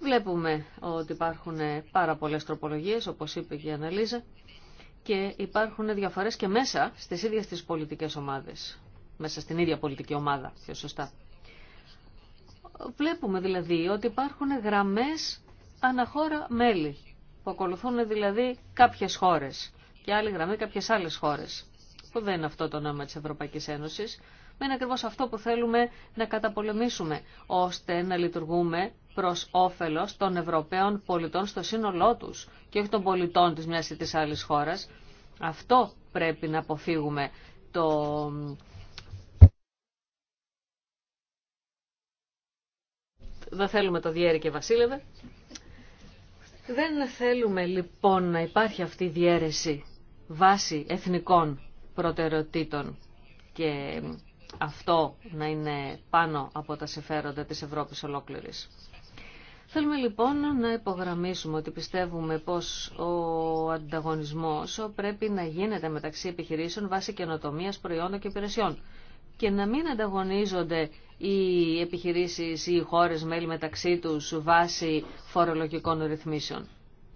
Βλέπουμε ότι υπάρχουν πάρα πολλές τροπολογίες, όπως είπε και η Αναλίζα και υπάρχουν διαφορές και μέσα στις ίδιες τις πολιτικές ομάδες, μέσα στην ίδια πολιτική ομάδα, πιο σωστά. Βλέπουμε δηλαδή ότι υπάρχουν γραμμές αναχώρα μέλη, που ακολουθούν δηλαδή κάποιες χώρες και άλλη γραμμή κάποιες άλλες χώρες, που δεν είναι αυτό το όνομα της Ευρωπαϊκής Ένωσης είναι ακριβώς αυτό που θέλουμε να καταπολεμήσουμε, ώστε να λειτουργούμε προς όφελος των Ευρωπαίων πολιτών στο σύνολό τους και όχι των πολιτών της μιας ή της άλλης χώρας. Αυτό πρέπει να αποφύγουμε το... Δεν θέλουμε το διέρη και βασίλευε. Δεν θέλουμε λοιπόν να υπάρχει αυτή η διαίρεση βάση εθνικών προτεραιοτήτων και αυτό να είναι πάνω από τα συμφέροντα της Ευρώπης ολόκληρης. Θέλουμε λοιπόν να υπογραμμίσουμε ότι πιστεύουμε πως ο ανταγωνισμός πρέπει να γίνεται μεταξύ επιχειρήσεων βάσει καινοτομίας προϊόντων και υπηρεσιών και να μην ανταγωνίζονται οι επιχειρήσεις ή οι χώρες μέλη μεταξύ τους βάσει φορολογικών ρυθμίσεων.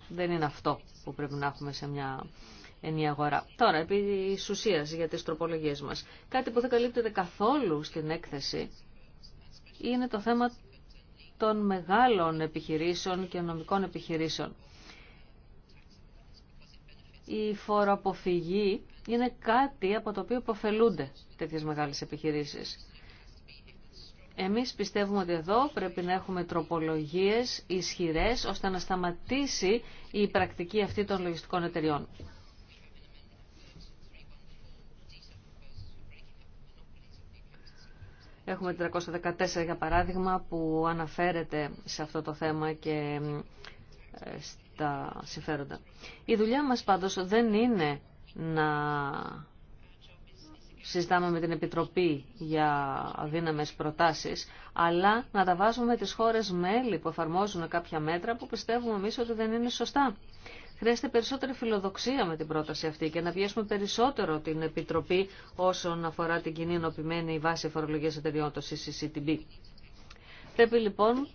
Δεν είναι αυτό που πρέπει να έχουμε σε μια Τώρα, επί της ουσίας για τις τροπολογίες μας, κάτι που δεν καλύπτεται καθόλου στην έκθεση είναι το θέμα των μεγάλων επιχειρήσεων και νομικών επιχειρήσεων. Η φοροαποφυγή είναι κάτι από το οποίο υποφελούνται τέτοιες μεγάλες επιχειρήσεις. Εμείς πιστεύουμε ότι εδώ πρέπει να έχουμε τροπολογίες ισχυρές ώστε να σταματήσει η πρακτική αυτή των λογιστικών εταιριών. Έχουμε 314 για παράδειγμα που αναφέρεται σε αυτό το θέμα και ε, στα συμφέροντα. Η δουλειά μας πάντως δεν είναι να συζητάμε με την Επιτροπή για αδύναμες προτάσεις, αλλά να τα βάζουμε τις χώρες μέλη που εφαρμόζουν κάποια μέτρα που πιστεύουμε εμείς ότι δεν είναι σωστά. Χρειάζεται περισσότερη φιλοδοξία με την πρόταση αυτή και να πιέσουμε περισσότερο την Επιτροπή όσον αφορά την κοινή ενωπημένη βάση φορολογία εταιριών, το CCTB. Πρέπει λοιπόν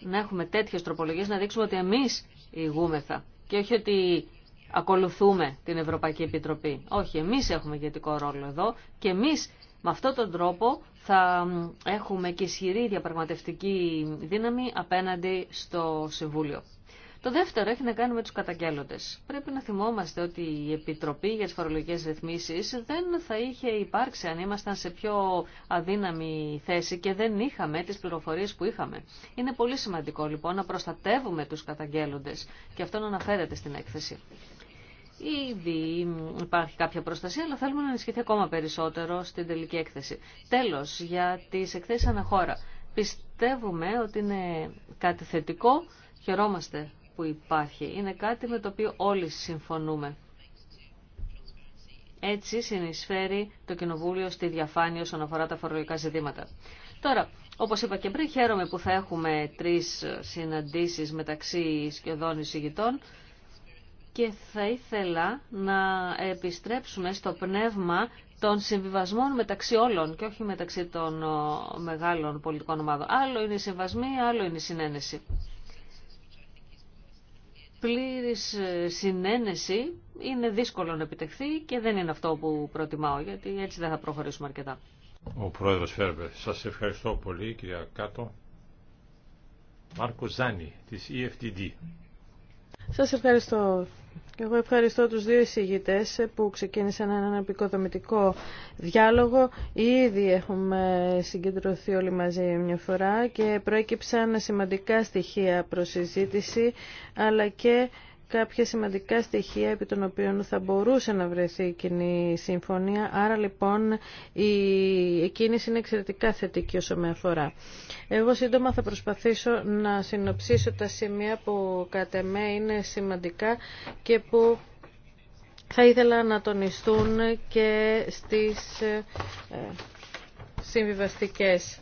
να έχουμε τέτοιες τροπολογίες, να δείξουμε ότι εμείς ηγούμεθα και όχι ότι ακολουθούμε την Ευρωπαϊκή Επιτροπή. Όχι, εμείς έχουμε ηγετικό ρόλο εδώ και εμείς με αυτόν τον τρόπο θα έχουμε και ισχυρή διαπραγματευτική δύναμη απέναντι στο Συμβούλιο. Το δεύτερο έχει να κάνει με τους καταγγέλλοντες. Πρέπει να θυμόμαστε ότι η Επιτροπή για τις Φορολογικές Ρυθμίσεις δεν θα είχε υπάρξει αν ήμασταν σε πιο αδύναμη θέση και δεν είχαμε τις πληροφορίες που είχαμε. Είναι πολύ σημαντικό λοιπόν να προστατεύουμε τους καταγγέλλοντες και αυτό να αναφέρεται στην έκθεση. Ήδη υπάρχει κάποια προστασία, αλλά θέλουμε να ενισχυθεί ακόμα περισσότερο στην τελική έκθεση. Τέλος, για τις εκθέσεις αναχώρα. Πιστεύουμε ότι είναι κάτι θετικό, χαιρόμαστε που υπάρχει. Είναι κάτι με το οποίο όλοι συμφωνούμε. Έτσι συνεισφέρει το Κοινοβούλιο στη διαφάνεια όσον αφορά τα φορολογικά ζητήματα. Τώρα, όπως είπα και πριν, χαίρομαι που θα έχουμε τρεις συναντήσεις μεταξύ σχεδόν εισηγητών και θα ήθελα να επιστρέψουμε στο πνεύμα των συμβιβασμών μεταξύ όλων και όχι μεταξύ των ε, μεγάλων πολιτικών ομάδων. Άλλο είναι οι συμβασμοί, άλλο είναι η συνένεση πλήρης ε, συνένεση είναι δύσκολο να επιτευχθεί και δεν είναι αυτό που προτιμάω, γιατί έτσι δεν θα προχωρήσουμε αρκετά. Ο πρόεδρος Φέρμπερ, σας ευχαριστώ πολύ κυρία Κάτω. Μάρκο Ζάνη της EFTD. Σας ευχαριστώ εγώ ευχαριστώ τους δύο εισηγητές που ξεκίνησαν έναν επικοδομητικό διάλογο. Ήδη έχουμε συγκεντρωθεί όλοι μαζί μια φορά και προέκυψαν σημαντικά στοιχεία προς συζήτηση, αλλά και κάποια σημαντικά στοιχεία επί των οποίων θα μπορούσε να βρεθεί κοινή συμφωνία. Άρα λοιπόν η κίνηση είναι εξαιρετικά θετική όσο με αφορά. Εγώ σύντομα θα προσπαθήσω να συνοψίσω τα σημεία που κατά με είναι σημαντικά και που θα ήθελα να τονιστούν και στις ε, ε, συμβιβαστικές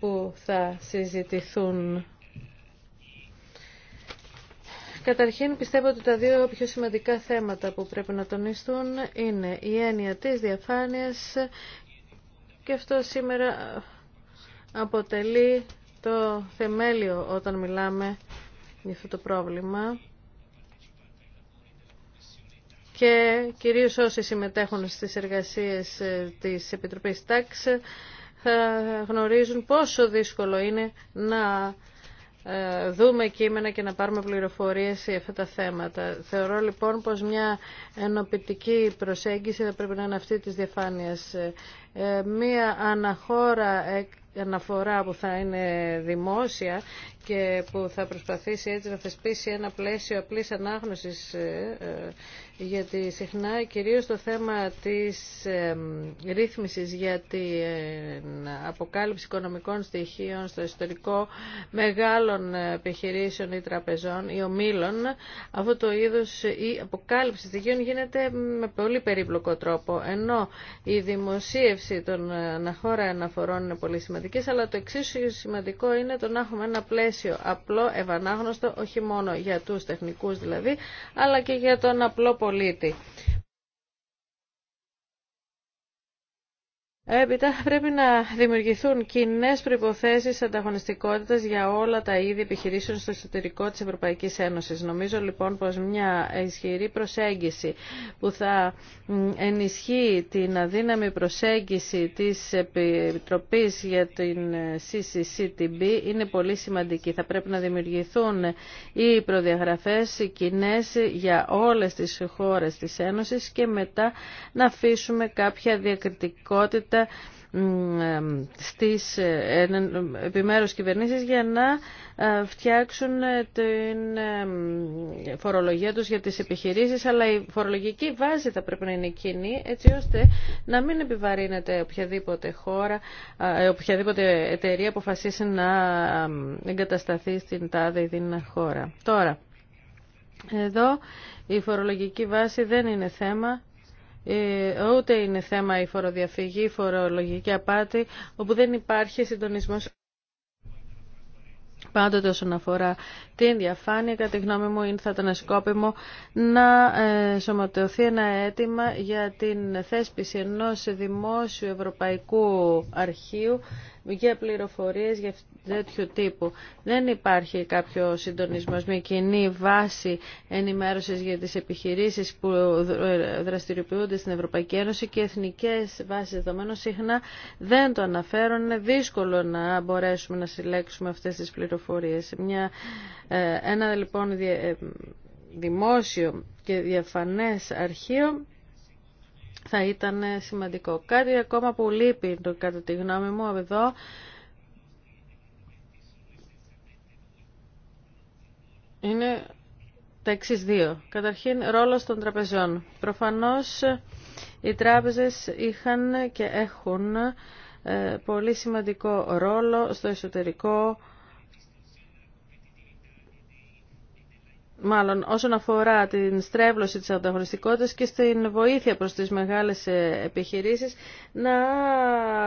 που θα συζητηθούν Καταρχήν πιστεύω ότι τα δύο πιο σημαντικά θέματα που πρέπει να τονιστούν είναι η έννοια της διαφάνειας και αυτό σήμερα αποτελεί το θεμέλιο όταν μιλάμε για αυτό το πρόβλημα και κυρίως όσοι συμμετέχουν στις εργασίες ε, της Επιτροπής ΤΑΚΣ θα γνωρίζουν πόσο δύσκολο είναι να ε, δούμε κείμενα και να πάρουμε πληροφορίες για αυτά τα θέματα. Θεωρώ λοιπόν πως μια ένοπιτική προσέγγιση θα πρέπει να είναι αυτή της διαφάνειας. Ε, ε, μία αναχώρα ε, αναφορά που θα είναι δημόσια και που θα προσπαθήσει έτσι να θεσπίσει ένα πλαίσιο απλής ανάγνωσης ε, γιατί συχνά κυρίως το θέμα της ρύθμισης για την αποκάλυψη οικονομικών στοιχείων στο ιστορικό μεγάλων επιχειρήσεων ή τραπεζών ή ομίλων αυτό το είδος η αποκάλυψη στοιχείων γίνεται με πολύ περίπλοκο τρόπο ενώ η δημοσίευση απαγόρευση των αναχώρα αναφορών είναι πολύ σημαντική, αλλά το εξίσου σημαντικό είναι το να έχουμε ένα πλαίσιο απλό, ευανάγνωστο, όχι μόνο για τους τεχνικούς δηλαδή, αλλά και για τον απλό πολίτη. Έπειτα πρέπει να δημιουργηθούν κοινέ προποθέσει ανταγωνιστικότητα για όλα τα είδη επιχειρήσεων στο εσωτερικό τη Ευρωπαϊκή Ένωση. Νομίζω λοιπόν πω μια ισχυρή προσέγγιση που θα ενισχύει την αδύναμη προσέγγιση της επιτροπή για την ε, CCCTB είναι πολύ σημαντική. Θα πρέπει να δημιουργηθούν οι προδιαγραφέ, κοινέ για όλε τι χώρε τη Ένωση και μετά να αφήσουμε κάποια διακριτικότητα στις ε, επιμέρους κυβερνήσεις για να ε, φτιάξουν ε, την φορολογία τους για τις επιχειρήσεις αλλά η φορολογική βάση θα πρέπει να είναι κοινή έτσι ώστε να μην επιβαρύνεται οποιαδήποτε χώρα οποιαδήποτε εταιρεία αποφασίσει να εγκατασταθεί στην τάδε ή την χώρα. Τώρα, εδώ η φορολογική βάση δεν είναι θέμα ε, ούτε είναι θέμα η φοροδιαφυγή, η φορολογική απάτη, όπου δεν υπάρχει συντονισμός πάντοτε όσον αφορά στην διαφάνεια, κατά τη γνώμη μου, θα ήταν σκόπιμο να ε, σωματεωθεί ένα αίτημα για την θέσπιση ενός δημόσιου ευρωπαϊκού αρχείου για πληροφορίες για τέτοιου τύπου. Δεν υπάρχει κάποιο συντονισμό μια κοινή βάση ενημέρωσης για τις επιχειρήσεις που ε, δραστηριοποιούνται στην Ευρωπαϊκή Ένωση και εθνικές βάσεις δεδομένων συχνά δεν το αναφέρουν. Είναι δύσκολο να μπορέσουμε να συλλέξουμε αυτές τις πληροφορίες. Μια ε, ένα λοιπόν ε, δημόσιο και διαφανές αρχείο θα ήταν σημαντικό. Κάτι ακόμα που λείπει το, κατά τη γνώμη μου εδώ είναι τα εξή δύο. Καταρχήν, ρόλος των τραπεζών. Προφανώς οι τράπεζες είχαν και έχουν ε, πολύ σημαντικό ρόλο στο εσωτερικό μάλλον όσον αφορά την στρέβλωση της ανταγωνιστικότητας και στην βοήθεια προς τις μεγάλες ε, επιχειρήσεις να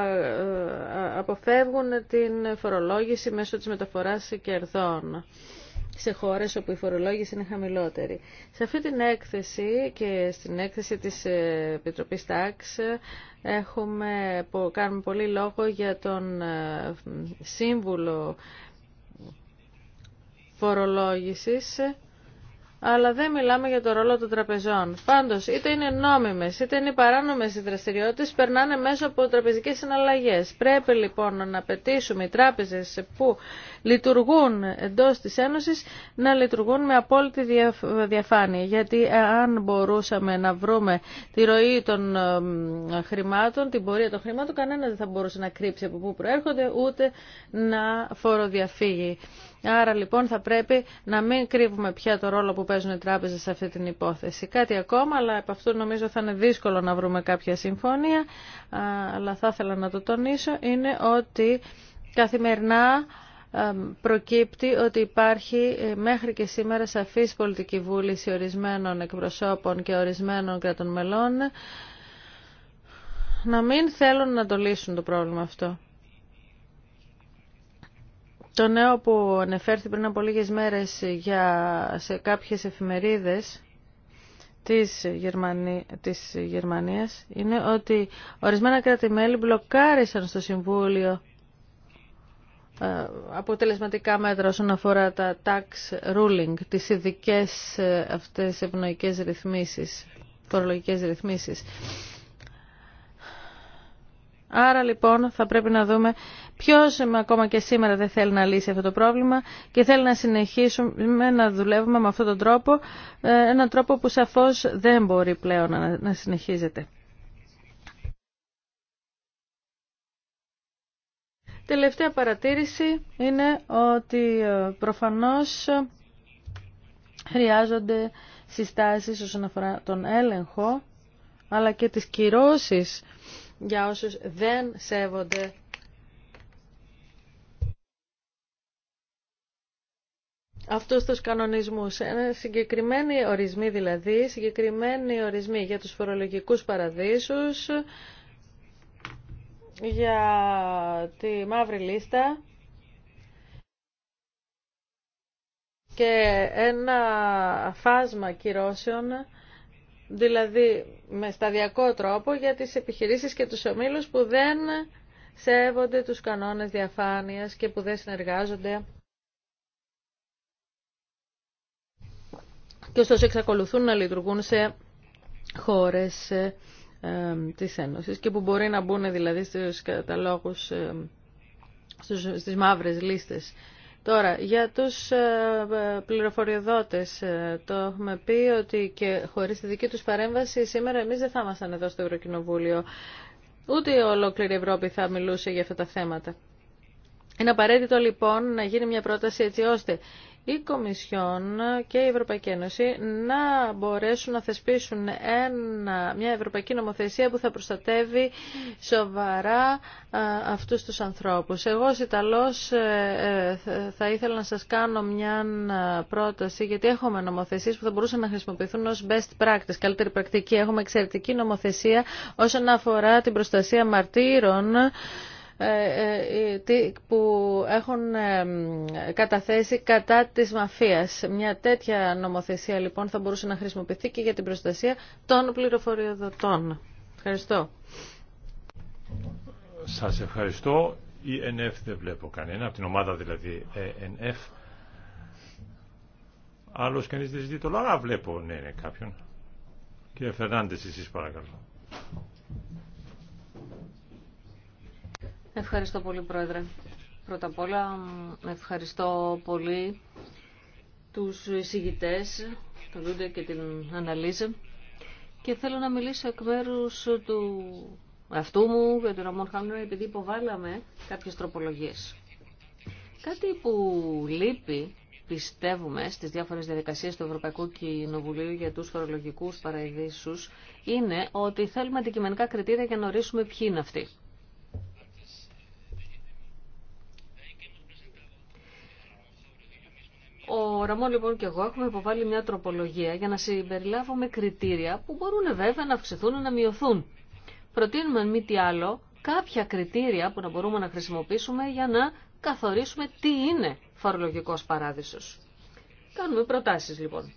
ε, αποφεύγουν την φορολόγηση μέσω της μεταφοράς κερδών σε χώρες όπου η φορολόγηση είναι χαμηλότερη. Σε αυτή την έκθεση και στην έκθεση της ε, Επιτροπής ΤΑΞ έχουμε, κάνουμε πολύ λόγο για τον σύμβουλο φορολόγησης αλλά δεν μιλάμε για το ρόλο των τραπεζών. Πάντω, είτε είναι νόμιμες, είτε είναι παράνομες οι δραστηριότητε, περνάνε μέσω από τραπεζικέ συναλλαγές. Πρέπει λοιπόν να απαιτήσουμε οι τράπεζε που λειτουργούν εντό τη Ένωση να λειτουργούν με απόλυτη διαφάνεια. Γιατί ε, αν μπορούσαμε να βρούμε τη ροή των χρημάτων, την πορεία των χρημάτων, κανένα δεν θα μπορούσε να κρύψει από πού προέρχονται, ούτε να φοροδιαφύγει. Άρα λοιπόν θα πρέπει να μην κρύβουμε πια το ρόλο που παίζουν οι τράπεζες σε αυτή την υπόθεση. Κάτι ακόμα, αλλά από αυτού νομίζω θα είναι δύσκολο να βρούμε κάποια συμφωνία, αλλά θα ήθελα να το τονίσω, είναι ότι καθημερινά προκύπτει ότι υπάρχει ε, μέχρι και σήμερα σαφής πολιτική βούληση ορισμένων εκπροσώπων και ορισμένων κρατών μελών να μην θέλουν να το λύσουν το πρόβλημα αυτό. Το νέο που ανεφέρθη πριν από λίγες μέρες για, σε κάποιες εφημερίδες της, Γερμανία, της Γερμανίας είναι ότι ορισμένα κράτη-μέλη μπλοκάρισαν στο Συμβούλιο ε, αποτελεσματικά μέτρα όσον αφορά τα tax ruling, τις ειδικέ ε, αυτές ευνοϊκές ρυθμίσεις, φορολογικές ρυθμίσεις. Άρα λοιπόν θα πρέπει να δούμε Ποιο ακόμα και σήμερα δεν θέλει να λύσει αυτό το πρόβλημα και θέλει να συνεχίσουμε να δουλεύουμε με αυτόν τον τρόπο, ε, έναν τρόπο που σαφώς δεν μπορεί πλέον να συνεχίζεται. Τελευταία παρατήρηση είναι ότι ε, προφανώς χρειάζονται συστάσεις όσον αφορά τον έλεγχο αλλά και τις κυρώσεις για όσους δεν σέβονται αυτούς τους κανονισμούς. Ε, συγκεκριμένοι ορισμοί δηλαδή, συγκεκριμένοι ορισμοί για τους φορολογικούς παραδείσους, για τη μαύρη λίστα και ένα φάσμα κυρώσεων δηλαδή με σταδιακό τρόπο για τις επιχειρήσεις και τους ομίλους που δεν σέβονται τους κανόνες διαφάνειας και που δεν συνεργάζονται και ωστόσο εξακολουθούν να λειτουργούν σε χώρες ε, ε, της Ένωσης και που μπορεί να μπουν δηλαδή στους καταλόγους, ε, στις μαύρες λίστες. Τώρα, για τους πληροφοριοδότες, το έχουμε πει ότι και χωρίς τη δική τους παρέμβαση σήμερα εμείς δεν θα ήμασταν εδώ στο Ευρωκοινοβούλιο. Ούτε η ολόκληρη Ευρώπη θα μιλούσε για αυτά τα θέματα. Είναι απαραίτητο λοιπόν να γίνει μια πρόταση έτσι ώστε η Κομισιόν και η Ευρωπαϊκή Ένωση να μπορέσουν να θεσπίσουν ένα, μια ευρωπαϊκή νομοθεσία που θα προστατεύει σοβαρά αυτούς τους ανθρώπους. Εγώ ως Ιταλός ε, ε, θα ήθελα να σας κάνω μια πρόταση γιατί έχουμε νομοθεσίες που θα μπορούσαν να χρησιμοποιηθούν ως best practice, καλύτερη πρακτική. Έχουμε εξαιρετική νομοθεσία όσον αφορά την προστασία μαρτύρων ε, ε, που έχουν καταθέσει κατά της μαφίας. Μια τέτοια νομοθεσία λοιπόν θα μπορούσε να χρησιμοποιηθεί και για την προστασία των πληροφοριοδοτών. Ευχαριστώ. Σας ευχαριστώ. Η ΕΝΕΦ δεν βλέπω κανένα, από την ομάδα δηλαδή ε ΕΝΕΦ. Άλλος κανείς δεν ζητεί το λόγο. βλέπω, ναι, ναι, κάποιον. Κύριε Φερνάντες, εσείς παρακαλώ. Ευχαριστώ πολύ, Πρόεδρε. Πρώτα απ' όλα, ευχαριστώ πολύ τους εισηγητές, τον Λούντε και την αναλύση. Και θέλω να μιλήσω εκ μέρους του αυτού μου για τον Ραμόν Χάμνερ, επειδή υποβάλαμε κάποιες τροπολογίες. Κάτι που λείπει, πιστεύουμε, στις διάφορες διαδικασίες του Ευρωπαϊκού Κοινοβουλίου για τους φορολογικούς παραειδήσους, είναι ότι θέλουμε αντικειμενικά κριτήρια για να ορίσουμε ποιοι είναι αυτοί. Ο Ραμόν λοιπόν και εγώ έχουμε υποβάλει μια τροπολογία για να συμπεριλάβουμε κριτήρια που μπορούν βέβαια να αυξηθούν να μειωθούν. Προτείνουμε αν μη τι άλλο κάποια κριτήρια που να μπορούμε να χρησιμοποιήσουμε για να καθορίσουμε τι είναι φορολογικός παράδεισος. Κάνουμε προτάσεις λοιπόν.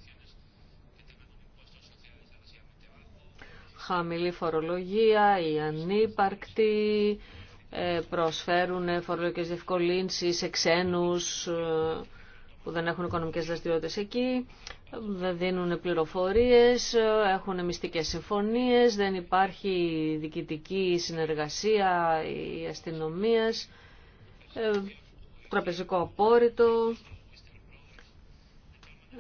Χαμηλή φορολογία, η ανύπαρκτη, ε, προσφέρουν φορολογικές διευκολύνσεις σε ξένους, ε, που δεν έχουν οικονομικές δραστηριότητες εκεί, δεν δίνουν πληροφορίες, έχουν μυστικές συμφωνίες, δεν υπάρχει διοικητική συνεργασία ή αστυνομίας, ε, τραπεζικό απόρριτο,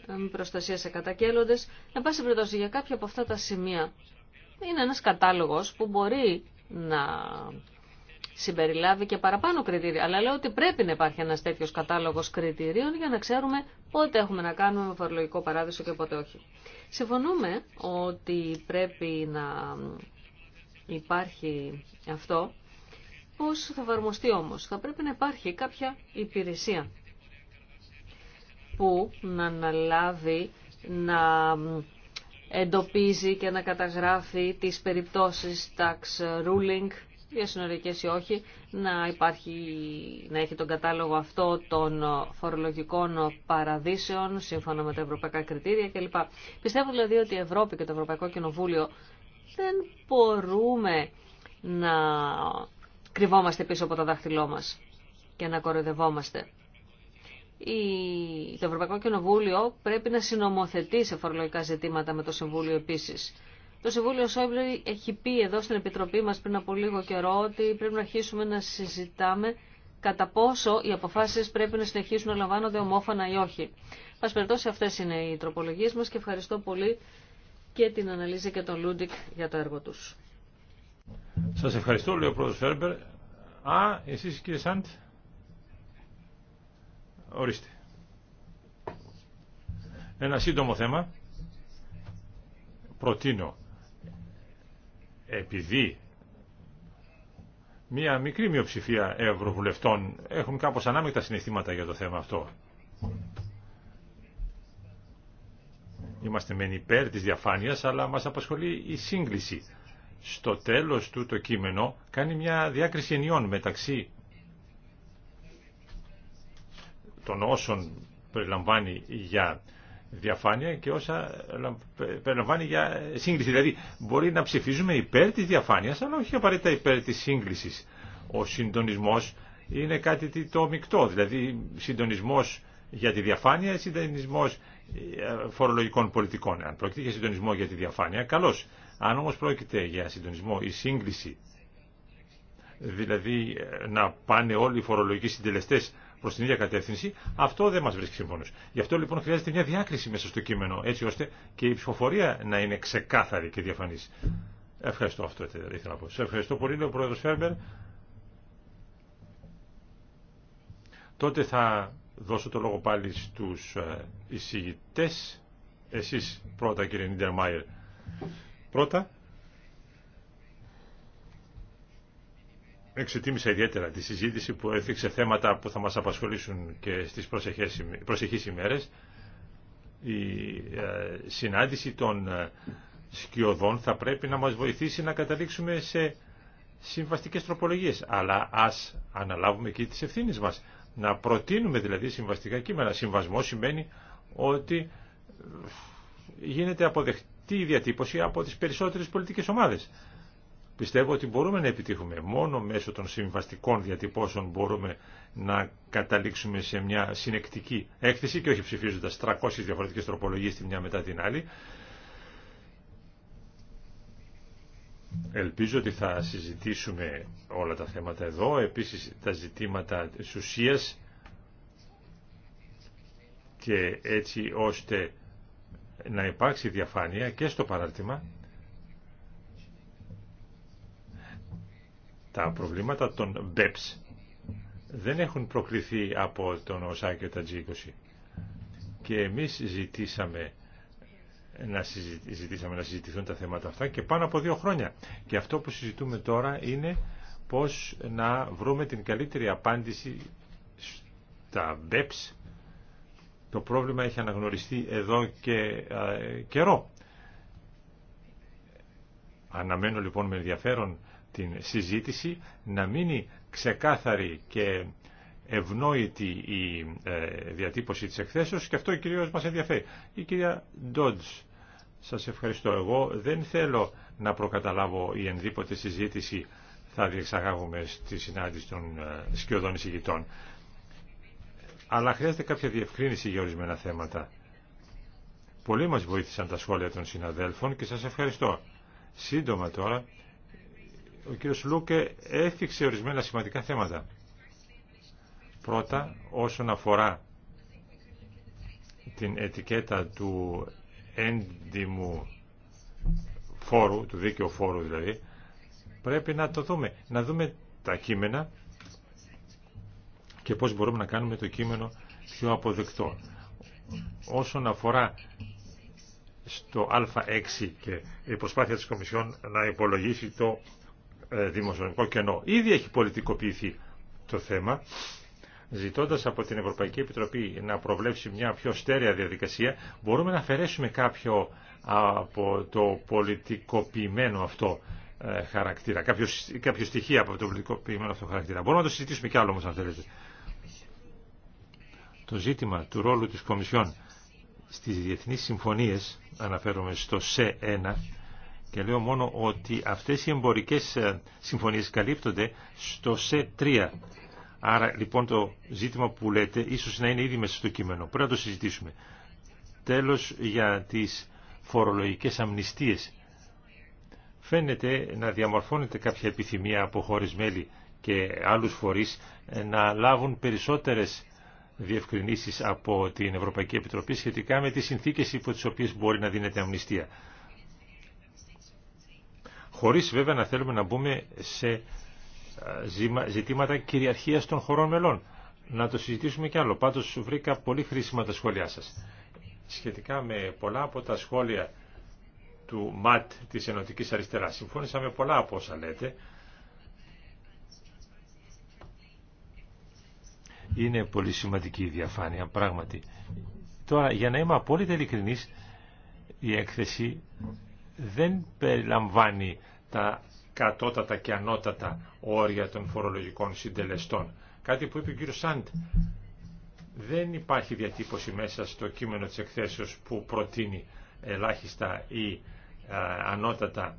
ε, προστασία σε κατακέλλοντες. Εν πάση περιπτώσει, για κάποια από αυτά τα σημεία είναι ένας κατάλογος που μπορεί να συμπεριλάβει και παραπάνω κριτήρια. Αλλά λέω ότι πρέπει να υπάρχει ένα τέτοιο κατάλογο κριτηρίων για να ξέρουμε πότε έχουμε να κάνουμε με φορολογικό παράδεισο και πότε όχι. Συμφωνούμε ότι πρέπει να υπάρχει αυτό. Πώς θα εφαρμοστεί όμως. Θα πρέπει να υπάρχει κάποια υπηρεσία που να αναλάβει να εντοπίζει και να καταγράφει τις περιπτώσεις tax ruling διασυνορικές ή όχι, να, υπάρχει, να έχει τον κατάλογο αυτό των φορολογικών παραδείσεων σύμφωνα με τα ευρωπαϊκά κριτήρια κλπ. Πιστεύω δηλαδή ότι η Ευρώπη και το Ευρωπαϊκό Κοινοβούλιο δεν μπορούμε να κρυβόμαστε πίσω από τα δάχτυλό μας και να κοροϊδευόμαστε. Το Ευρωπαϊκό Κοινοβούλιο πρέπει να συνομοθετεί σε φορολογικά ζητήματα με το Συμβούλιο επίσης. Το Συμβούλιο Σόμπλε έχει πει εδώ στην Επιτροπή μας πριν από λίγο καιρό ότι πρέπει να αρχίσουμε να συζητάμε κατά πόσο οι αποφάσεις πρέπει να συνεχίσουν να λαμβάνονται ομόφωνα ή όχι. Πας περιπτώσει αυτές είναι οι τροπολογίες μας και ευχαριστώ πολύ και την Αναλύζη και τον Λούντικ για το έργο τους. Σας ευχαριστώ, λέει ο πρόεδρος Φέρμπερ. Α, εσείς κύριε Σάντ. Ορίστε. Ένα σύντομο θέμα. Προτείνω επειδή μία μικρή μειοψηφία ευρωβουλευτών έχουν κάπως ανάμεικτα συναισθήματα για το θέμα αυτό. Είμαστε μεν υπέρ της διαφάνειας, αλλά μας απασχολεί η σύγκληση. Στο τέλος του το κείμενο κάνει μια διάκριση ενιών μεταξύ των όσων περιλαμβάνει για διαφάνεια και όσα περιλαμβάνει για σύγκληση. Δηλαδή μπορεί να ψηφίζουμε υπέρ της διαφάνειας αλλά όχι απαραίτητα υπέρ της σύγκλησης. Ο συντονισμός είναι κάτι το μεικτό, δηλαδή συντονισμός για τη διαφάνεια, συντονισμός ε, φορολογικών πολιτικών. Αν πρόκειται για συντονισμό για τη διαφάνεια, καλώ. Αν όμω πρόκειται για συντονισμό ή σύγκριση, δηλαδή ε, να πάνε όλοι οι φορολογικοί συντελεστέ προ την ίδια κατεύθυνση, αυτό δεν μα βρίσκει σύμφωνο. Γι' αυτό λοιπόν χρειάζεται μια διάκριση μέσα στο κείμενο, έτσι ώστε και η ψηφοφορία να είναι ξεκάθαρη και διαφανή. Ευχαριστώ αυτό ήθελα να πω. Σε ευχαριστώ πολύ, λέει ο πρόεδρο Φέρμπερ. Τότε θα δώσω το λόγο πάλι στου ε, εισηγητέ. Εσεί πρώτα κύριε Νίτερ Μάιερ. Πρώτα εξετίμησα ιδιαίτερα τη συζήτηση που έφυξε θέματα που θα μας απασχολήσουν και στις προσεχείς ημέρες. Η ε, συνάντηση των ε, σκιωδών θα πρέπει να μας βοηθήσει να καταλήξουμε σε συμβαστικές τροπολογίες. Αλλά ας αναλάβουμε και τις ευθύνες μας. Να προτείνουμε δηλαδή συμβαστικά κείμενα. Συμβασμό σημαίνει ότι ε, γίνεται αποδεκτή η διατύπωση από τις περισσότερες πολιτικές ομάδες. Πιστεύω ότι μπορούμε να επιτύχουμε. Μόνο μέσω των συμβαστικών διατυπώσεων μπορούμε να καταλήξουμε σε μια συνεκτική έκθεση και όχι ψηφίζοντας 300 διαφορετικές τροπολογίες τη μια μετά την άλλη. Ελπίζω ότι θα συζητήσουμε όλα τα θέματα εδώ, επίσης τα ζητήματα της ουσίας και έτσι ώστε να υπάρξει διαφάνεια και στο παράρτημα Τα προβλήματα των BEPS δεν έχουν προκληθεί από τον ΟΣΑ και τα G20. Και εμείς ζητήσαμε να, ζητήσαμε να συζητηθούν τα θέματα αυτά και πάνω από δύο χρόνια. Και αυτό που συζητούμε τώρα είναι πώς να βρούμε την καλύτερη απάντηση στα BEPS. Το πρόβλημα έχει αναγνωριστεί εδώ και ε, καιρό. Αναμένω λοιπόν με ενδιαφέρον την συζήτηση, να μείνει ξεκάθαρη και ευνόητη η ε, διατύπωση της εκθέσεως και αυτό κυρίως μας ενδιαφέρει. Η κυρία Ντότζ, σας ευχαριστώ. Εγώ δεν θέλω να προκαταλάβω η ενδήποτε συζήτηση θα διεξαγάγουμε στη συνάντηση των ε, σκιωδών εισηγητών. Αλλά χρειάζεται κάποια διευκρίνηση για ορισμένα θέματα. Πολλοί μας βοήθησαν τα σχόλια των συναδέλφων και σας ευχαριστώ. Σύντομα τώρα ο κύριος Λούκε έφυξε ορισμένα σημαντικά θέματα. Πρώτα, όσον αφορά την ετικέτα του έντιμου φόρου, του δίκαιου φόρου δηλαδή, πρέπει να το δούμε. Να δούμε τα κείμενα και πώς μπορούμε να κάνουμε το κείμενο πιο αποδεκτό. Όσον αφορά στο α6 και η προσπάθεια της Κομισιόν να υπολογίσει το ε, δημοσιονομικό κενό. Ήδη έχει πολιτικοποιηθεί το θέμα, ζητώντας από την Ευρωπαϊκή Επιτροπή να προβλέψει μια πιο στέρεα διαδικασία, μπορούμε να αφαιρέσουμε κάποιο από το πολιτικοποιημένο αυτό ε, χαρακτήρα, κάποιο, κάποιο στοιχείο από το πολιτικοποιημένο αυτό χαρακτήρα. Μπορούμε να το συζητήσουμε κι άλλο όμως αν θέλετε. Το ζήτημα του ρόλου της Κομισιόν στις διεθνείς συμφωνίες, αναφέρομαι στο ΣΕ1, και λέω μόνο ότι αυτές οι εμπορικές ε, συμφωνίες καλύπτονται στο σε 3. Άρα λοιπόν το ζήτημα που λέτε ίσως να είναι ήδη μέσα στο κείμενο. Πρέπει να το συζητήσουμε. Τέλος για τις φορολογικές αμνηστίες. Φαίνεται να διαμορφώνεται κάποια επιθυμία από χώρες μέλη και άλλους φορείς ε, να λάβουν περισσότερες διευκρινήσεις από την Ευρωπαϊκή Επιτροπή σχετικά με τις συνθήκες υπό τις οποίες μπορεί να δίνεται αμνηστία χωρίς βέβαια να θέλουμε να μπούμε σε ε, ζητήματα κυριαρχίας των χωρών μελών. Να το συζητήσουμε κι άλλο. Πάντως βρήκα πολύ χρήσιμα τα σχόλιά σας. Σχετικά με πολλά από τα σχόλια του ΜΑΤ της Ενωτικής Αριστεράς. Συμφώνησα με πολλά από όσα λέτε. Είναι πολύ σημαντική η διαφάνεια, πράγματι. Τώρα, για να είμαι απόλυτα ειλικρινής, η έκθεση δεν περιλαμβάνει τα κατώτατα και ανώτατα όρια των φορολογικών συντελεστών. Κάτι που είπε ο κύριος Σάντ. Δεν υπάρχει διατύπωση μέσα στο κείμενο της εκθέσεως που προτείνει ελάχιστα ή ανώτατα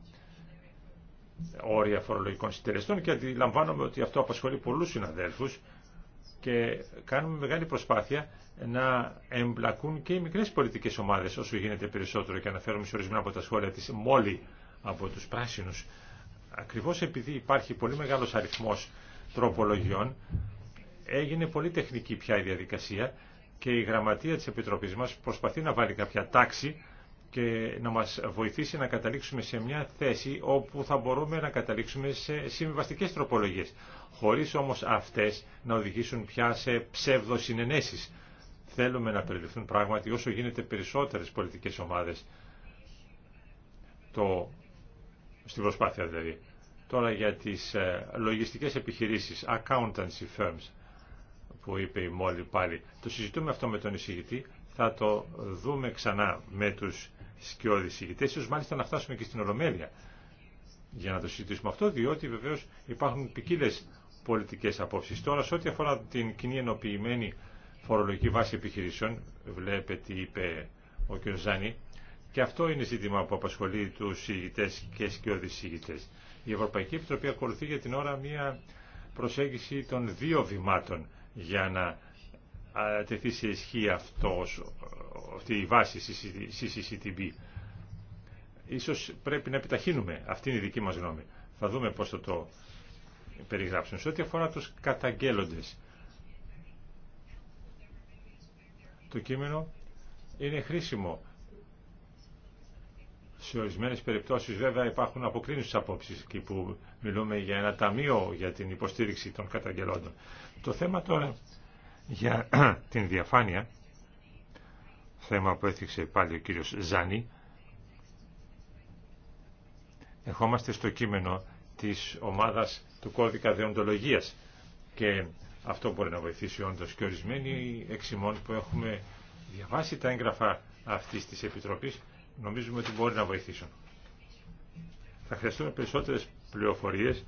όρια φορολογικών συντελεστών και αντιλαμβάνομαι ότι αυτό απασχολεί πολλούς συναδέλφους και κάνουμε μεγάλη προσπάθεια να εμπλακούν και οι μικρές πολιτικές ομάδες όσο γίνεται περισσότερο και αναφέρομαι σε ορισμένα από τα σχόλια της μόλι από τους πράσινους. Ακριβώς επειδή υπάρχει πολύ μεγάλος αριθμός τροπολογιών έγινε πολύ τεχνική πια η διαδικασία και η γραμματεία της Επιτροπής μας προσπαθεί να βάλει κάποια τάξη και να μας βοηθήσει να καταλήξουμε σε μια θέση όπου θα μπορούμε να καταλήξουμε σε συμβιβαστικές τροπολογίες, χωρίς όμως αυτές να οδηγήσουν πια σε ψεύδο συνενέσεις. Θέλουμε να περιληφθούν πράγματι όσο γίνεται περισσότερες πολιτικές ομάδες το, στην προσπάθεια δηλαδή. Τώρα για τις ε, λογιστικές επιχειρήσεις, accountancy firms, που είπε η Μόλι πάλι. Το συζητούμε αυτό με τον εισηγητή, θα το δούμε ξανά με τους σκιώδης ηγητές, ίσω μάλιστα να φτάσουμε και στην Ολομέλεια για να το συζητήσουμε αυτό, διότι βεβαίω υπάρχουν ποικίλε πολιτικέ απόψει. Τώρα, σε ό,τι αφορά την κοινή ενοποιημένη φορολογική βάση επιχειρήσεων, βλέπετε τι είπε ο κ. Ζάνη, και αυτό είναι ζήτημα που απασχολεί του σιγητές και σκιώδη Η Ευρωπαϊκή Επιτροπή ακολουθεί για την ώρα μία προσέγγιση των δύο βημάτων για να τεθεί σε ισχύ αυτός, αυτή η βάση CCCTB. Ίσως πρέπει να επιταχύνουμε. Αυτή είναι η δική μας γνώμη. Θα δούμε πώς θα το περιγράψουμε. Σε ό,τι αφορά τους καταγγέλλοντες. Το κείμενο είναι χρήσιμο. Σε ορισμένε περιπτώσει, βέβαια, υπάρχουν αποκλίνουσε απόψει και που μιλούμε για ένα ταμείο για την υποστήριξη των καταγγελόντων. Το θέμα τώρα για την διαφάνεια, θέμα που έθιξε πάλι ο κύριος Ζάνη, ερχόμαστε στο κείμενο της ομάδας του κώδικα δεοντολογίας και αυτό μπορεί να βοηθήσει όντως και ορισμένοι εξημών που έχουμε διαβάσει τα έγγραφα αυτής της Επιτροπής νομίζουμε ότι μπορεί να βοηθήσουν. Θα χρειαστούμε περισσότερες πληροφορίες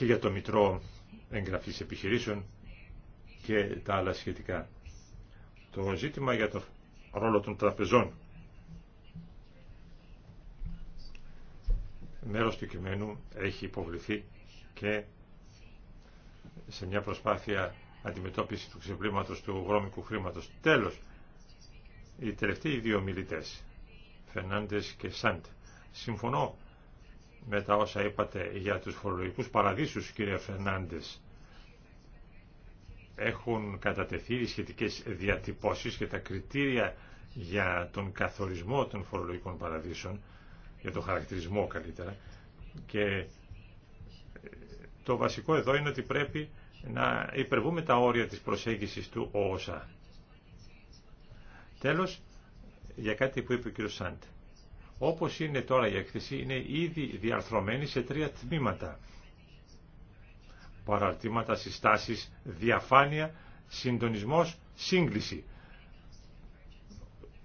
και για το Μητρό Εγγραφής Επιχειρήσεων και τα άλλα σχετικά. Το ζήτημα για το ρόλο των τραπεζών. Μέρος του κειμένου έχει υποβληθεί και σε μια προσπάθεια αντιμετώπιση του ξεπλήματος του βρώμικου χρήματος. Τέλος, οι τελευταίοι δύο μιλητές, Φερνάντες και Σαντ, συμφωνώ με τα όσα είπατε για τους φορολογικούς παραδείσους, κύριε Φερνάντες. Έχουν κατατεθεί οι σχετικές διατυπώσεις και τα κριτήρια για τον καθορισμό των φορολογικών παραδείσων, για τον χαρακτηρισμό καλύτερα. Και το βασικό εδώ είναι ότι πρέπει να υπερβούμε τα όρια της προσέγγισης του ΟΟΣΑ. Τέλος, για κάτι που είπε ο κ. Όπως είναι τώρα η έκθεση, είναι ήδη διαρθρωμένη σε τρία τμήματα. Παραρτήματα, συστάσεις, διαφάνεια, συντονισμός, σύγκληση.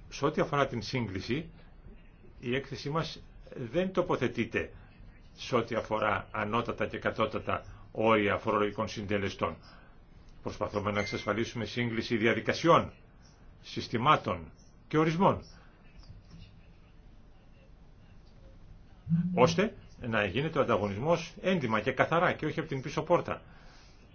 Σε ό,τι αφορά την σύγκληση, η έκθεση μας δεν τοποθετείται σε ό,τι αφορά ανώτατα και κατώτατα όρια φορολογικών συντελεστών. Προσπαθούμε να εξασφαλίσουμε σύγκληση διαδικασιών, συστημάτων και ορισμών. ώστε να γίνεται ο ανταγωνισμός έντιμα και καθαρά και όχι από την πίσω πόρτα.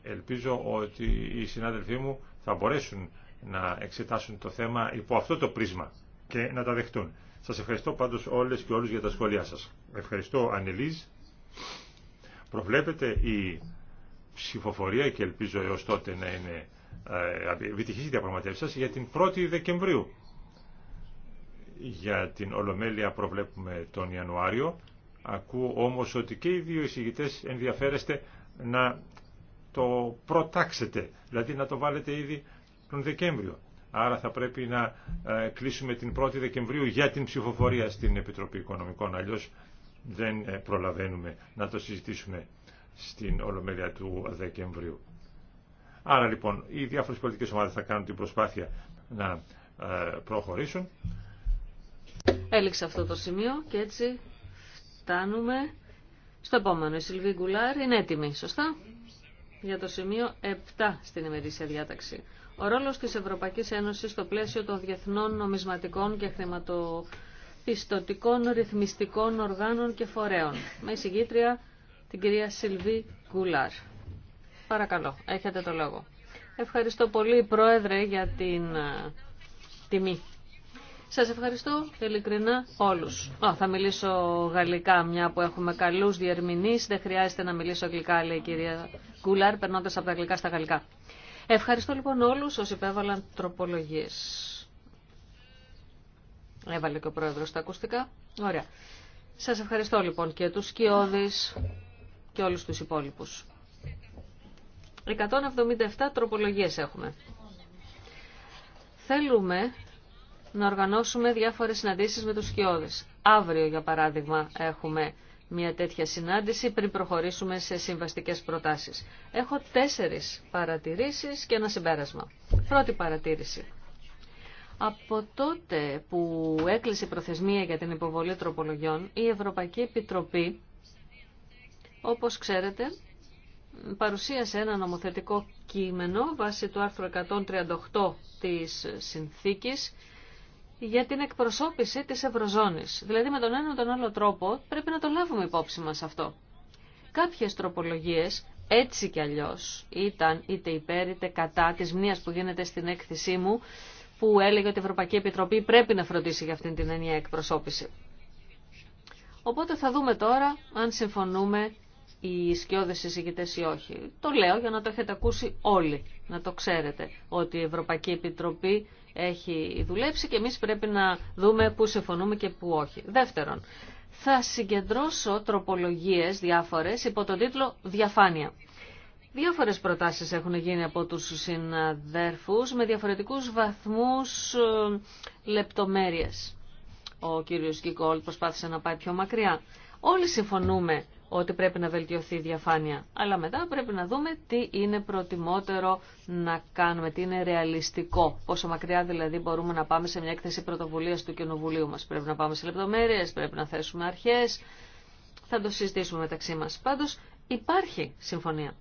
Ελπίζω ότι οι συνάδελφοί μου θα μπορέσουν να εξετάσουν το θέμα υπό αυτό το πρίσμα και να τα δεχτούν. Σας ευχαριστώ πάντως όλες και όλους για τα σχόλιά σας. Ευχαριστώ Ανελίζ. Προβλέπετε η ψηφοφορία και ελπίζω έως τότε να είναι ε, ε, επιτυχής η διαπραγματεύσεις σας για την 1η Δεκεμβρίου. Για την Ολομέλεια προβλέπουμε τον Ιανουάριο. Ακούω όμως ότι και οι δύο εισηγητές ενδιαφέρεστε να το προτάξετε, δηλαδή να το βάλετε ήδη τον Δεκέμβριο. Άρα θα πρέπει να ε, κλείσουμε την 1η Δεκεμβρίου για την ψηφοφορία στην Επιτροπή Οικονομικών. Αλλιώ δεν ε, προλαβαίνουμε να το συζητήσουμε στην Ολομέλεια του Δεκεμβρίου. Άρα λοιπόν οι διάφορες πολιτικές ομάδες θα κάνουν την προσπάθεια να ε, προχωρήσουν. Έληξε αυτό το σημείο και έτσι φτάνουμε στο επόμενο. Η Σιλβί Γκουλάρ είναι έτοιμη, σωστά, για το σημείο 7 στην ημερήσια διάταξη. Ο ρόλος της Ευρωπαϊκής Ένωσης στο πλαίσιο των διεθνών νομισματικών και χρηματοπιστωτικών ρυθμιστικών οργάνων και φορέων. Με συγκίτρια την κυρία Σιλβί Γκουλάρ. Παρακαλώ, έχετε το λόγο. Ευχαριστώ πολύ, Πρόεδρε, για την ε, τιμή σας ευχαριστώ ειλικρινά όλους. Α, θα μιλήσω γαλλικά, μια που έχουμε καλούς διερμηνείς. Δεν χρειάζεται να μιλήσω αγγλικά, λέει η κυρία Κούλαρ, περνώντας από τα αγγλικά στα γαλλικά. Ευχαριστώ λοιπόν όλους όσοι υπέβαλαν τροπολογίες. Έβαλε και ο πρόεδρος τα ακουστικά. Ωραία. Σας ευχαριστώ λοιπόν και τους Σκιώδης και όλους τους υπόλοιπους. 177 τροπολογίες έχουμε. Θέλουμε να οργανώσουμε διάφορες συναντήσεις με τους σκιώδες. Αύριο, για παράδειγμα, έχουμε μια τέτοια συνάντηση πριν προχωρήσουμε σε συμβαστικές προτάσεις. Έχω τέσσερις παρατηρήσεις και ένα συμπέρασμα. Πρώτη παρατήρηση. Από τότε που έκλεισε η προθεσμία για την υποβολή τροπολογιών, η Ευρωπαϊκή Επιτροπή, όπως ξέρετε, παρουσίασε ένα νομοθετικό κείμενο βάσει του άρθρου 138 της συνθήκης για την εκπροσώπηση της Ευρωζώνης. Δηλαδή με τον έναν τον άλλο τρόπο πρέπει να το λάβουμε υπόψη μας αυτό. Κάποιες τροπολογίες έτσι κι αλλιώς ήταν είτε υπέρ είτε κατά της μνήας που γίνεται στην έκθεσή μου που έλεγε ότι η Ευρωπαϊκή Επιτροπή πρέπει να φροντίσει για αυτήν την ενιαία εκπροσώπηση. Οπότε θα δούμε τώρα αν συμφωνούμε οι σκιώδες εισηγητές ή όχι. Το λέω για να το έχετε ακούσει όλοι, να το ξέρετε, ότι η Ευρωπαϊκή Επιτροπή έχει δουλέψει και εμείς πρέπει να δούμε πού συμφωνούμε και πού όχι. Δεύτερον, θα συγκεντρώσω τροπολογίες διάφορες υπό τον τίτλο «Διαφάνεια». Διάφορες προτάσεις έχουν γίνει από τους συναδέρφους με διαφορετικούς βαθμούς ε, λεπτομέρειες. Ο κύριος Γκίκολ προσπάθησε να πάει πιο μακριά. Όλοι συμφωνούμε ότι πρέπει να βελτιωθεί η διαφάνεια. Αλλά μετά πρέπει να δούμε τι είναι προτιμότερο να κάνουμε, τι είναι ρεαλιστικό. Πόσο μακριά δηλαδή μπορούμε να πάμε σε μια έκθεση πρωτοβουλία του Κοινοβουλίου μα. Πρέπει να πάμε σε λεπτομέρειε, πρέπει να θέσουμε αρχέ. Θα το συζητήσουμε μεταξύ μα. Πάντω υπάρχει συμφωνία.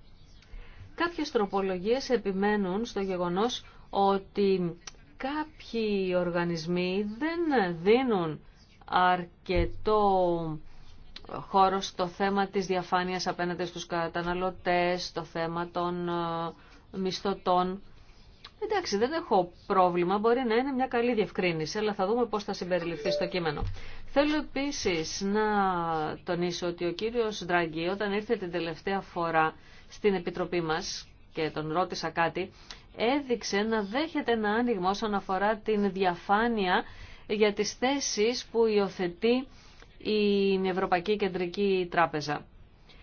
Κάποιε τροπολογίε επιμένουν στο γεγονό ότι κάποιοι οργανισμοί δεν δίνουν αρκετό χώρο στο θέμα της διαφάνειας απέναντι στους καταναλωτές, το θέμα των ε, μισθωτών. Εντάξει, δεν έχω πρόβλημα, μπορεί να είναι μια καλή διευκρίνηση, αλλά θα δούμε πώς θα συμπεριληφθεί στο κείμενο. Θέλω επίσης να τονίσω ότι ο κύριος Δράγκη, όταν ήρθε την τελευταία φορά στην Επιτροπή μας και τον ρώτησα κάτι, έδειξε να δέχεται ένα άνοιγμα όσον αφορά την διαφάνεια για τις θέσεις που υιοθετεί η Ευρωπαϊκή Κεντρική Τράπεζα.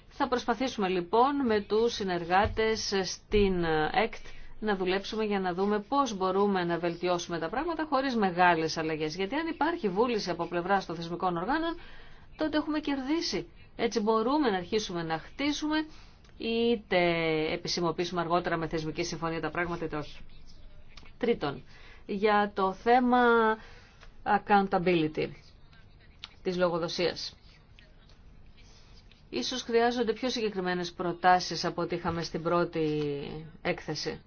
Θα προσπαθήσουμε λοιπόν με τους συνεργάτες στην ΕΚΤ να δουλέψουμε για να δούμε πώς μπορούμε να βελτιώσουμε τα πράγματα χωρίς μεγάλες αλλαγές. Γιατί αν υπάρχει βούληση από πλευρά των θεσμικών οργάνων, τότε έχουμε κερδίσει. Έτσι μπορούμε να αρχίσουμε να χτίσουμε είτε επισημοποιήσουμε αργότερα με θεσμική συμφωνία τα πράγματα είτε όχι. Τρίτον, για το θέμα accountability της λογοδοσίας. Ίσως χρειάζονται πιο συγκεκριμένες προτάσεις από ό,τι είχαμε στην πρώτη έκθεση.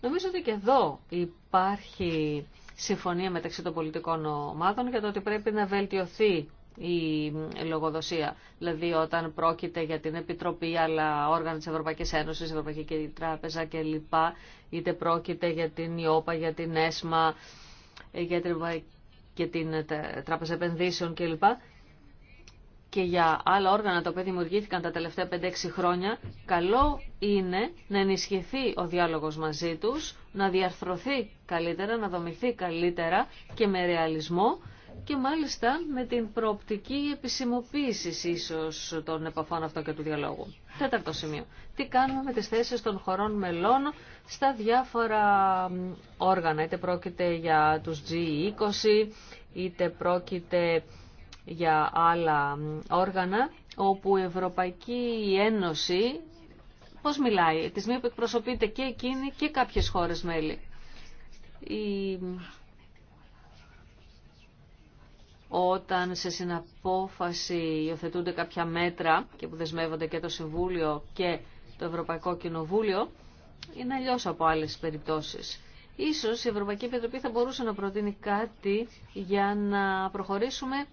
Νομίζω ότι και εδώ υπάρχει συμφωνία μεταξύ των πολιτικών ομάδων για το ότι πρέπει να βελτιωθεί η λογοδοσία. Δηλαδή όταν πρόκειται για την Επιτροπή, άλλα όργανα της Ευρωπαϊκής Ένωσης, Ευρωπαϊκή Τράπεζα κλπ. Είτε πρόκειται για την ΙΟΠΑ, για την ΕΣΜΑ, για την Ευρωπαϊκή και την ε, Τράπεζα Επενδύσεων κλπ. Και για άλλα όργανα τα οποία δημιουργήθηκαν τα τελευταία 5-6 χρόνια, καλό είναι να ενισχυθεί ο διάλογος μαζί τους, να διαρθρωθεί καλύτερα, να δομηθεί καλύτερα και με ρεαλισμό και μάλιστα με την προοπτική επισημοποίησης ίσως των επαφών αυτών και του διαλόγου. Τέταρτο σημείο. Τι κάνουμε με τις θέσεις των χωρών μελών στα διάφορα όργανα. Είτε πρόκειται για τους G20, είτε πρόκειται για άλλα όργανα, όπου η Ευρωπαϊκή Ένωση, πώς μιλάει, της μία που εκπροσωπείται και εκείνη και κάποιες χώρες μέλη όταν σε συναπόφαση υιοθετούνται κάποια μέτρα και που δεσμεύονται και το Συμβούλιο και το Ευρωπαϊκό Κοινοβούλιο, είναι αλλιώ από άλλε περιπτώσει. Ίσως η Ευρωπαϊκή Επιτροπή θα μπορούσε να προτείνει κάτι για να προχωρήσουμε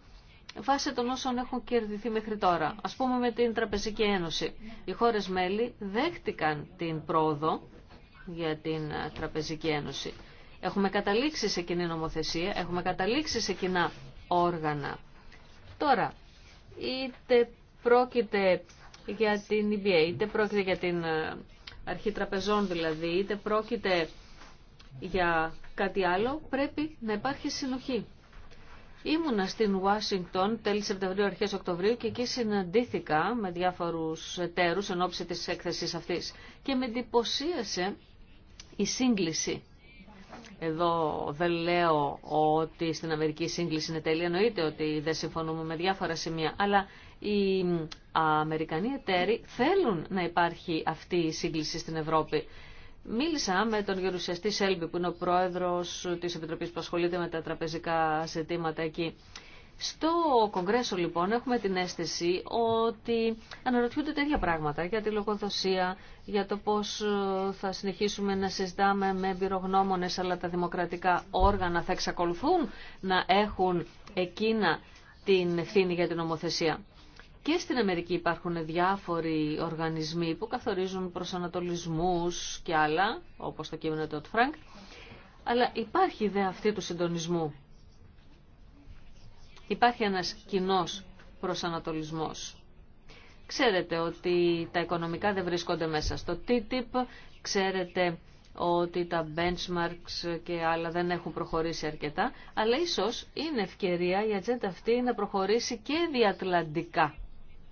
βάσει των όσων έχουν κερδιθεί μέχρι τώρα. Α πούμε με την Τραπεζική Ένωση. Οι χώρες μέλη δέχτηκαν την πρόοδο για την Τραπεζική Ένωση. Έχουμε καταλήξει σε κοινή νομοθεσία, έχουμε καταλήξει σε κοινά όργανα. Τώρα, είτε πρόκειται για την EBA, είτε πρόκειται για την ε, αρχή τραπεζών δηλαδή, είτε πρόκειται για κάτι άλλο, πρέπει να υπάρχει συνοχή. Ήμουνα στην Ουάσιγκτον τέλη Σεπτεμβρίου, αρχές Οκτωβρίου και εκεί συναντήθηκα με διάφορους εταίρους εν ώψη της έκθεσης αυτής και με εντυπωσίασε η σύγκληση εδώ δεν λέω ότι στην Αμερική η σύγκληση είναι τέλεια, εννοείται ότι δεν συμφωνούμε με διάφορα σημεία, αλλά οι Αμερικανοί εταίροι θέλουν να υπάρχει αυτή η σύγκληση στην Ευρώπη. Μίλησα με τον γερουσιαστή Σέλβι που είναι ο πρόεδρος της Επιτροπής που ασχολείται με τα τραπεζικά ζητήματα εκεί. Στο Κογκρέσο λοιπόν έχουμε την αίσθηση ότι αναρωτιούνται τέτοια πράγματα για τη λογοδοσία, για το πώς ε, θα συνεχίσουμε να συζητάμε με εμπειρογνώμονες, αλλά τα δημοκρατικά όργανα θα εξακολουθούν να έχουν εκείνα την ευθύνη για την ομοθέσια. Και στην Αμερική υπάρχουν διάφοροι οργανισμοί που καθορίζουν προσανατολισμούς και άλλα, όπως το κείμενο του Φρανκ, αλλά υπάρχει ιδέα αυτή του συντονισμού Υπάρχει ένας κοινό προσανατολισμός. Ξέρετε ότι τα οικονομικά δεν βρίσκονται μέσα στο TTIP, ξέρετε ότι τα benchmarks και άλλα δεν έχουν προχωρήσει αρκετά, αλλά ίσως είναι ευκαιρία η ατζέντα αυτή να προχωρήσει και διατλαντικά,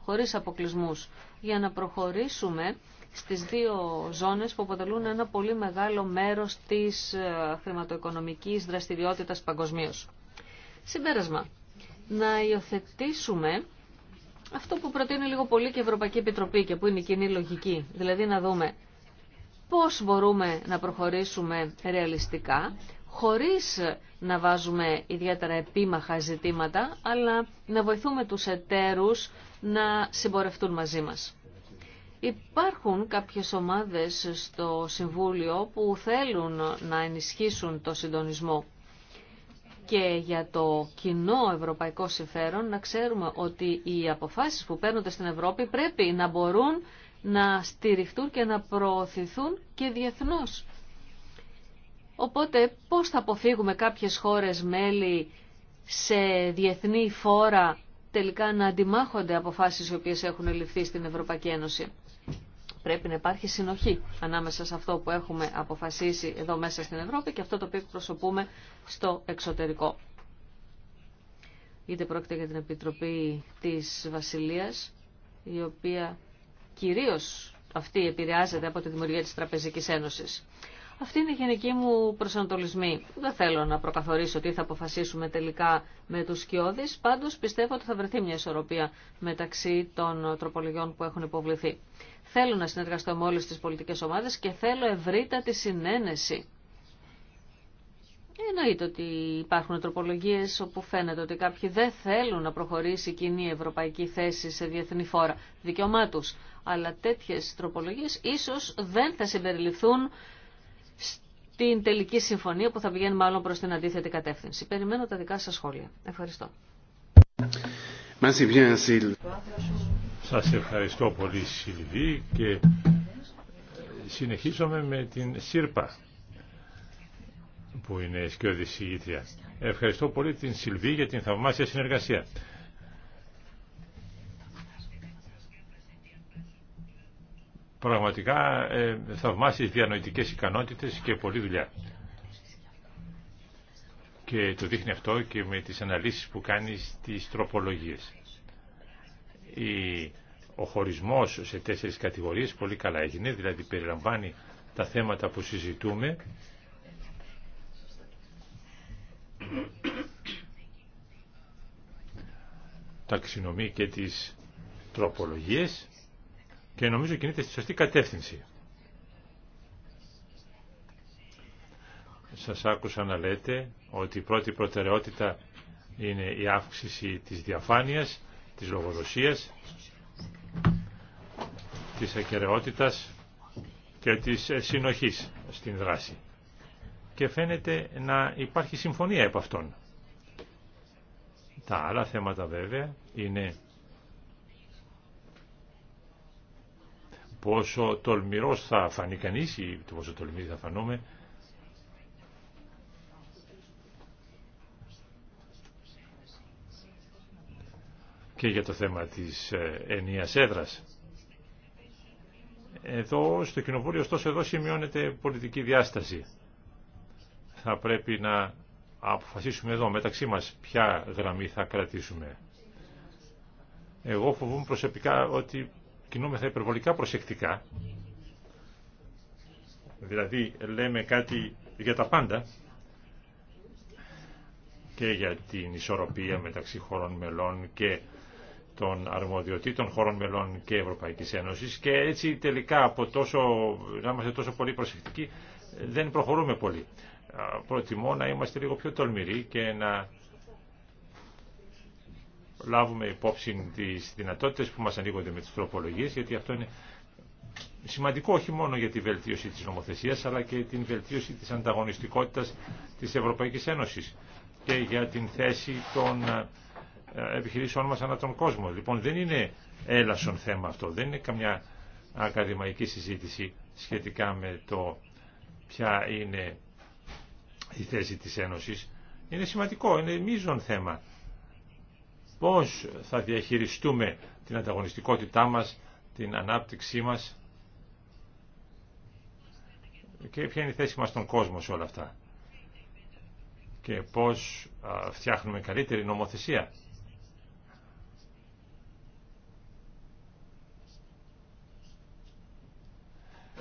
χωρίς αποκλεισμούς, για να προχωρήσουμε στις δύο ζώνες που αποτελούν ένα πολύ μεγάλο μέρος της ε, χρηματοοικονομικής δραστηριότητας παγκοσμίω. Συμπέρασμα να υιοθετήσουμε αυτό που προτείνει λίγο πολύ και η Ευρωπαϊκή Επιτροπή και που είναι η κοινή λογική. Δηλαδή να δούμε πώς μπορούμε να προχωρήσουμε ρεαλιστικά, χωρίς να βάζουμε ιδιαίτερα επίμαχα ζητήματα, αλλά να βοηθούμε τους εταίρους να συμπορευτούν μαζί μας. Υπάρχουν κάποιες ομάδες στο Συμβούλιο που θέλουν να ενισχύσουν το συντονισμό και για το κοινό ευρωπαϊκό συμφέρον να ξέρουμε ότι οι αποφάσεις που παίρνονται στην Ευρώπη πρέπει να μπορούν να στηριχτούν και να προωθηθούν και διεθνώς. Οπότε πώς θα αποφύγουμε κάποιες χώρες μέλη σε διεθνή φόρα τελικά να αντιμάχονται αποφάσεις οι οποίες έχουν ληφθεί στην Ευρωπαϊκή Ένωση. Πρέπει να υπάρχει συνοχή ανάμεσα σε αυτό που έχουμε αποφασίσει εδώ μέσα στην Ευρώπη και αυτό το οποίο εκπροσωπούμε στο εξωτερικό. Είτε πρόκειται για την Επιτροπή της Βασιλείας, η οποία κυρίως αυτή επηρεάζεται από τη δημιουργία της Τραπεζικής Ένωσης. Αυτή είναι η γενική μου προσανατολισμή. Δεν θέλω να προκαθορίσω τι θα αποφασίσουμε τελικά με τους σκιώδεις, πάντως πιστεύω ότι θα βρεθεί μια ισορροπία μεταξύ των τροπολογιών που έχουν υποβληθεί. Θέλω να συνεργαστώ με όλες τις πολιτικές ομάδες και θέλω ευρύτατη συνένεση. Εννοείται ότι υπάρχουν τροπολογίε όπου φαίνεται ότι κάποιοι δεν θέλουν να προχωρήσει η κοινή ευρωπαϊκή θέση σε διεθνή φόρα. Δικαιωμά Αλλά τέτοιε τροπολογίε ίσω δεν θα συμπεριληφθούν την τελική συμφωνία που θα πηγαίνει μάλλον προς την αντίθετη κατεύθυνση. Περιμένω τα δικά σας σχόλια. Ευχαριστώ. Σας ευχαριστώ πολύ Σιλβί και συνεχίζουμε με την Σύρπα που είναι σκιώδη συγγήτρια. Ευχαριστώ πολύ την Σιλβί για την θαυμάσια συνεργασία. Πραγματικά ε, θαυμάσεις διανοητικές ικανότητες και πολλή δουλειά. Και το δείχνει αυτό και με τις αναλύσεις που κάνει στις τροπολογίες. Ο χωρισμός σε τέσσερις κατηγορίες πολύ καλά έγινε, δηλαδή περιλαμβάνει τα θέματα που συζητούμε Τα ταξινομεί και τις τροπολογίες και νομίζω κινείται στη σωστή κατεύθυνση. Σας άκουσα να λέτε ότι η πρώτη προτεραιότητα είναι η αύξηση της διαφάνειας, της λογοδοσίας, της ακεραιότητας και της ε, συνοχής στην δράση. Και φαίνεται να υπάρχει συμφωνία επ' αυτών. Τα άλλα θέματα βέβαια είναι πόσο τολμηρός θα φανεί κανείς ή πόσο τολμηροί θα φανούμε και για το θέμα της ε, ενίας έδρας. Εδώ στο Κοινοβούλιο ωστόσο εδώ σημειώνεται πολιτική διάσταση. Θα πρέπει να αποφασίσουμε εδώ μεταξύ μας ποια γραμμή θα κρατήσουμε. Εγώ φοβούμαι προσωπικά ότι κινούμεθα υπερβολικά προσεκτικά, δηλαδή λέμε κάτι για τα πάντα και για την ισορροπία μεταξύ χωρών μελών και των αρμοδιοτήτων χωρών μελών και Ευρωπαϊκής Ένωσης και έτσι τελικά από τόσο, να είμαστε τόσο πολύ προσεκτικοί δεν προχωρούμε πολύ. Προτιμώ να είμαστε λίγο πιο τολμηροί και να λάβουμε υπόψη τις δυνατότητες που μας ανοίγονται με τις τροπολογίες, γιατί αυτό είναι σημαντικό όχι μόνο για τη βελτίωση της νομοθεσίας, αλλά και την βελτίωση της ανταγωνιστικότητας της Ευρωπαϊκής Ένωσης και για την θέση των ε, επιχειρήσεών μας ανά τον κόσμο. Λοιπόν, δεν είναι έλασον θέμα αυτό, δεν είναι καμιά ακαδημαϊκή συζήτηση σχετικά με το ποια είναι η θέση της Ένωσης. Είναι σημαντικό, είναι μείζον θέμα πώς θα διαχειριστούμε την ανταγωνιστικότητά μας, την ανάπτυξή μας και ποια είναι η θέση μας στον κόσμο σε όλα αυτά και πώς φτιάχνουμε καλύτερη νομοθεσία.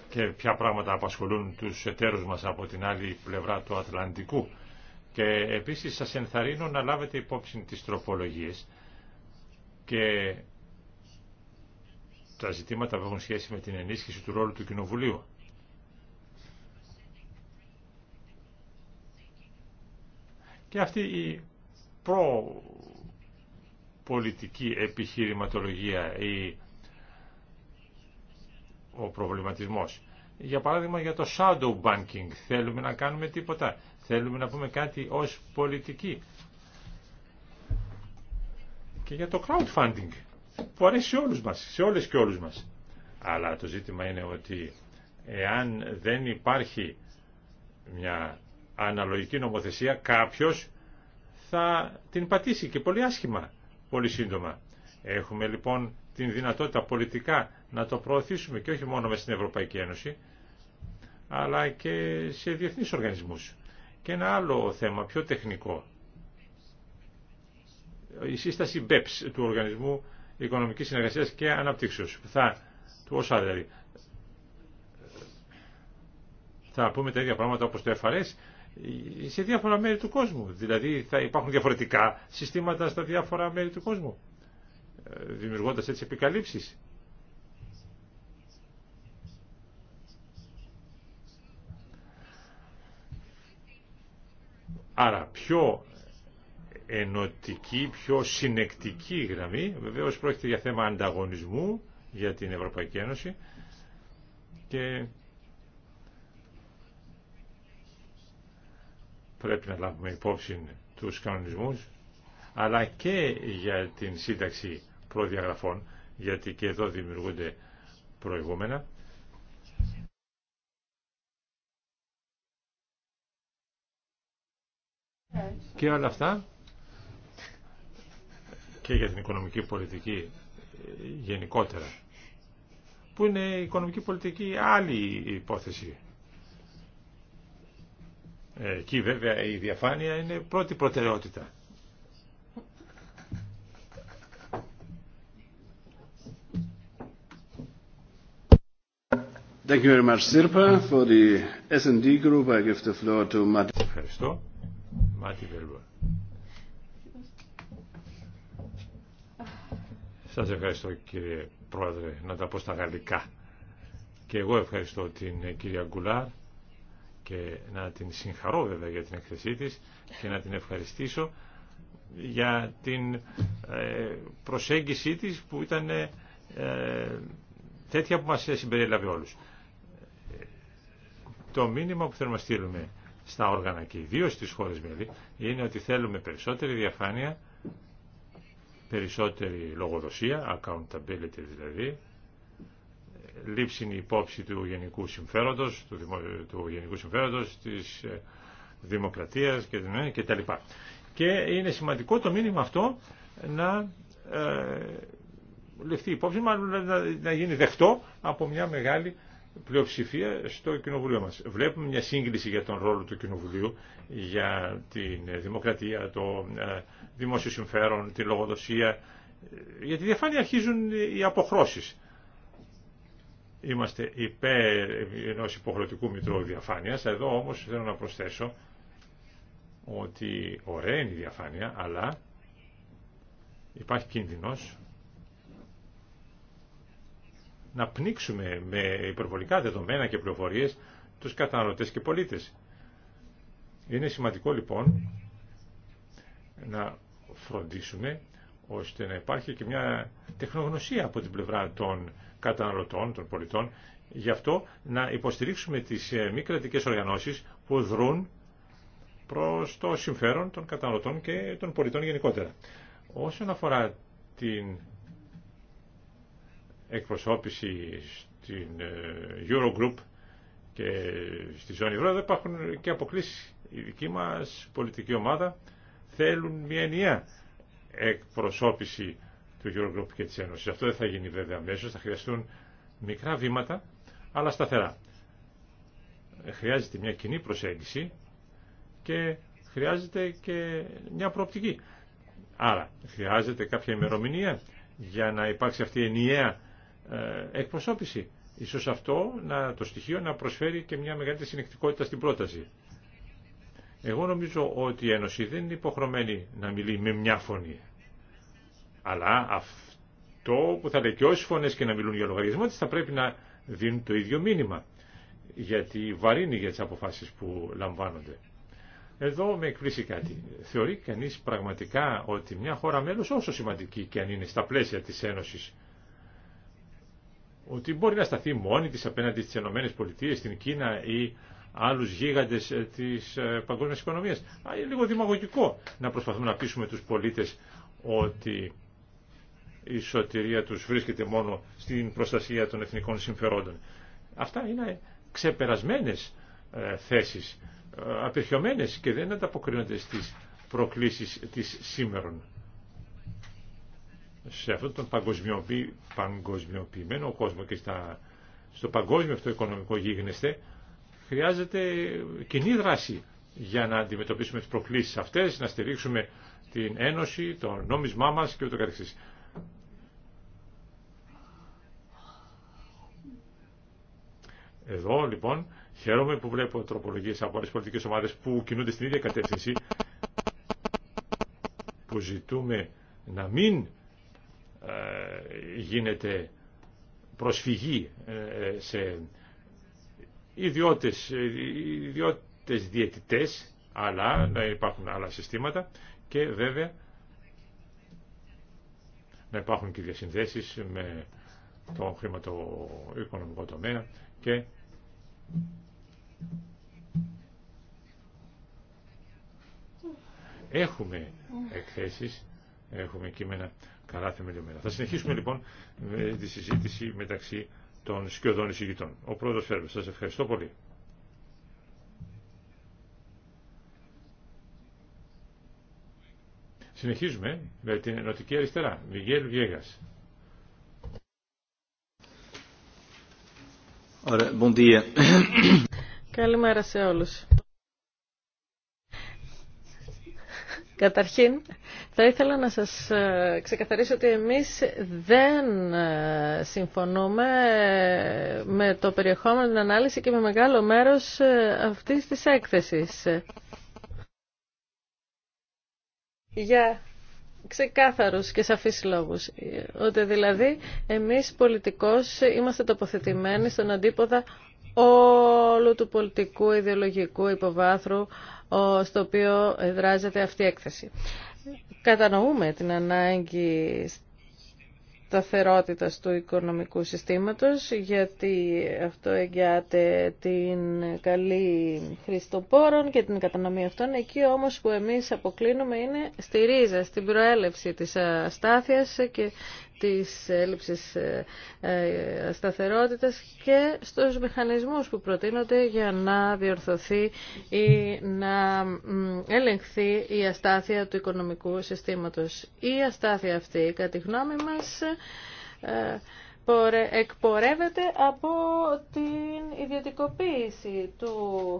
και ποια πράγματα απασχολούν τους εταίρους μας από την άλλη πλευρά του Ατλαντικού. Και επίσης σας ενθαρρύνω να λάβετε υπόψη τις τροπολογίες και τα ζητήματα που έχουν σχέση με την ενίσχυση του ρόλου του Κοινοβουλίου. Και αυτή η προπολιτική επιχειρηματολογία, η, ο προβληματισμός. Για παράδειγμα για το shadow banking θέλουμε να κάνουμε τίποτα. Θέλουμε να πούμε κάτι ως πολιτική. Και για το crowdfunding που αρέσει σε όλους μας, σε όλες και όλους μας. Αλλά το ζήτημα είναι ότι εάν δεν υπάρχει μια αναλογική νομοθεσία κάποιος θα την πατήσει και πολύ άσχημα, πολύ σύντομα. Έχουμε λοιπόν την δυνατότητα πολιτικά να το προωθήσουμε και όχι μόνο με στην Ευρωπαϊκή Ένωση αλλά και σε διεθνείς οργανισμούς. Και ένα άλλο θέμα, πιο τεχνικό. Η σύσταση BEPS του Οργανισμού Οικονομικής Συνεργασίας και Αναπτύξεως, θα, του δηλαδή, θα πούμε τα ίδια πράγματα όπως το FRS σε διάφορα μέρη του κόσμου. Δηλαδή θα υπάρχουν διαφορετικά συστήματα στα διάφορα μέρη του κόσμου, ε, δημιουργώντας έτσι επικαλύψεις. Άρα πιο ενωτική, πιο συνεκτική γραμμή, βεβαίως πρόκειται για θέμα ανταγωνισμού για την Ευρωπαϊκή Ένωση και πρέπει να λάβουμε υπόψη τους κανονισμούς αλλά και για την σύνταξη προδιαγραφών γιατί και εδώ δημιουργούνται προηγούμενα Και όλα αυτά και για την οικονομική πολιτική ε, γενικότερα που είναι η οικονομική πολιτική άλλη υπόθεση. Ε, εκεί βέβαια η διαφάνεια είναι πρώτη προτεραιότητα. Thank you very much, Sirpa. For the S&D group, I give the floor to Ευχαριστώ. Μάτι Σας ευχαριστώ κύριε Πρόεδρε, να τα πω στα γαλλικά. Και εγώ ευχαριστώ την κυρία Γκουλάρ και να την συγχαρώ βέβαια για την εκθεσή της και να την ευχαριστήσω για την ε, προσέγγιση της που ήταν ε, ε, τέτοια που μας συμπεριέλαβε όλους. Το μήνυμα που θέλουμε να στείλουμε στα όργανα και ιδίω στις χώρες μέλη είναι ότι θέλουμε περισσότερη διαφάνεια, περισσότερη λογοδοσία, accountability δηλαδή, λήψη υπόψη του γενικού συμφέροντος, του, του γενικού συμφέροντος, της ε, δημοκρατίας και, ναι, και Και είναι σημαντικό το μήνυμα αυτό να ε, ληφθεί υπόψη, μάλλον να, να γίνει δεχτό από μια μεγάλη πλειοψηφία στο Κοινοβουλίο μας. Βλέπουμε μια σύγκληση για τον ρόλο του Κοινοβουλίου, για την ε, δημοκρατία, το ε, δημόσιο συμφέρον, τη λογοδοσία. Ε, για τη διαφάνεια αρχίζουν οι αποχρώσεις. Είμαστε υπέρ ενό υποχρεωτικού μητρώου διαφάνειας. Εδώ όμως θέλω να προσθέσω ότι ωραία είναι η διαφάνεια, αλλά υπάρχει κίνδυνος να πνίξουμε με υπερβολικά δεδομένα και πληροφορίες τους καταναλωτές και πολίτες. Είναι σημαντικό λοιπόν να φροντίσουμε ώστε να υπάρχει και μια τεχνογνωσία από την πλευρά των καταναλωτών, των πολιτών, γι' αυτό να υποστηρίξουμε τις ε, μη κρατικέ οργανώσεις που δρούν προς το συμφέρον των καταναλωτών και των πολιτών γενικότερα. Όσον αφορά την εκπροσώπηση στην ε, Eurogroup και στη ζώνη ευρώ, δεν υπάρχουν και αποκλήσει. Η δική μας πολιτική ομάδα θέλουν μια ενιαία εκπροσώπηση του Eurogroup και της Ένωσης. Αυτό δεν θα γίνει βέβαια αμέσω, θα χρειαστούν μικρά βήματα, αλλά σταθερά. Χρειάζεται μια κοινή προσέγγιση και χρειάζεται και μια προοπτική. Άρα, χρειάζεται κάποια ημερομηνία για να υπάρξει αυτή η ενιαία ε, εκπροσώπηση. Ίσως αυτό να, το στοιχείο να προσφέρει και μια μεγαλύτερη συνεκτικότητα στην πρόταση. Εγώ νομίζω ότι η Ένωση δεν είναι υποχρεωμένη να μιλεί με μια φωνή. Αλλά αυτό που θα λέει και όσοι φωνές και να μιλούν για λογαριασμό της θα πρέπει να δίνουν το ίδιο μήνυμα. Γιατί βαρύνει για τις αποφάσεις που λαμβάνονται. Εδώ με εκπλήσει κάτι. Θεωρεί κανείς πραγματικά ότι μια χώρα μέλος όσο σημαντική και αν είναι στα πλαίσια της Ένωσης ότι μπορεί να σταθεί μόνη της απέναντι στις ΗΠΑ, στην Κίνα ή άλλους γίγαντες της ε, παγκόσμιας οικονομίας. Είναι λίγο δημαγωγικό να προσπαθούμε να πείσουμε τους πολίτες ότι η σωτηρία τους βρίσκεται μόνο στην προστασία των εθνικών συμφερόντων. Αυτά είναι ξεπερασμένες ε, θέσεις, ε, απερχιωμένες και δεν ανταποκρίνονται στις προκλήσεις της σήμερων σε αυτόν τον παγκοσμιοποιημένο κόσμο και στα, στο παγκόσμιο αυτό οικονομικό γίγνεσθε, χρειάζεται κοινή δράση για να αντιμετωπίσουμε τις προκλήσεις αυτές, να στηρίξουμε την ένωση, το νόμισμά μας και ούτω καθεξής. Εδώ λοιπόν χαίρομαι που βλέπω τροπολογίες από άλλες πολιτικές ομάδες που κινούνται στην ίδια κατεύθυνση που ζητούμε να μην ε, γίνεται προσφυγή ε, ε, σε ιδιώτες, ιδιώτες διαιτητές, αλλά να υπάρχουν άλλα συστήματα και βέβαια να υπάρχουν και διασυνδέσεις με το χρηματοοικονομικό τομέα και έχουμε εκθέσεις, έχουμε κείμενα καλά θεμελιωμένα. Θα συνεχίσουμε λοιπόν με τη συζήτηση μεταξύ των σκιωδών εισηγητών. Ο πρόεδρος Φέρμπερ, σας ευχαριστώ πολύ. Συνεχίζουμε με την Ενωτική Αριστερά. Μιγέλ Βιέγας. Καλημέρα σε όλους. Καταρχήν, θα ήθελα να σας ε, ξεκαθαρίσω ότι εμείς δεν ε, συμφωνούμε με το περιεχόμενο, την ανάλυση και με μεγάλο μέρος ε, αυτής της έκθεσης. Για ξεκάθαρους και σαφείς λόγους. Ότι δηλαδή εμείς πολιτικώς είμαστε τοποθετημένοι στον αντίποδα όλου του πολιτικού ιδεολογικού υποβάθρου στο οποίο δράζεται αυτή η έκθεση. Κατανοούμε την ανάγκη σταθερότητας του οικονομικού συστήματος, γιατί αυτό εγγυάται την καλή χρήση και την κατανομή αυτών. Εκεί όμως που εμείς αποκλίνουμε είναι στη ρίζα, στην προέλευση της αστάθειας και της έλλειψης ε, ε, σταθερότητας και στους μηχανισμούς που προτείνονται για να διορθωθεί ή να ελεγχθεί η αστάθεια του οικονομικού συστήματος. Η αστάθεια αυτή, κατά τη γνώμη μας, ε, εκπορεύεται από την ιδιωτικοποίηση του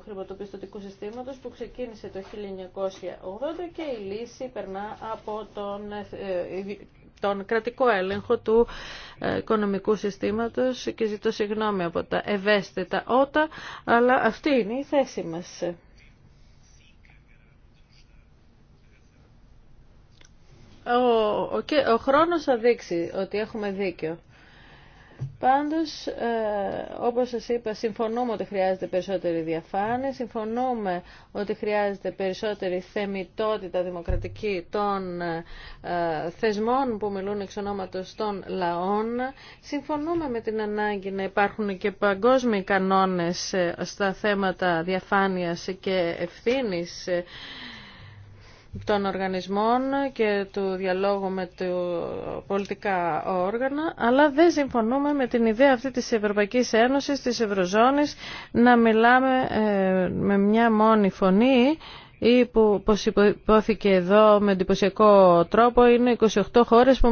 χρηματοπιστωτικού συστήματος που ξεκίνησε το 1980 και η λύση περνά από τον τον κρατικό έλεγχο του ε, οικονομικού συστήματος και ζητώ συγγνώμη από τα ευαίσθητα ότα, αλλά αυτή είναι η θέση μας. Ο, ο, ο χρόνος θα δείξει ότι έχουμε δίκιο. Πάντως, ε, όπως σας είπα, συμφωνούμε ότι χρειάζεται περισσότερη διαφάνεια, συμφωνούμε ότι χρειάζεται περισσότερη θεμητότητα δημοκρατική των ε, θεσμών που μιλούν εξ ονόματος των λαών, συμφωνούμε με την ανάγκη να υπάρχουν και παγκόσμιοι κανόνες ε, στα θέματα διαφάνειας και ευθύνης των οργανισμών και του διαλόγου με τα πολιτικά όργανα, αλλά δεν συμφωνούμε με την ιδέα αυτή της Ευρωπαϊκής Ένωσης, της Ευρωζώνης, να μιλάμε ε, με μια μόνη φωνή ή που, όπως υπόθηκε εδώ με εντυπωσιακό τρόπο, είναι 28 χώρες που,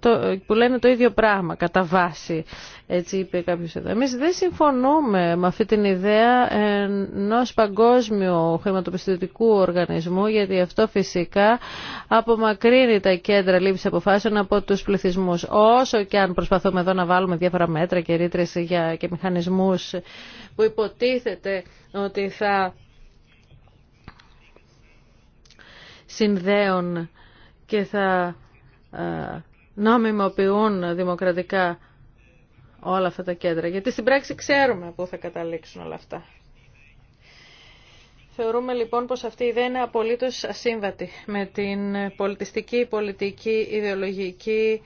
το, που λένε το ίδιο πράγμα κατά βάση. Έτσι είπε κάποιος εδώ. Εμείς δεν συμφωνούμε με αυτή την ιδέα ενό παγκόσμιου χρηματοπιστωτικού οργανισμού, γιατί αυτό φυσικά απομακρύνει τα κέντρα λήψης αποφάσεων από τους πληθυσμούς. Όσο και αν προσπαθούμε εδώ να βάλουμε διάφορα μέτρα και ρήτρες και μηχανισμούς που υποτίθεται ότι θα συνδέουν και θα ε, νομιμοποιούν δημοκρατικά όλα αυτά τα κέντρα. Γιατί στην πράξη ξέρουμε πού θα καταλήξουν όλα αυτά. Θεωρούμε λοιπόν πως αυτή η ιδέα είναι απολύτως ασύμβατη με την πολιτιστική, πολιτική, ιδεολογική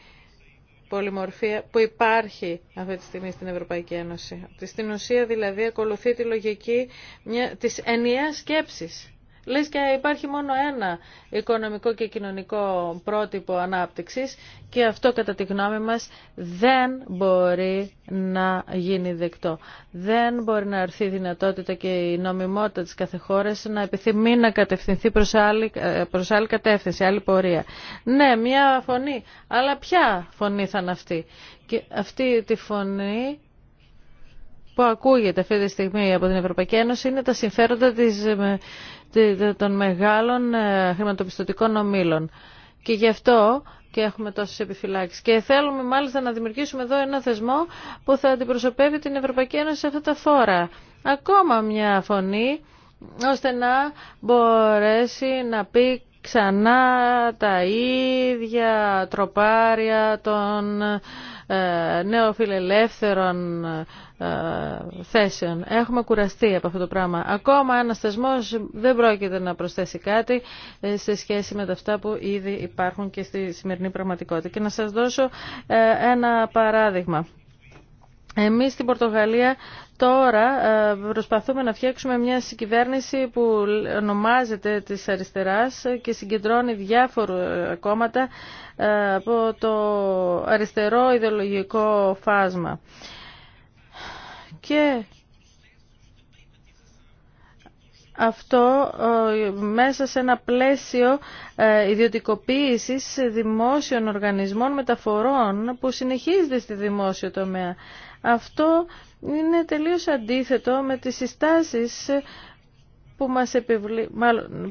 πολυμορφία που υπάρχει αυτή τη στιγμή στην Ευρωπαϊκή Ένωση. Στην ουσία δηλαδή ακολουθεί τη λογική μια, της ενιαίας σκέψης. Λες και υπάρχει μόνο ένα οικονομικό και κοινωνικό πρότυπο ανάπτυξης και αυτό κατά τη γνώμη μας δεν μπορεί να γίνει δεκτό. Δεν μπορεί να αρθεί η δυνατότητα και η νομιμότητα της κάθε χώρας να επιθυμεί να κατευθυνθεί προς άλλη, προς άλλη κατεύθυνση, άλλη πορεία. Ναι, μια φωνή, αλλά ποια φωνή θα είναι αυτή. Και αυτή τη φωνή που ακούγεται αυτή τη στιγμή από την Ευρωπαϊκή Ένωση είναι τα συμφέροντα της, ε, των μεγάλων ε, χρηματοπιστωτικών ομήλων. Και γι' αυτό και έχουμε τόσες επιφυλάξεις. Και θέλουμε μάλιστα να δημιουργήσουμε εδώ ένα θεσμό που θα αντιπροσωπεύει την Ευρωπαϊκή Ένωση σε αυτά τα φόρα. Ακόμα μια φωνή ώστε να μπορέσει να πει ξανά τα ίδια τροπάρια των ε, νέο φιλελεύθερων ε, θέσεων. Έχουμε κουραστεί από αυτό το πράγμα. Ακόμα ένα θεσμό δεν πρόκειται να προσθέσει κάτι ε, σε σχέση με τα αυτά που ήδη υπάρχουν και στη σημερινή πραγματικότητα. Και να σας δώσω ένα παράδειγμα. Εμείς στην Πορτογαλία Τώρα ε, προσπαθούμε να φτιάξουμε μια συγκυβέρνηση που ονομάζεται της αριστεράς και συγκεντρώνει διάφορα κόμματα ε, από το αριστερό ιδεολογικό φάσμα. Και αυτό ε, μέσα σε ένα πλαίσιο ιδιωτικοποίησης δημόσιων οργανισμών μεταφορών που συνεχίζεται στη δημόσιο τομέα. Αυτό είναι τελείως αντίθετο με τις συστάσεις που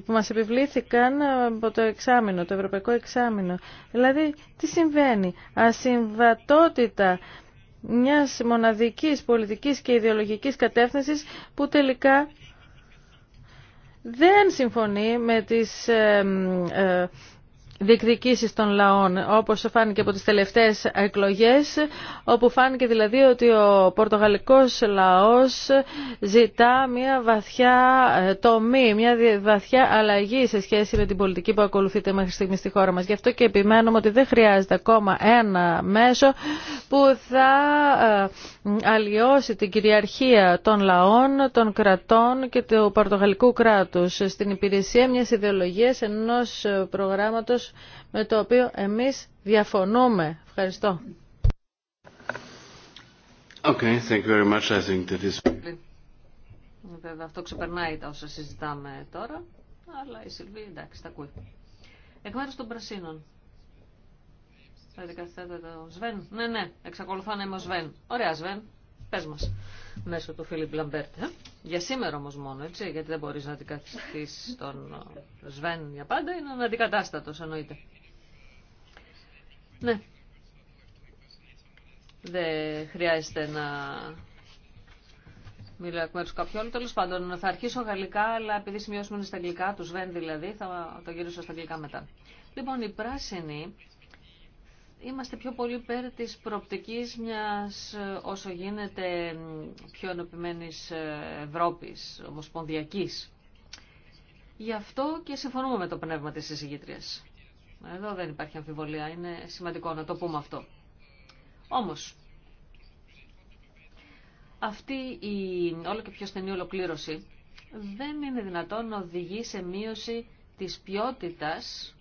μας, επιβλήθηκαν από το εξάμεινο, το ευρωπαϊκό εξάμεινο. Δηλαδή, τι συμβαίνει. Ασυμβατότητα μιας μοναδικής πολιτικής και ιδεολογικής κατεύθυνσης που τελικά δεν συμφωνεί με τις ε, ε, διεκδικήσεις των λαών, όπως φάνηκε από τις τελευταίες εκλογές, όπου φάνηκε δηλαδή ότι ο πορτογαλικός λαός ζητά μια βαθιά ε, τομή, μια βαθιά αλλαγή σε σχέση με την πολιτική που ακολουθείται μέχρι στιγμή στη χώρα μας. Γι' αυτό και επιμένουμε ότι δεν χρειάζεται ακόμα ένα μέσο που θα ε, αλλοιώσει την κυριαρχία των λαών, των κρατών και του πορτογαλικού κράτους στην υπηρεσία μιας ιδεολογίας ενός ε, προγράμματος με το οποίο εμείς διαφωνούμε. Ευχαριστώ. Okay, thank you very much. I think that is... Βέβαια, αυτό ξεπερνάει τα όσα συζητάμε τώρα, αλλά η Σιλβή εντάξει, τα ακούει. Εκ μέρους των Πρασίνων. Θα δικαστείτε το Σβέν. Ναι, ναι, εξακολουθώ να είμαι ο Σβέν. Ωραία, Σβέν. Πες μας μέσω του Φίλιπ Λαμπέρτε; Για σήμερα όμω, μόνο, έτσι, γιατί δεν μπορεί να αντικαταστήσει τον ε, Σβέν για πάντα, είναι ένα αντικατάστατο εννοείται. Ναι. Δεν χρειάζεται να μιλάω εκ μέρου κάποιου άλλου. πάντων, θα αρχίσω γαλλικά, αλλά επειδή σημειώσουμε στα αγγλικά, του Σβέν δηλαδή, θα το γυρίσω στα αγγλικά μετά. Λοιπόν, η πράσινη είμαστε πιο πολύ πέρα της προοπτικής μιας ε, όσο γίνεται πιο ενωπημένης ε, Ευρώπης, ομοσπονδιακής. Γι' αυτό και συμφωνούμε με το πνεύμα της εισηγήτριας. Εδώ δεν υπάρχει αμφιβολία, είναι σημαντικό να το πούμε αυτό. Όμως, αυτή η όλο και πιο στενή ολοκλήρωση δεν είναι δυνατόν να οδηγεί σε μείωση της ποιότητας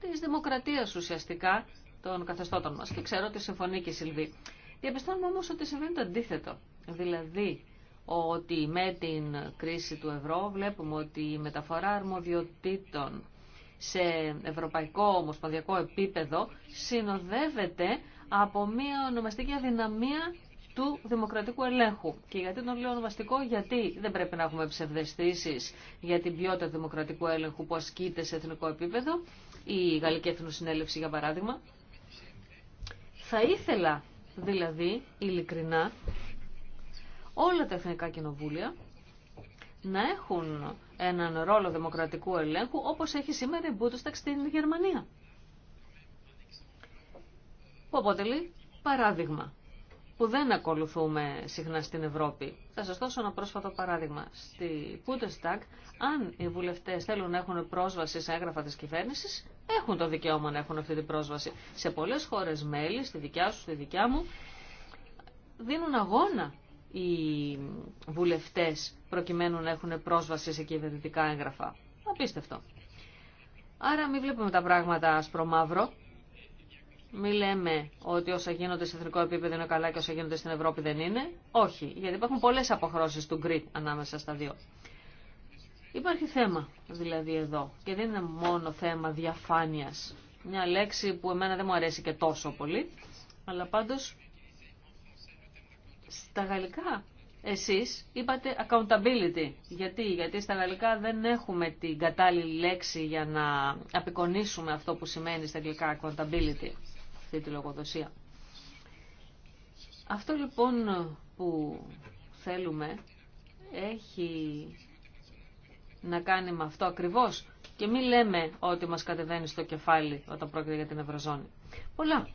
της δημοκρατίας ουσιαστικά των καθεστώτων μας. Και ξέρω ότι συμφωνεί και η Σιλβή. Διαπιστώνουμε όμως ότι συμβαίνει το αντίθετο. Δηλαδή ότι με την κρίση του ευρώ βλέπουμε ότι η μεταφορά αρμοδιοτήτων σε ευρωπαϊκό ομοσπονδιακό επίπεδο συνοδεύεται από μια ονομαστική αδυναμία του δημοκρατικού ελέγχου. Και γιατί τον λέω ονομαστικό, γιατί δεν πρέπει να έχουμε ψευδεστήσει για την ποιότητα δημοκρατικού έλεγχου που ασκείται σε εθνικό επίπεδο, η Γαλλική Εθνοσυνέλευση για παράδειγμα, θα ήθελα δηλαδή ειλικρινά όλα τα εθνικά κοινοβούλια να έχουν έναν ρόλο δημοκρατικού ελέγχου όπως έχει σήμερα η Μπούτουσταξ στην Γερμανία. Που αποτελεί παράδειγμα που δεν ακολουθούμε συχνά στην Ευρώπη. Θα σας δώσω ένα πρόσφατο παράδειγμα. Στη Bundestag, αν οι βουλευτές θέλουν να έχουν πρόσβαση σε έγγραφα της κυβέρνησης, έχουν το δικαίωμα να έχουν αυτή την πρόσβαση. Σε πολλές χώρες μέλη, στη δικιά σου, στη δικιά μου, δίνουν αγώνα οι βουλευτές προκειμένου να έχουν πρόσβαση σε κυβερνητικά έγγραφα. Απίστευτο. Άρα μην βλέπουμε τα πράγματα άσπρο μαύρο μη λέμε ότι όσα γίνονται σε εθνικό επίπεδο είναι καλά και όσα γίνονται στην Ευρώπη δεν είναι. Όχι, γιατί υπάρχουν πολλέ αποχρώσεις του γκρι ανάμεσα στα δύο. Υπάρχει θέμα δηλαδή εδώ και δεν είναι μόνο θέμα διαφάνεια, Μια λέξη που εμένα δεν μου αρέσει και τόσο πολύ, αλλά πάντως στα γαλλικά εσείς είπατε accountability. Γιατί, γιατί στα γαλλικά δεν έχουμε την κατάλληλη λέξη για να απεικονίσουμε αυτό που σημαίνει στα αγγλικά accountability αυτή τη λογοδοσία. Αυτό λοιπόν που θέλουμε έχει να κάνει με αυτό ακριβώς και μην λέμε ότι μας κατεβαίνει στο κεφάλι όταν πρόκειται για την Ευρωζώνη. Πολλά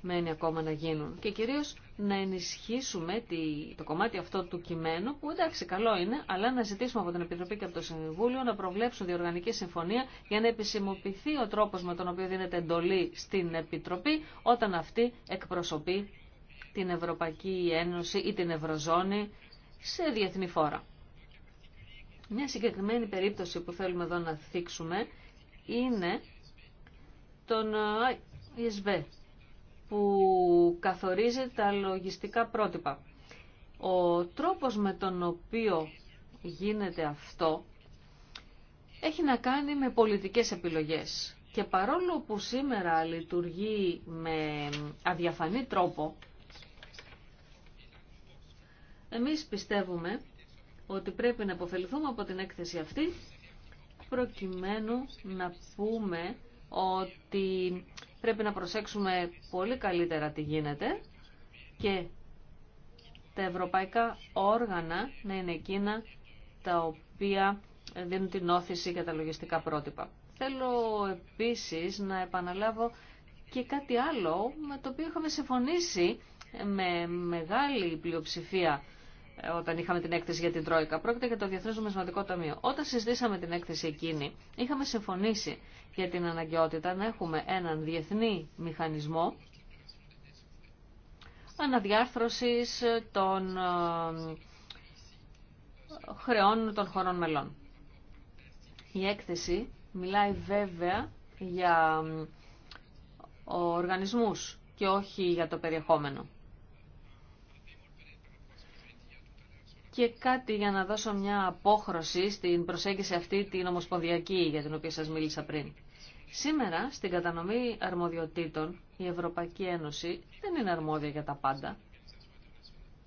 μένει ακόμα να γίνουν και κυρίως να ενισχύσουμε το κομμάτι αυτό του κειμένου, που εντάξει καλό είναι, αλλά να ζητήσουμε από την Επιτροπή και από το Συμβούλιο να προβλέψουν διοργανική συμφωνία για να επισημοποιηθεί ο τρόπος με τον οποίο δίνεται εντολή στην Επιτροπή όταν αυτή εκπροσωπεί την Ευρωπαϊκή Ένωση ή την Ευρωζώνη σε διεθνή φόρα. Μια συγκεκριμένη περίπτωση που θέλουμε εδώ να θίξουμε είναι τον ΙΣΒ, που καθορίζει τα λογιστικά πρότυπα. Ο τρόπος με τον οποίο γίνεται αυτό έχει να κάνει με πολιτικές επιλογές. Και παρόλο που σήμερα λειτουργεί με αδιαφανή τρόπο, εμείς πιστεύουμε ότι πρέπει να αποφεληθούμε από την έκθεση αυτή προκειμένου να πούμε ότι Πρέπει να προσέξουμε πολύ καλύτερα τι γίνεται και τα ευρωπαϊκά όργανα να είναι εκείνα τα οποία δίνουν την όθηση για τα λογιστικά πρότυπα. Θέλω επίσης να επαναλάβω και κάτι άλλο με το οποίο είχαμε συμφωνήσει με μεγάλη πλειοψηφία όταν είχαμε την έκθεση για την Τρόικα. Πρόκειται για το Διεθνέ Νομισματικό Ταμείο. Όταν συζητήσαμε την έκθεση εκείνη, είχαμε συμφωνήσει για την αναγκαιότητα να έχουμε έναν διεθνή μηχανισμό αναδιάρθρωσης των ε, χρεών των χωρών μελών. Η έκθεση μιλάει βέβαια για ε, οργανισμούς και όχι για το περιεχόμενο. και κάτι για να δώσω μια απόχρωση στην προσέγγιση αυτή την ομοσπονδιακή για την οποία σας μίλησα πριν. Σήμερα στην κατανομή αρμοδιοτήτων η Ευρωπαϊκή Ένωση δεν είναι αρμόδια για τα πάντα.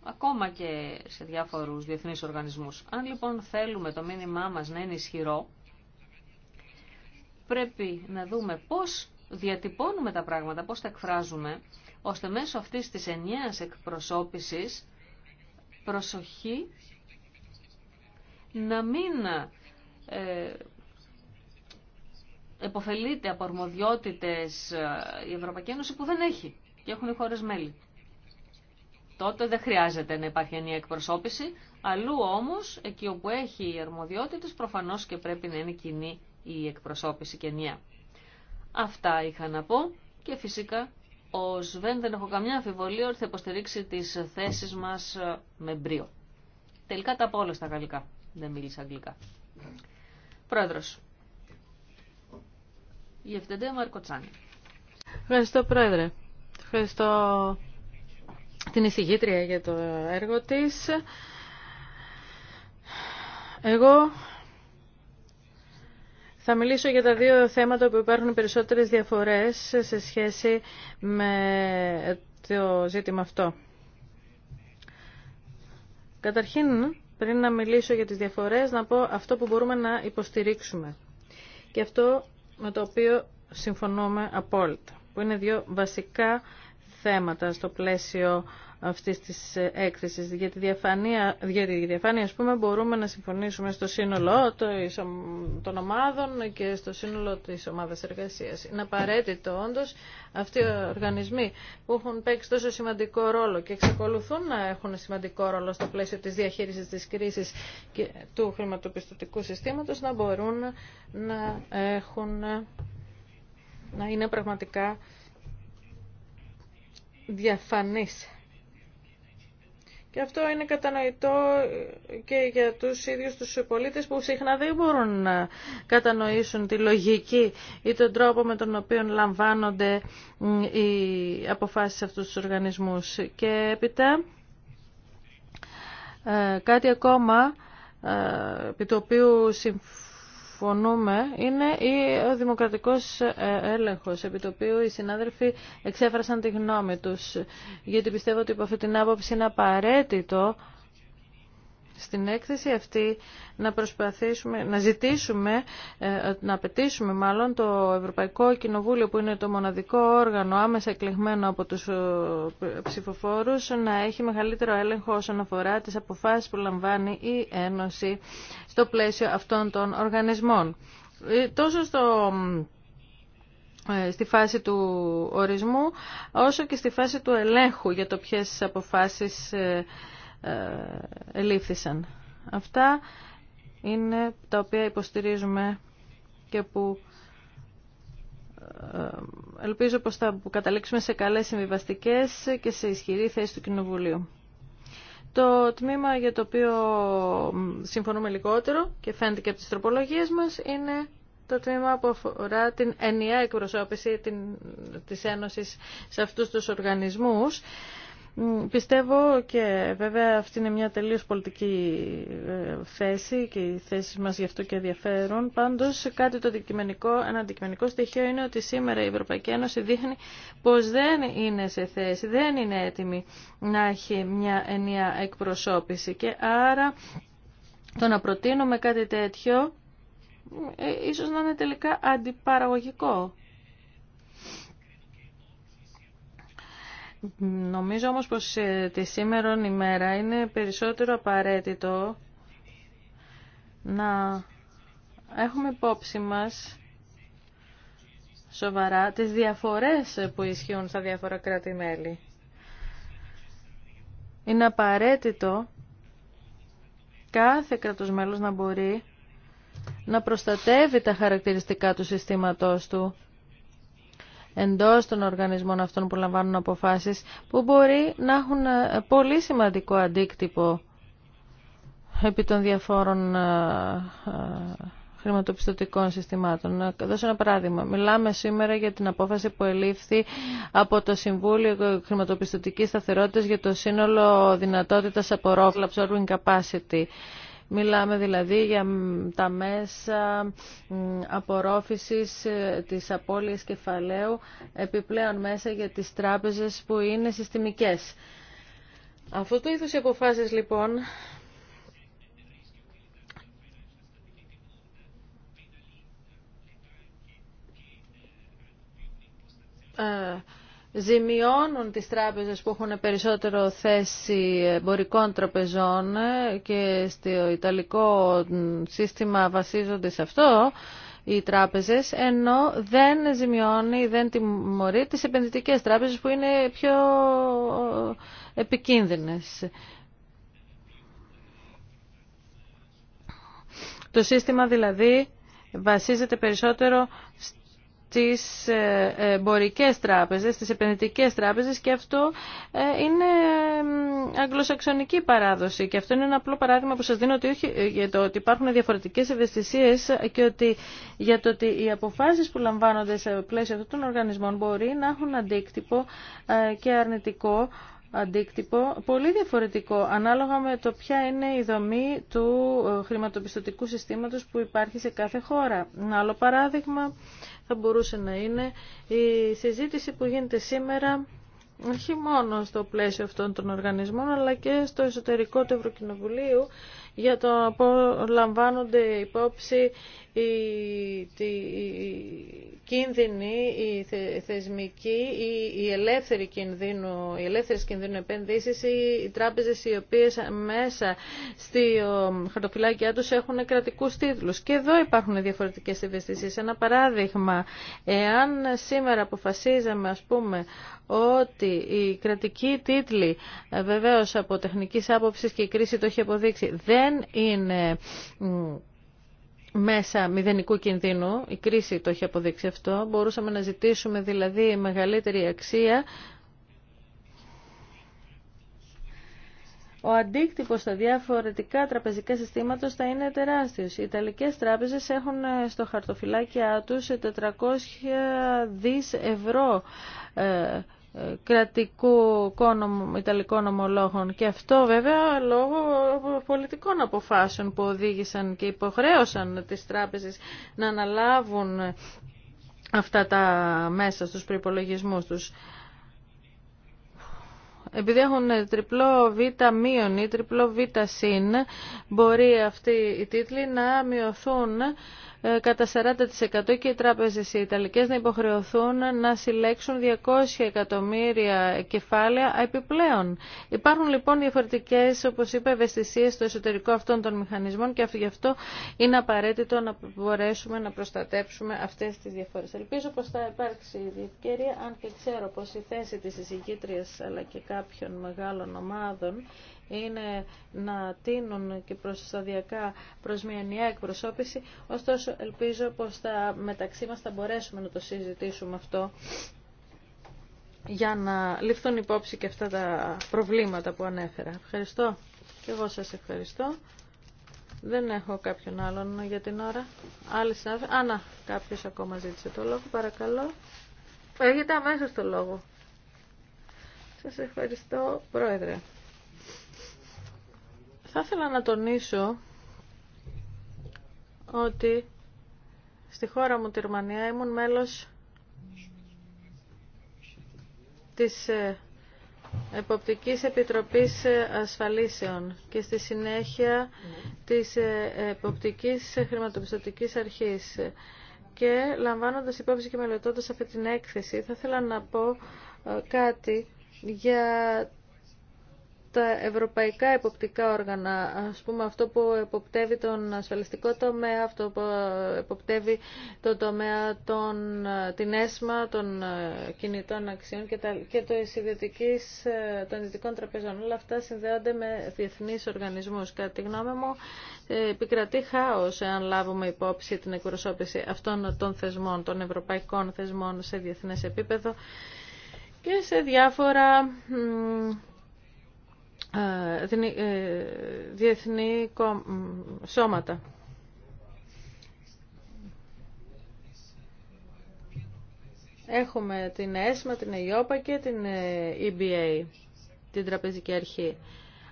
Ακόμα και σε διάφορους διεθνείς οργανισμούς. Αν λοιπόν θέλουμε το μήνυμά μας να είναι ισχυρό, πρέπει να δούμε πώς διατυπώνουμε τα πράγματα, πώς τα εκφράζουμε, ώστε μέσω αυτής της ενιαίας εκπροσώπησης προσοχή να μην ε, εποφελείται από αρμοδιότητες ε, η Ευρωπαϊκή Ένωση που δεν έχει και έχουν οι χώρες μέλη. Τότε δεν χρειάζεται να υπάρχει ενιαία εκπροσώπηση, αλλού όμως εκεί όπου έχει οι αρμοδιότητες προφανώς και πρέπει να είναι κοινή η εκπροσώπηση και ενιαία. Αυτά είχα να πω και φυσικά ο Σβέν δεν έχω καμιά αμφιβολία ότι θα υποστηρίξει τις θέσεις μας ε, με μπρίο. Τελικά τα από όλα στα γαλλικά. Δεν μίλησα αγγλικά. Πρόεδρος. Η ευθυντή Μαρκοτσάνη. Ευχαριστώ Πρόεδρε. Ευχαριστώ την εισηγήτρια για το έργο της. Εγώ θα μιλήσω για τα δύο θέματα που υπάρχουν περισσότερες διαφορές σε σχέση με το ζήτημα αυτό. Καταρχήν, πριν να μιλήσω για τις διαφορές, να πω αυτό που μπορούμε να υποστηρίξουμε. Και αυτό με το οποίο συμφωνούμε απόλυτα, που είναι δύο βασικά θέματα στο πλαίσιο αυτή της ε, έκθεσης. Για τη διαφάνεια, για τη διαφάνεια πούμε, μπορούμε να συμφωνήσουμε στο σύνολο των ομάδων και στο σύνολο τη ομάδα εργασία. Είναι απαραίτητο όντω αυτοί οι οργανισμοί που έχουν παίξει τόσο σημαντικό ρόλο και εξακολουθούν να έχουν σημαντικό ρόλο στο πλαίσιο τη διαχείριση τη κρίση και του χρηματοπιστωτικού συστήματο, να μπορούν να έχουν να είναι πραγματικά διαφανείς και αυτό είναι κατανοητό και για τους ίδιους τους πολίτες που συχνά δεν μπορούν να κατανοήσουν τη λογική ή τον τρόπο με τον οποίο λαμβάνονται οι αποφάσεις αυτούς τους οργανισμούς. Και έπειτα ε, κάτι ακόμα ε, επί το συμφωνούμε είναι ο δημοκρατικός ε, έλεγχος επί το οποίο οι συνάδελφοι εξέφρασαν τη γνώμη τους γιατί πιστεύω ότι υπό αυτή την άποψη είναι απαραίτητο στην έκθεση αυτή να προσπαθήσουμε, να ζητήσουμε, ε, να απαιτήσουμε μάλλον το Ευρωπαϊκό Κοινοβούλιο που είναι το μοναδικό όργανο άμεσα εκλεγμένο από τους ε, ψηφοφόρους να έχει μεγαλύτερο έλεγχο όσον αφορά τις αποφάσεις που λαμβάνει η Ένωση στο πλαίσιο αυτών των οργανισμών. Ε, τόσο στο στη φάση του ορισμού, όσο και στη φάση του ελέγχου για το ποιες αποφάσεις ελήφθησαν. Αυτά είναι τα οποία υποστηρίζουμε και που ε, ελπίζω πως θα καταλήξουμε σε καλές συμβιβαστικές και σε ισχυρή θέση του Κοινοβουλίου. Το τμήμα για το οποίο συμφωνούμε λιγότερο και φαίνεται και από τις τροπολογίες μας είναι το τμήμα που αφορά την ενιαία εκπροσώπηση της Ένωσης σε αυτούς τους οργανισμούς. Πιστεύω και βέβαια αυτή είναι μια τελείως πολιτική ε, θέση και οι θέσεις μας γι' αυτό και ενδιαφέρουν. Πάντως κάτι το αντικειμενικό, ένα αντικειμενικό στοιχείο είναι ότι σήμερα η Ευρωπαϊκή Ένωση δείχνει πως δεν είναι σε θέση, δεν είναι έτοιμη να έχει μια ενιαία εκπροσώπηση και άρα το να προτείνουμε κάτι τέτοιο ε, ίσως να είναι τελικά αντιπαραγωγικό. Νομίζω όμως πως ε, τη σήμερον ημέρα είναι περισσότερο απαραίτητο να έχουμε υπόψη μας σοβαρά τις διαφορές που ισχύουν στα διάφορα κράτη-μέλη. Είναι απαραίτητο κάθε κράτος μέλος να μπορεί να προστατεύει τα χαρακτηριστικά του συστήματός του εντός των οργανισμών αυτών που λαμβάνουν αποφάσεις που μπορεί να έχουν ε, πολύ σημαντικό αντίκτυπο επί των διαφόρων ε, ε, χρηματοπιστωτικών συστημάτων. Να δώσω ένα παράδειγμα. Μιλάμε σήμερα για την απόφαση που ελήφθη από το Συμβούλιο Χρηματοπιστωτικής Σταθερότητας για το σύνολο δυνατότητας απορρόφλαψης, or capacity. Μιλάμε δηλαδή για τα μέσα απορρόφησης ε, της απώλειας κεφαλαίου, επιπλέον μέσα για τις τράπεζες που είναι συστημικές. Αυτό του είδους οι αποφάσεις λοιπόν ε, ζημιώνουν τις τράπεζες που έχουν περισσότερο θέση εμπορικών τραπεζών ε, και στο Ιταλικό σύστημα βασίζονται σε αυτό οι τράπεζες, ενώ δεν ζημιώνει, δεν τιμωρεί τις επενδυτικές τράπεζες που είναι πιο ε, επικίνδυνες. Το σύστημα δηλαδή βασίζεται περισσότερο τις ε, ε, εμπορικές τράπεζες, τις επενδυτικές τράπεζες και αυτό ε, είναι αγγλοσαξονική παράδοση και αυτό είναι ένα απλό παράδειγμα που σας δίνω ότι όχι, για το ότι υπάρχουν διαφορετικές ευαισθησίες και ότι για το ότι οι αποφάσεις που λαμβάνονται σε πλαίσιο αυτών των οργανισμών μπορεί να έχουν αντίκτυπο και αρνητικό αντίκτυπο πολύ διαφορετικό ανάλογα με το ποια είναι η δομή του ε, χρηματοπιστωτικού συστήματος που υπάρχει σε κάθε χώρα. Ένα άλλο παράδειγμα θα μπορούσε να είναι η συζήτηση που γίνεται σήμερα όχι μόνο στο πλαίσιο αυτών των οργανισμών αλλά και στο εσωτερικό του Ευρωκοινοβουλίου για το πώς λαμβάνονται υπόψη οι κίνδυνοι, θεσμική η οι ελεύθερη κινδύνου, οι ελεύθερες κινδύνου επενδύσεις, οι τράπεζες οι οποίες μέσα στη χαρτοφυλάκια τους έχουν κρατικούς τίτλους. Και εδώ υπάρχουν διαφορετικές ευαισθησίες. Ένα παράδειγμα, εάν σήμερα αποφασίζαμε ας πούμε ότι οι κρατικοί τίτλοι ε, βεβαίως από τεχνικής άποψης και η κρίση το έχει αποδείξει δεν είναι μέσα μηδενικού κινδύνου, η κρίση το έχει αποδείξει αυτό, μπορούσαμε να ζητήσουμε δηλαδή μεγαλύτερη αξία. Ο αντίκτυπος στα διαφορετικά τραπεζικά συστήματα θα είναι τεράστιος. Οι Ιταλικές τράπεζες έχουν ε, στο χαρτοφυλάκια τους 400 ε, δις ευρώ ε, κρατικού ιταλικών ομολόγων και αυτό βέβαια λόγω πολιτικών αποφάσεων που οδήγησαν και υποχρέωσαν τις τράπεζες να αναλάβουν αυτά τα μέσα στους προπολογισμού τους. Επειδή έχουν τριπλό β μείον ή τριπλό β συν, μπορεί αυτοί οι τίτλοι να μειωθούν ε, κατά 40% και οι τράπεζες οι Ιταλικές να υποχρεωθούν να συλλέξουν 200 εκατομμύρια κεφάλαια επιπλέον. Υπάρχουν λοιπόν διαφορετικές, όπως είπα, ευαισθησίες στο εσωτερικό αυτών των μηχανισμών και γι' αυτό είναι απαραίτητο να μπορέσουμε να προστατέψουμε αυτές τις διαφορές. Ελπίζω πως θα υπάρξει η ευκαιρία, αν και ξέρω πως η θέση της εισηγήτριας αλλά και κάποιων μεγάλων ομάδων είναι να τίνουν και προς σταδιακά προς μια ενιαία εκπροσώπηση, ωστόσο ελπίζω πως θα, μεταξύ μας θα μπορέσουμε να το συζητήσουμε αυτό για να ληφθούν υπόψη και αυτά τα προβλήματα που ανέφερα. Ευχαριστώ. Και εγώ σας ευχαριστώ. Δεν έχω κάποιον άλλον για την ώρα. Άλλη συνάδελφη. Α, να, κάποιος ακόμα ζήτησε το λόγο. Παρακαλώ. Έχετε αμέσως το λόγο. Σας ευχαριστώ, Πρόεδρε. Θα ήθελα να τονίσω ότι στη χώρα μου, τη Ρουμανία, ήμουν μέλος της ε, Εποπτικής Επιτροπής Ασφαλίσεων και στη συνέχεια της ε, Εποπτικής Χρηματοπιστωτικής Αρχής. Και λαμβάνοντας υπόψη και μελετώντας αυτή την έκθεση, θα ήθελα να πω ε, κάτι για τα ευρωπαϊκά εποπτικά όργανα, ας πούμε αυτό που εποπτεύει τον ασφαλιστικό τομέα, αυτό που εποπτεύει το τομέα την ΕΣΜΑ, των ε, κινητών αξιών και, τα, και το ε, των ειδικών τραπεζών. Όλα αυτά συνδέονται με διεθνείς οργανισμούς. Κατά τη γνώμη μου ε, επικρατεί χάος εάν λάβουμε υπόψη την εκπροσώπηση αυτών των θεσμών, των ευρωπαϊκών θεσμών σε διεθνές επίπεδο και σε διάφορα ε, ε, διεθνή σώματα. Έχουμε την ΕΣΜΑ, την ΕΙΟΠΑ και την EBA, ε, την Τραπεζική Αρχή.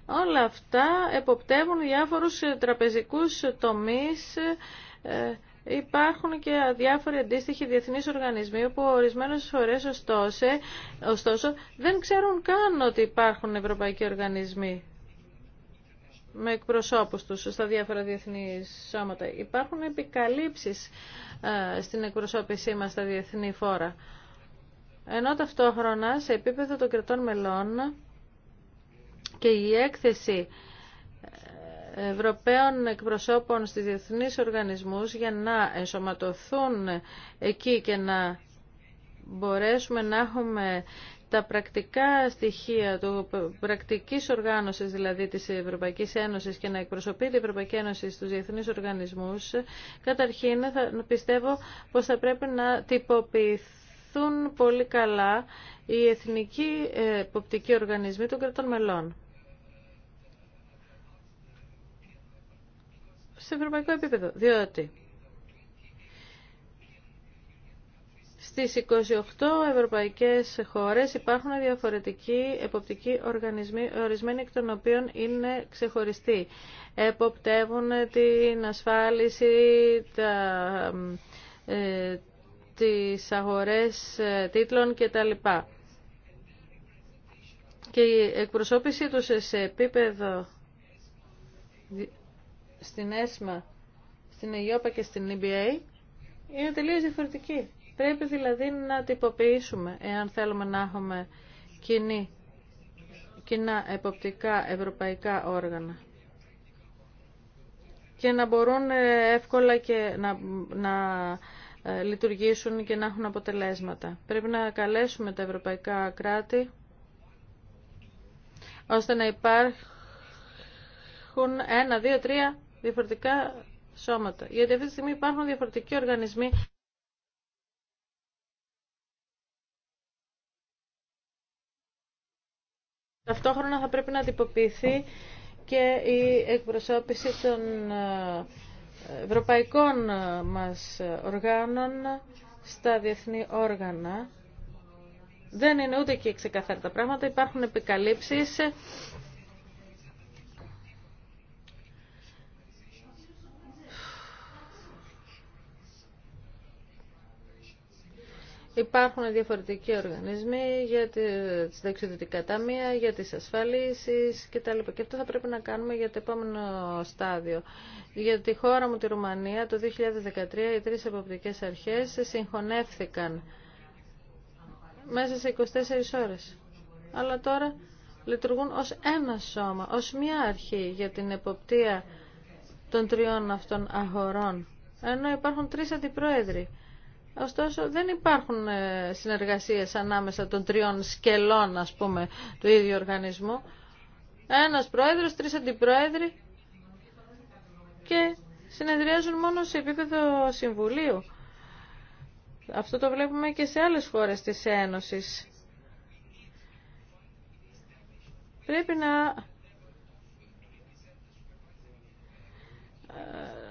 Όλα αυτά εποπτεύουν διάφορους τραπεζικούς τομείς Υπάρχουν και διάφοροι αντίστοιχοι διεθνείς οργανισμοί που ορισμένες φορές ωστόσο, δεν ξέρουν καν ότι υπάρχουν ευρωπαϊκοί οργανισμοί με εκπροσώπους τους στα διάφορα διεθνή σώματα. Υπάρχουν επικαλύψεις ε, στην εκπροσώπησή μας στα διεθνή φόρα. Ενώ ταυτόχρονα σε επίπεδο των κρατών μελών και η έκθεση Ευρωπαίων εκπροσώπων στις διεθνείς οργανισμούς για να ενσωματωθούν εκεί και να μπορέσουμε να έχουμε τα πρακτικά στοιχεία του πρακτικής οργάνωσης δηλαδή της Ευρωπαϊκής Ένωσης και να εκπροσωπεί την Ευρωπαϊκή Ένωση στους διεθνείς οργανισμούς, καταρχήν θα, πιστεύω πως θα πρέπει να τυποποιηθούν πολύ καλά οι εθνικοί υποπτικοί ε, οργανισμοί των κρατών μελών. σε ευρωπαϊκό επίπεδο. Διότι στις 28 ευρωπαϊκές χώρες υπάρχουν διαφορετικοί εποπτικοί οργανισμοί, ορισμένοι εκ των οποίων είναι ξεχωριστοί. Εποπτεύουν την ασφάλιση, τα, ε, τις αγορές ε, τίτλων κτλ. Και η εκπροσώπηση τους σε επίπεδο στην ΕΣΜΑ, στην ΕΙΟΠΑ και στην EBA είναι τελείως διαφορετική. Πρέπει δηλαδή να τυποποιήσουμε εάν θέλουμε να έχουμε κοινή, κοινά εποπτικά ευρωπαϊκά όργανα και να μπορούν ε, εύκολα και να, να ε, λειτουργήσουν και να έχουν αποτελέσματα. Πρέπει να καλέσουμε τα ευρωπαϊκά κράτη ώστε να υπάρχουν ένα, δύο, τρία διαφορετικά σώματα. Γιατί αυτή τη στιγμή υπάρχουν διαφορετικοί οργανισμοί Ταυτόχρονα θα πρέπει να αντιποποιηθεί και η εκπροσώπηση των ε, ευρωπαϊκών ε, μας οργάνων στα διεθνή όργανα. Δεν είναι ούτε και ξεκαθαρά τα πράγματα, υπάρχουν επικαλύψεις Υπάρχουν διαφορετικοί οργανισμοί για τις δεξιδοτικά ταμεία, για τις ασφαλίσεις κτλ. Και αυτό θα πρέπει να κάνουμε για το επόμενο στάδιο. Για τη χώρα μου, τη Ρουμανία, το 2013 οι τρεις εποπτικές αρχές συγχωνεύθηκαν μέσα σε 24 ώρες. Αλλά τώρα λειτουργούν ως ένα σώμα, ως μια αρχή για την εποπτεία των τριών αυτών αγορών. Ενώ υπάρχουν τρεις αντιπρόεδροι. Ωστόσο δεν υπάρχουν ε, συνεργασίες ανάμεσα των τριών σκελών ας πούμε του ίδιου οργανισμού. Ένας πρόεδρος, τρεις αντιπρόεδροι και συνεδριάζουν μόνο σε επίπεδο συμβουλίου. Αυτό το βλέπουμε και σε άλλες χώρες της Ένωσης. Πρέπει να ε,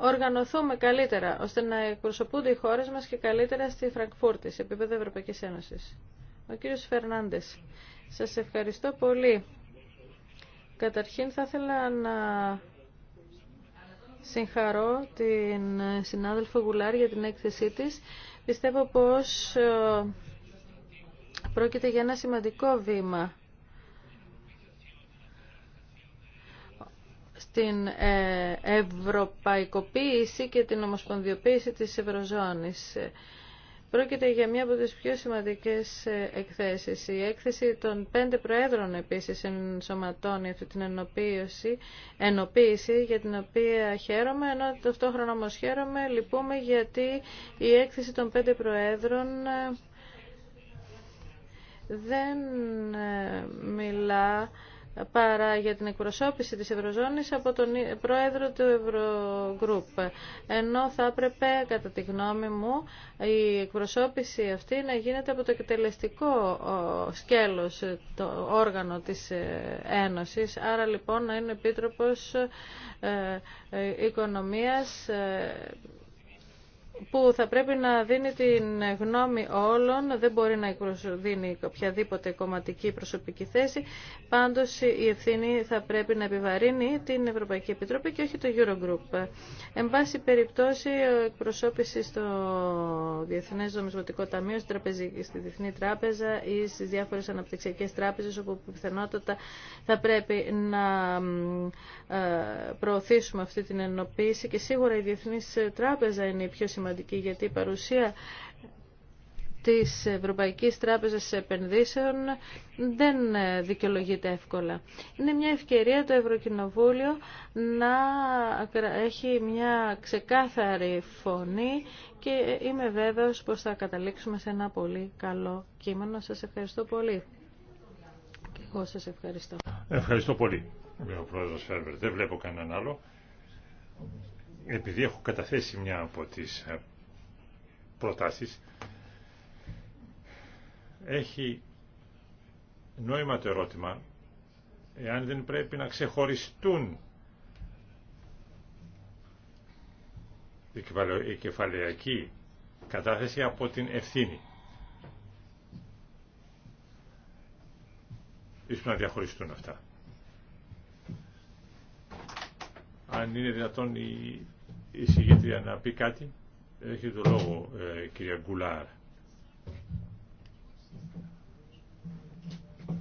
οργανωθούμε καλύτερα, ώστε να εκπροσωπούνται οι χώρες μας και καλύτερα στη Φραγκφούρτη, σε επίπεδο Ευρωπαϊκής Ένωσης. Ο κύριος Φερνάντες, σας ευχαριστώ πολύ. Καταρχήν θα ήθελα να συγχαρώ την συνάδελφο Γουλάρ για την έκθεσή της. Πιστεύω πως ε, πρόκειται για ένα σημαντικό βήμα στην ε, ευρωπαϊκοποίηση και την ομοσπονδιοποίηση της Ευρωζώνης. Πρόκειται για μία από τις πιο σημαντικές ε, εκθέσεις. Η έκθεση των πέντε προέδρων επίσης ενσωματώνει αυτή την ενοποίηση, ενοποίηση για την οποία χαίρομαι, ενώ ταυτόχρονα όμως χαίρομαι, λυπούμε γιατί η έκθεση των πέντε προέδρων ε, δεν μιλά παρά για την εκπροσώπηση της Ευρωζώνης από τον ε, πρόεδρο του Ευρωγκρουπ. Ενώ θα έπρεπε, κατά τη γνώμη μου, η εκπροσώπηση αυτή να γίνεται από το εκτελεστικό σκέλος, το όργανο της ε, Ένωσης. Άρα λοιπόν να είναι επίτροπος ε, οικονομίας που θα πρέπει να δίνει την γνώμη όλων, δεν μπορεί να δίνει οποιαδήποτε κομματική προσωπική θέση. Πάντως η ευθύνη θα πρέπει να επιβαρύνει την Ευρωπαϊκή Επιτροπή και όχι το Eurogroup. Εν πάση περιπτώσει, εκπροσώπηση στο διεθνέ Νομισματικό Ταμείο, στη Διεθνή Τράπεζα ή στις διάφορες αναπτυξιακές τράπεζες, όπου πιθανότατα θα πρέπει να ε, προωθήσουμε αυτή την ενοποίηση και σίγουρα η πιθανότητα θα πρέπει να προωθήσουμε αυτή την εννοποίηση. οπου πιθανοτατα θα Τράπεζα και σιγουρα η διεθνη τραπεζα ειναι η πιο σημαντική σημαντική γιατί η παρουσία της Ευρωπαϊκής Τράπεζας Επενδύσεων δεν δικαιολογείται εύκολα. Είναι μια ευκαιρία το Ευρωκοινοβούλιο να έχει μια ξεκάθαρη φωνή και είμαι βέβαιος πως θα καταλήξουμε σε ένα πολύ καλό κείμενο. Σας ευχαριστώ πολύ. Και εγώ σας ευχαριστώ. Ευχαριστώ πολύ. Ο Πρόεδρος Φέρβερ. Δεν βλέπω κανέναν άλλο επειδή έχω καταθέσει μια από τις ε, προτάσεις, έχει νόημα το ερώτημα εάν δεν πρέπει να ξεχωριστούν η κεφαλαιακή κατάθεση από την ευθύνη. Ίσως να διαχωριστούν αυτά. Αν είναι δυνατόν η η συγγετρία να πει κάτι. Έχει το λόγο, ε, κυρία Γκουλάρ.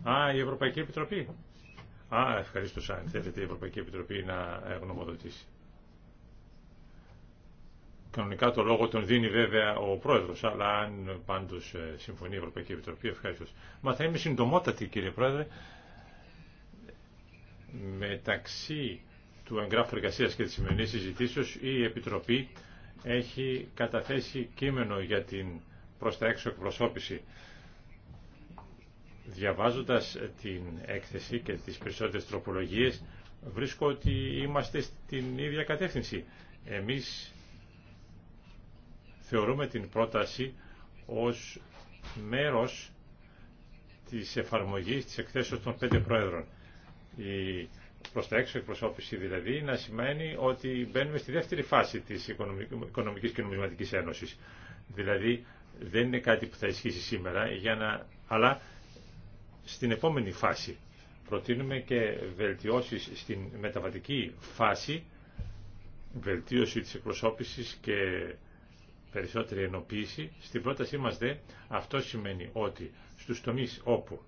Α, η Ευρωπαϊκή Επιτροπή. Α, ευχαριστώ σαν θέλετε η Ευρωπαϊκή Επιτροπή να ε, γνωμοδοτήσει. Κανονικά το λόγο τον δίνει βέβαια ο Πρόεδρος, αλλά αν πάντως ε, συμφωνεί η Ευρωπαϊκή Επιτροπή, ευχαριστώ. Μα θα είμαι συντομότατη κύριε Πρόεδρε. Μεταξύ του εγγράφου εργασίας και της σημερινή συζητήσεω η Επιτροπή έχει καταθέσει κείμενο για την προς τα έξω εκπροσώπηση. Διαβάζοντας την έκθεση και τις περισσότερες τροπολογίες βρίσκω ότι είμαστε στην ίδια κατεύθυνση. Εμείς θεωρούμε την πρόταση ως μέρος της εφαρμογής της εκθέσεως των πέντε πρόεδρων. Προ τα έξω εκπροσώπηση δηλαδή, να σημαίνει ότι μπαίνουμε στη δεύτερη φάση τη Οικονομικής και Νομισματικής Ένωση. Δηλαδή δεν είναι κάτι που θα ισχύσει σήμερα, για να... αλλά στην επόμενη φάση. Προτείνουμε και βελτιώσεις στην μεταβατική φάση, βελτίωση της εκπροσώπησης και περισσότερη ενοποίηση. Στην πρότασή μας δε αυτό σημαίνει ότι στους τομείς όπου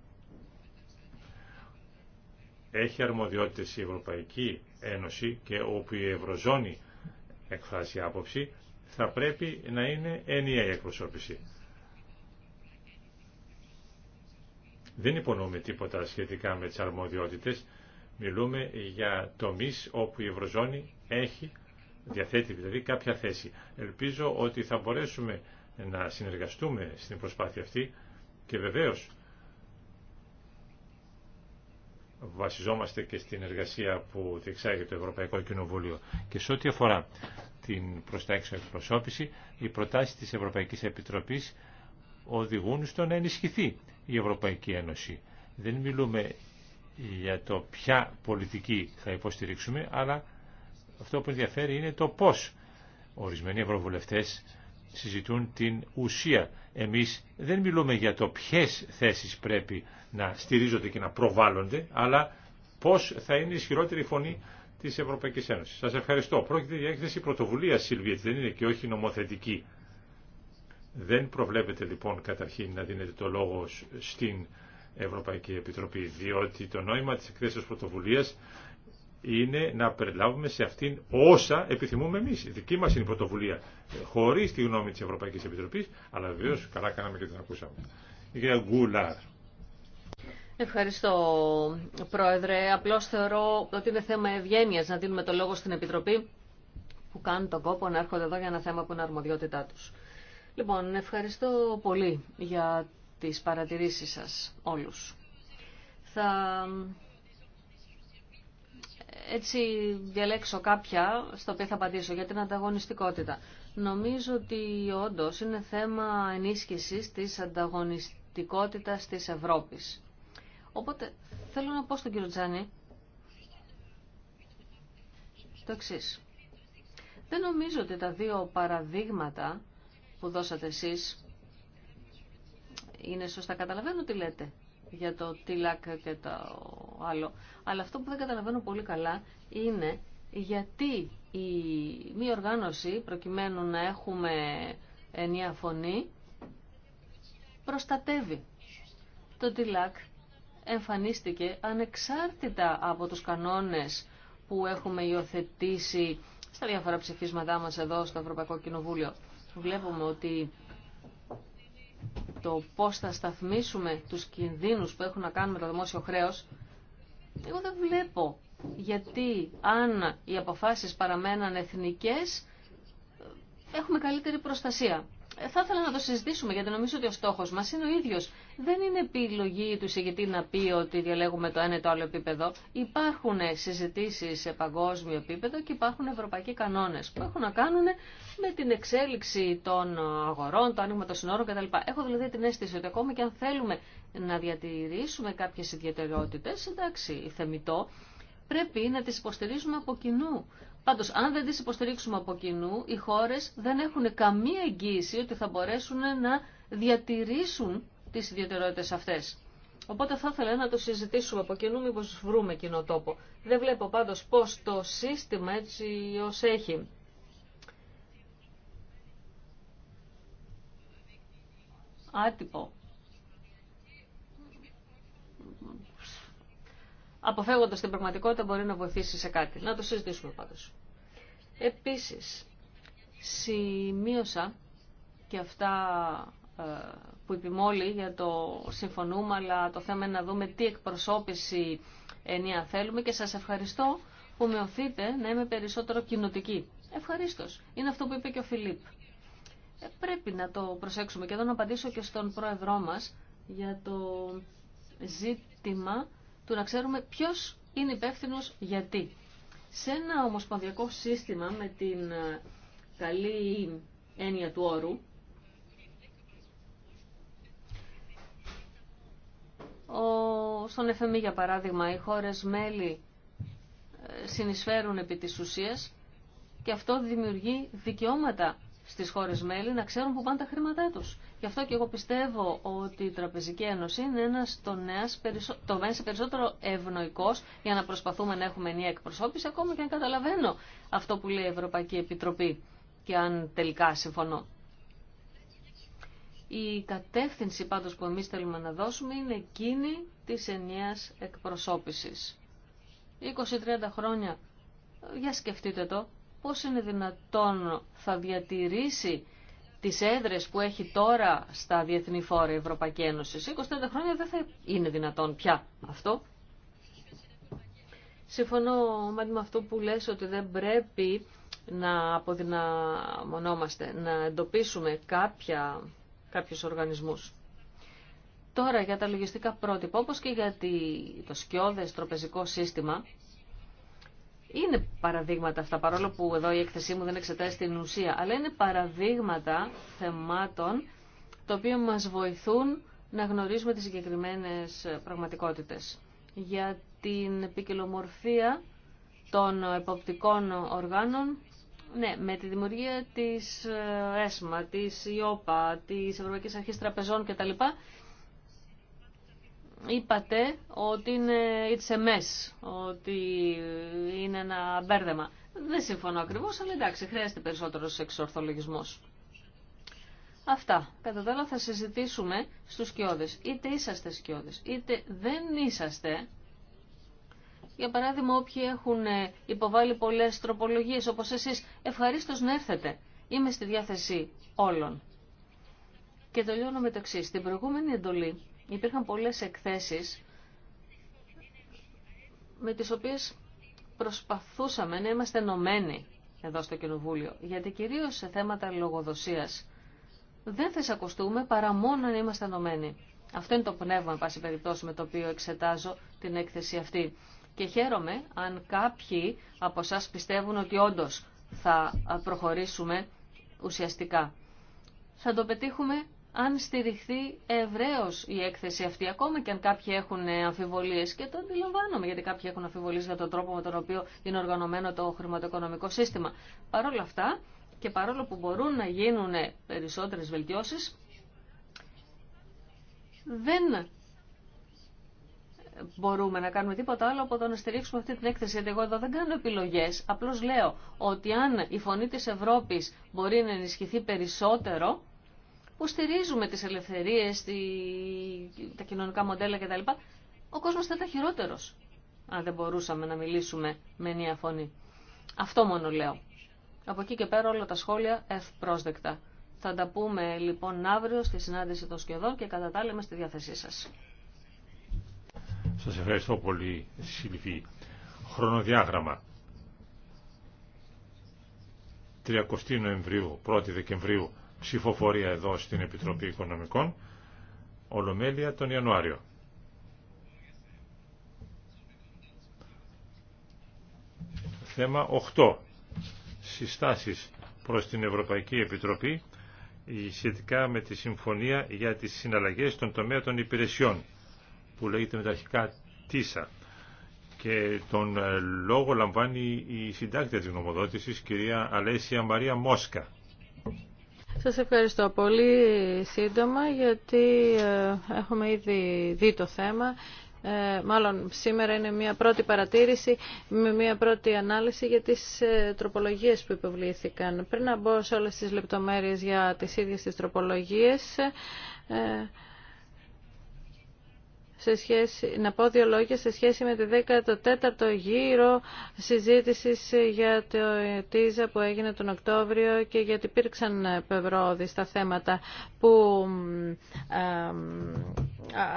έχει αρμοδιότητες η Ευρωπαϊκή Ένωση και όπου η Ευρωζώνη εκφράσει άποψη, θα πρέπει να είναι ενιαία η εκπροσώπηση. Δεν υπονοούμε τίποτα σχετικά με τις αρμοδιότητες. Μιλούμε για τομείς όπου η Ευρωζώνη έχει, διαθέτει δηλαδή κάποια θέση. Ελπίζω ότι θα μπορέσουμε να συνεργαστούμε στην προσπάθεια αυτή και βεβαίως βασιζόμαστε και στην εργασία που διεξάγει το Ευρωπαϊκό Κοινοβούλιο. Και σε ό,τι αφορά την προς τα έξω εκπροσώπηση, οι προτάσεις της Ευρωπαϊκής Επιτροπής οδηγούν στο να ενισχυθεί η Ευρωπαϊκή Ένωση. Δεν μιλούμε για το ποια πολιτική θα υποστηρίξουμε, αλλά αυτό που ενδιαφέρει είναι το πώς. Ορισμένοι ευρωβουλευτές συζητούν την ουσία. Εμείς δεν μιλούμε για το ποιες θέσεις πρέπει να στηρίζονται και να προβάλλονται, αλλά πώς θα είναι η ισχυρότερη φωνή της Ευρωπαϊκής Ένωσης. Σας ευχαριστώ. Πρόκειται για έκθεση πρωτοβουλία Σιλβιέτ, δεν είναι και όχι νομοθετική. Δεν προβλέπεται λοιπόν καταρχήν να δίνετε το λόγο στην Ευρωπαϊκή Επιτροπή, διότι το νόημα της εκθέσεως πρωτοβουλίας είναι να περιλάβουμε σε αυτήν όσα επιθυμούμε εμείς. Η δική μα είναι η πρωτοβουλία, ε, χωρίς τη γνώμη της Ευρωπαϊκής Επιτροπής, αλλά βεβαίω καλά κάναμε και την ακούσαμε. Η κυρία Γκούλαρ. Ευχαριστώ, Πρόεδρε. Απλώς θεωρώ ότι είναι θέμα ευγένεια να δίνουμε το λόγο στην Επιτροπή που κάνουν τον κόπο να έρχονται εδώ για ένα θέμα που είναι αρμοδιότητά του. Λοιπόν, ευχαριστώ πολύ για τι παρατηρήσει σα όλου. Θα έτσι διαλέξω κάποια στο οποία θα απαντήσω για την ανταγωνιστικότητα. Νομίζω ότι όντω είναι θέμα ενίσχυσης της ανταγωνιστικότητας της Ευρώπης. Οπότε θέλω να πω στον κύριο Τζάνι το εξή. Δεν νομίζω ότι τα δύο παραδείγματα που δώσατε εσείς είναι σωστά. Καταλαβαίνω τι λέτε για το τίλακ και το άλλο. Αλλά αυτό που δεν καταλαβαίνω πολύ καλά είναι γιατί η μη οργάνωση, προκειμένου να έχουμε ενία φωνή, προστατεύει. Το τίλακ εμφανίστηκε ανεξάρτητα από τους κανόνες που έχουμε υιοθετήσει στα διάφορα ψηφίσματά μας εδώ στο Ευρωπαϊκό Κοινοβούλιο. Βλέπουμε ότι το πώς θα σταθμίσουμε τους κινδύνους που έχουν να κάνουν με το δημόσιο χρέος, εγώ δεν βλέπω γιατί αν οι αποφάσεις παραμέναν εθνικές, έχουμε καλύτερη προστασία θα ήθελα να το συζητήσουμε γιατί νομίζω ότι ο στόχο μα είναι ο ίδιο. Δεν είναι επιλογή του εισηγητή να πει ότι διαλέγουμε το ένα ή το άλλο επίπεδο. Υπάρχουν συζητήσει σε παγκόσμιο επίπεδο και υπάρχουν ευρωπαϊκοί κανόνε που έχουν να κάνουν με την εξέλιξη των αγορών, το άνοιγμα των συνόρων κτλ. Έχω δηλαδή την αίσθηση ότι ακόμα και αν θέλουμε να διατηρήσουμε κάποιε ιδιαιτερότητε, εντάξει, θεμητό, πρέπει να τι υποστηρίζουμε από κοινού. Πάντως, αν δεν τι υποστηρίξουμε από κοινού, οι χώρες δεν έχουν καμία εγγύηση ότι θα μπορέσουν να διατηρήσουν τις ιδιαιτερότητες αυτές. Οπότε θα ήθελα να το συζητήσουμε από κοινού, μήπω βρούμε κοινό τόπο. Δεν βλέπω πάντως πώς το σύστημα έτσι ω έχει. Άτυπο αποφεύγοντα την πραγματικότητα μπορεί να βοηθήσει σε κάτι. Να το συζητήσουμε πάντως. Επίσης, σημείωσα και αυτά ε, που είπε μόλι για το συμφωνούμε, αλλά το θέμα είναι να δούμε τι εκπροσώπηση ενία θέλουμε και σας ευχαριστώ που με οθείτε να είμαι περισσότερο κοινοτική. Ευχαριστώ. Είναι αυτό που είπε και ο Φιλίπ. Ε, πρέπει να το προσέξουμε και εδώ να απαντήσω και στον πρόεδρό μας για το ζήτημα του να ξέρουμε ποιος είναι υπεύθυνο γιατί. Σε ένα ομοσπονδιακό σύστημα με την ε, καλή έννοια του όρου, ο, στον FMI για παράδειγμα οι χώρες μέλη ε, συνεισφέρουν επί της ουσίας και αυτό δημιουργεί δικαιώματα στις χώρες μέλη να ξέρουν που πάνε τα χρήματά τους. Γι' αυτό και εγώ πιστεύω ότι η Τραπεζική Ένωση είναι ένα τομέα περισσότερο ευνοϊκό για να προσπαθούμε να έχουμε ενιαία εκπροσώπηση, ακόμα και αν καταλαβαίνω αυτό που λέει η Ευρωπαϊκή Επιτροπή και αν τελικά συμφωνώ. Η κατεύθυνση πάντως που εμείς θέλουμε να δώσουμε είναι εκείνη της ενιαίας εκπροσώπησης. 20-30 χρόνια, για σκεφτείτε το, πώς είναι δυνατόν θα διατηρήσει τις έδρε που έχει τώρα στα διεθνή φόρα η Ευρωπαϊκή Ένωση. Σε 25 χρόνια δεν θα είναι δυνατόν πια αυτό. Συμφωνώ με αυτό που λες ότι δεν πρέπει να αποδυναμωνόμαστε, να εντοπίσουμε κάποια, κάποιους οργανισμούς. Τώρα για τα λογιστικά πρότυπα, όπως και για το σκιώδες τροπεζικό σύστημα, είναι παραδείγματα αυτά, παρόλο που εδώ η έκθεσή μου δεν εξετάζει την ουσία, αλλά είναι παραδείγματα θεμάτων τα οποία μας βοηθούν να γνωρίζουμε τις συγκεκριμένες πραγματικότητες. Για την ποικιλομορφία των εποπτικών οργάνων, ναι, με τη δημιουργία της ε, ΕΣΜΑ, της ΙΟΠΑ, της Ευρωπαϊκής Αρχής Τραπεζών κτλ είπατε ότι είναι it's a ότι είναι ένα μπέρδεμα. Δεν συμφωνώ ακριβώς, αλλά εντάξει, χρειάζεται περισσότερο εξορθολογισμός. Αυτά. Κατά τα άλλα θα συζητήσουμε στους σκιώδες. Είτε είσαστε σκιώδες, είτε δεν είσαστε. Για παράδειγμα, όποιοι έχουν υποβάλει πολλές τροπολογίες, όπως εσείς, ευχαρίστως να έρθετε. Είμαι στη διάθεση όλων. Και το με το Στην προηγούμενη εντολή υπήρχαν πολλές εκθέσεις με τις οποίες προσπαθούσαμε να είμαστε ενωμένοι εδώ στο Κοινοβούλιο, γιατί κυρίως σε θέματα λογοδοσίας δεν θα εισακουστούμε παρά μόνο να είμαστε ενωμένοι. Αυτό είναι το πνεύμα, εν πάση περιπτώσει, με το οποίο εξετάζω την έκθεση αυτή. Και χαίρομαι αν κάποιοι από εσά πιστεύουν ότι όντω θα προχωρήσουμε ουσιαστικά. Θα το πετύχουμε αν στηριχθεί ευρέω η έκθεση αυτή, ακόμα και αν κάποιοι έχουν αμφιβολίε, και το αντιλαμβάνομαι γιατί κάποιοι έχουν αμφιβολίε για τον τρόπο με τον οποίο είναι οργανωμένο το χρηματοοικονομικό σύστημα. Παρ' όλα αυτά και παρόλο που μπορούν να γίνουν περισσότερε βελτιώσει, δεν μπορούμε να κάνουμε τίποτα άλλο από το να στηρίξουμε αυτή την έκθεση. Γιατί εγώ εδώ δεν κάνω επιλογέ. Απλώ λέω ότι αν η φωνή τη Ευρώπη μπορεί να ενισχυθεί περισσότερο, που στηρίζουμε τις ελευθερίες, τη... τα κοινωνικά μοντέλα κτλ. Ο κόσμος θα ήταν χειρότερος αν δεν μπορούσαμε να μιλήσουμε με μία φωνή. Αυτό μόνο λέω. Από εκεί και πέρα όλα τα σχόλια ευπρόσδεκτα. Θα τα πούμε λοιπόν αύριο στη συνάντηση των σκεδών και κατά τα άλλα είμαι στη διάθεσή σας. Σας ευχαριστώ πολύ Σιλβί. Χρονοδιάγραμμα. 30 Νοεμβρίου, 1 Δεκεμβρίου ψηφοφορία εδώ στην Επιτροπή Οικονομικών, Ολομέλεια τον Ιανουάριο. Θέμα 8. Συστάσεις προς την Ευρωπαϊκή Επιτροπή σχετικά με τη Συμφωνία για τις Συναλλαγές στον τομέα των υπηρεσιών που λέγεται μεταρχικά ΤΙΣΑ και τον λόγο λαμβάνει η συντάκτη της γνωμοδότησης κυρία Αλέσια Μαρία Μόσκα. Σας ευχαριστώ πολύ σύντομα γιατί ε, έχουμε ήδη δει το θέμα. Ε, μάλλον σήμερα είναι μια πρώτη παρατήρηση με μια πρώτη ανάλυση για τις ε, τροπολογίες που υποβλήθηκαν. Πριν να μπω σε όλες τις λεπτομέρειες για τις ίδιες τις τροπολογίες, σε σχέση, να πω δύο λόγια σε σχέση με τη 14ο γύρο συζήτησης για το ΤΙΖΑ που έγινε τον Οκτώβριο και γιατί υπήρξαν πευρώδη στα θέματα που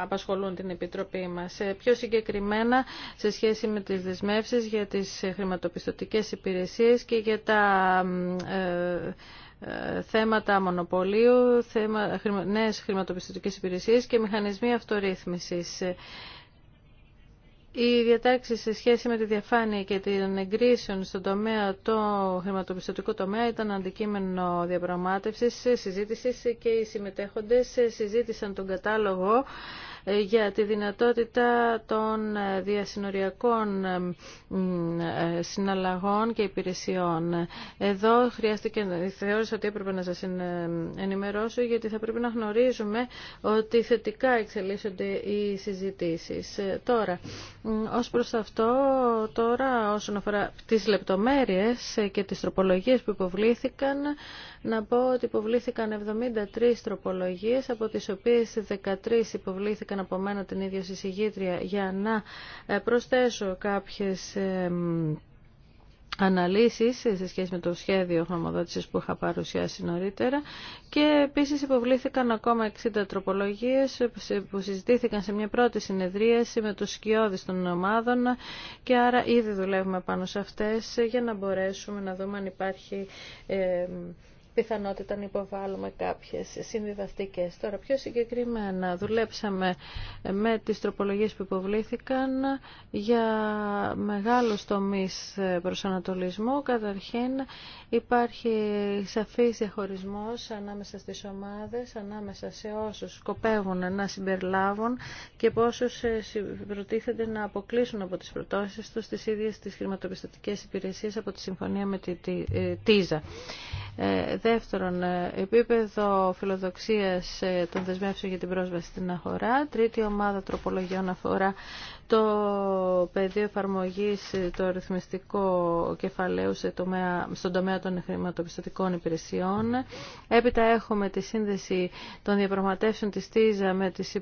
απασχολούν την Επιτροπή μας. Ε, πιο συγκεκριμένα σε σχέση με τις δεσμεύσεις για τις χρηματοπιστωτικές υπηρεσίες και για τα ε, θέματα μονοπωλίου, θέμα, νέες χρηματοπιστωτικές υπηρεσίες και μηχανισμοί αυτορύθμισης. Οι διατάξει σε σχέση με τη διαφάνεια και την εγκρίσεων στον τομέα, το χρηματοπιστωτικό τομέα, ήταν αντικείμενο διαπραγμάτευση, συζήτηση και οι συμμετέχοντε συζήτησαν τον κατάλογο ε, για τη δυνατότητα των ε, διασυνοριακών ε, συναλλαγών και υπηρεσιών. Εδώ χρειάστηκε, θεώρησα ότι έπρεπε να σας ενημερώσω γιατί θα πρέπει να γνωρίζουμε ότι θετικά εξελίσσονται οι συζητήσεις. Τώρα, ως προς αυτό, τώρα όσον αφορά τις λεπτομέρειες και τις τροπολογίες που υποβλήθηκαν, να πω ότι υποβλήθηκαν 73 τροπολογίες, από τις οποίες 13 υποβλήθηκαν από μένα την ίδια συζητήτρια για να ε, προσθέσω κάποιες αναλύσεις σε σχέση με το σχέδιο γνωμοδότησης που είχα παρουσιάσει νωρίτερα και επίσης υποβλήθηκαν ακόμα 60 τροπολογίες που συζητήθηκαν σε μια πρώτη συνεδρίαση με τους σκιώδεις των ομάδων και άρα ήδη δουλεύουμε πάνω σε αυτές για να μπορέσουμε να δούμε αν υπάρχει πιθανότητα να υποβάλουμε κάποιες συνδυαστικές. Τώρα πιο συγκεκριμένα δουλέψαμε με τις τροπολογίες που υποβλήθηκαν για μεγάλους τομείς προσανατολισμού. Καταρχήν υπάρχει σαφής διαχωρισμός ανάμεσα στις ομάδες, ανάμεσα σε όσους σκοπεύουν να συμπεριλάβουν και πόσους ε, προτίθεται να αποκλείσουν από τις προτώσεις τους τις ίδιες τις χρηματοπιστωτικές υπηρεσίες από τη συμφωνία με τη ε, Τίζα ε, Δεύτερον, ε, επίπεδο φιλοδοξίας ε, των δεσμεύσεων για την πρόσβαση στην αγορά. Τρίτη ομάδα τροπολογιών αφορά το πεδίο εφαρμογή ε, το ρυθμιστικό κεφαλαίου σε τομέα, στον τομέα των χρηματοπιστωτικών υπηρεσιών. Έπειτα έχουμε τη σύνδεση των διαπραγματεύσεων της ΤΙΖΑ με, τις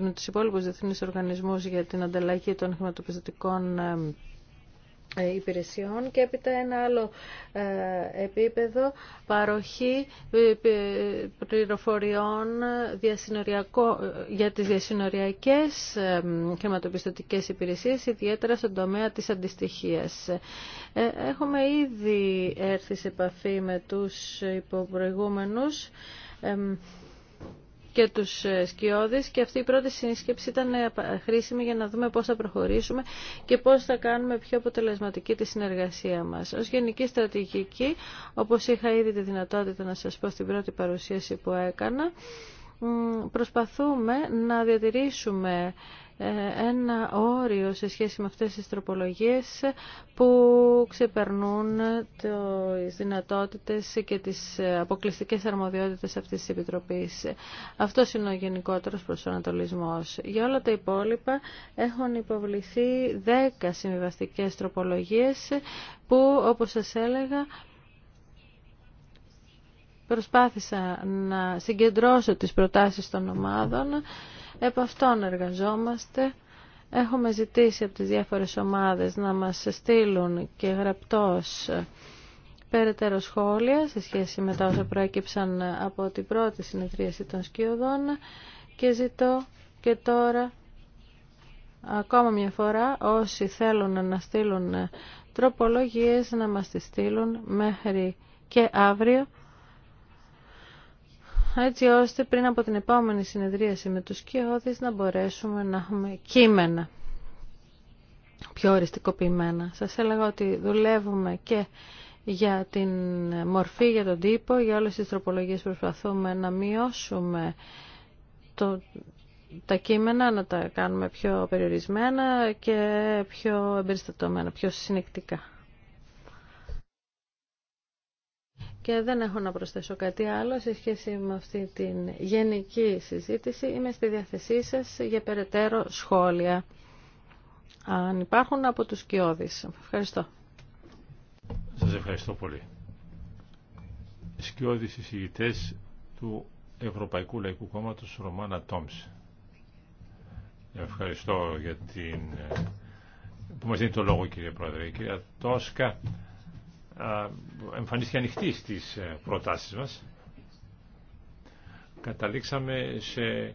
με τους υπόλοιπους διεθνείς οργανισμούς για την ανταλλαγή των χρηματοπιστωτικών ε, υπηρεσιών και έπειτα ένα άλλο ε, επίπεδο παροχή ε, πληροφοριών διασυνοριακό, για τις διασυνοριακές χρηματοπιστωτικές υπηρεσίες, ιδιαίτερα στον τομέα της αντιστοιχίας. Έχουμε ήδη έρθει σε επαφή με τους υποπροηγούμενους και τους ε, σκιώδεις και αυτή η πρώτη σύσκεψη ήταν ε, χρήσιμη για να δούμε πώς θα προχωρήσουμε και πώς θα κάνουμε πιο αποτελεσματική τη συνεργασία μας. Ως γενική στρατηγική, όπως είχα ήδη τη δυνατότητα να σας πω στην πρώτη παρουσίαση που έκανα, προσπαθούμε να διατηρήσουμε ένα όριο σε σχέση με αυτές τις τροπολογίες που ξεπερνούν τις δυνατότητες και τις αποκλειστικές αρμοδιότητες αυτής της Επιτροπής. Αυτό είναι ο γενικότερος προσανατολισμός. Για όλα τα υπόλοιπα έχουν υποβληθεί 10 συμβιβαστικές τροπολογίες που όπως σας έλεγα προσπάθησα να συγκεντρώσω τις προτάσεις των ομάδων Επ' αυτόν εργαζόμαστε. Έχουμε ζητήσει από τις διάφορες ομάδες να μας στείλουν και γραπτός ε, περαιτέρω σχόλια σε σχέση με τα όσα προέκυψαν από την πρώτη συνεδρίαση των σκιωδών και ζητώ και τώρα ακόμα μια φορά όσοι θέλουν να στείλουν ε, τροπολογίες να μας τις στείλουν μέχρι και αύριο έτσι ώστε πριν από την επόμενη συνεδρίαση με τους κοιόδης να μπορέσουμε να έχουμε κείμενα πιο οριστικοποιημένα. Σας έλεγα ότι δουλεύουμε και για την μορφή, για τον τύπο, για όλες τις τροπολογίες προσπαθούμε να μειώσουμε το, τα κείμενα, να τα κάνουμε πιο περιορισμένα και πιο εμπεριστατωμένα, πιο συνεκτικά. Και δεν έχω να προσθέσω κάτι άλλο σε σχέση με αυτή την γενική συζήτηση. Είμαι στη διάθεσή σας για περαιτέρω σχόλια, αν υπάρχουν από τους Σκιώδης. Ευχαριστώ. Σας ευχαριστώ πολύ. Σκιώδης εισηγητές του Ευρωπαϊκού Λαϊκού Κόμματος Ρωμάνα Τόμς. Ευχαριστώ για την... που μας δίνει το λόγο κύριε Πρόεδρε. κυρία Τόσκα εμφανίστηκε ανοιχτή στις ε, προτάσεις μας. Καταλήξαμε σε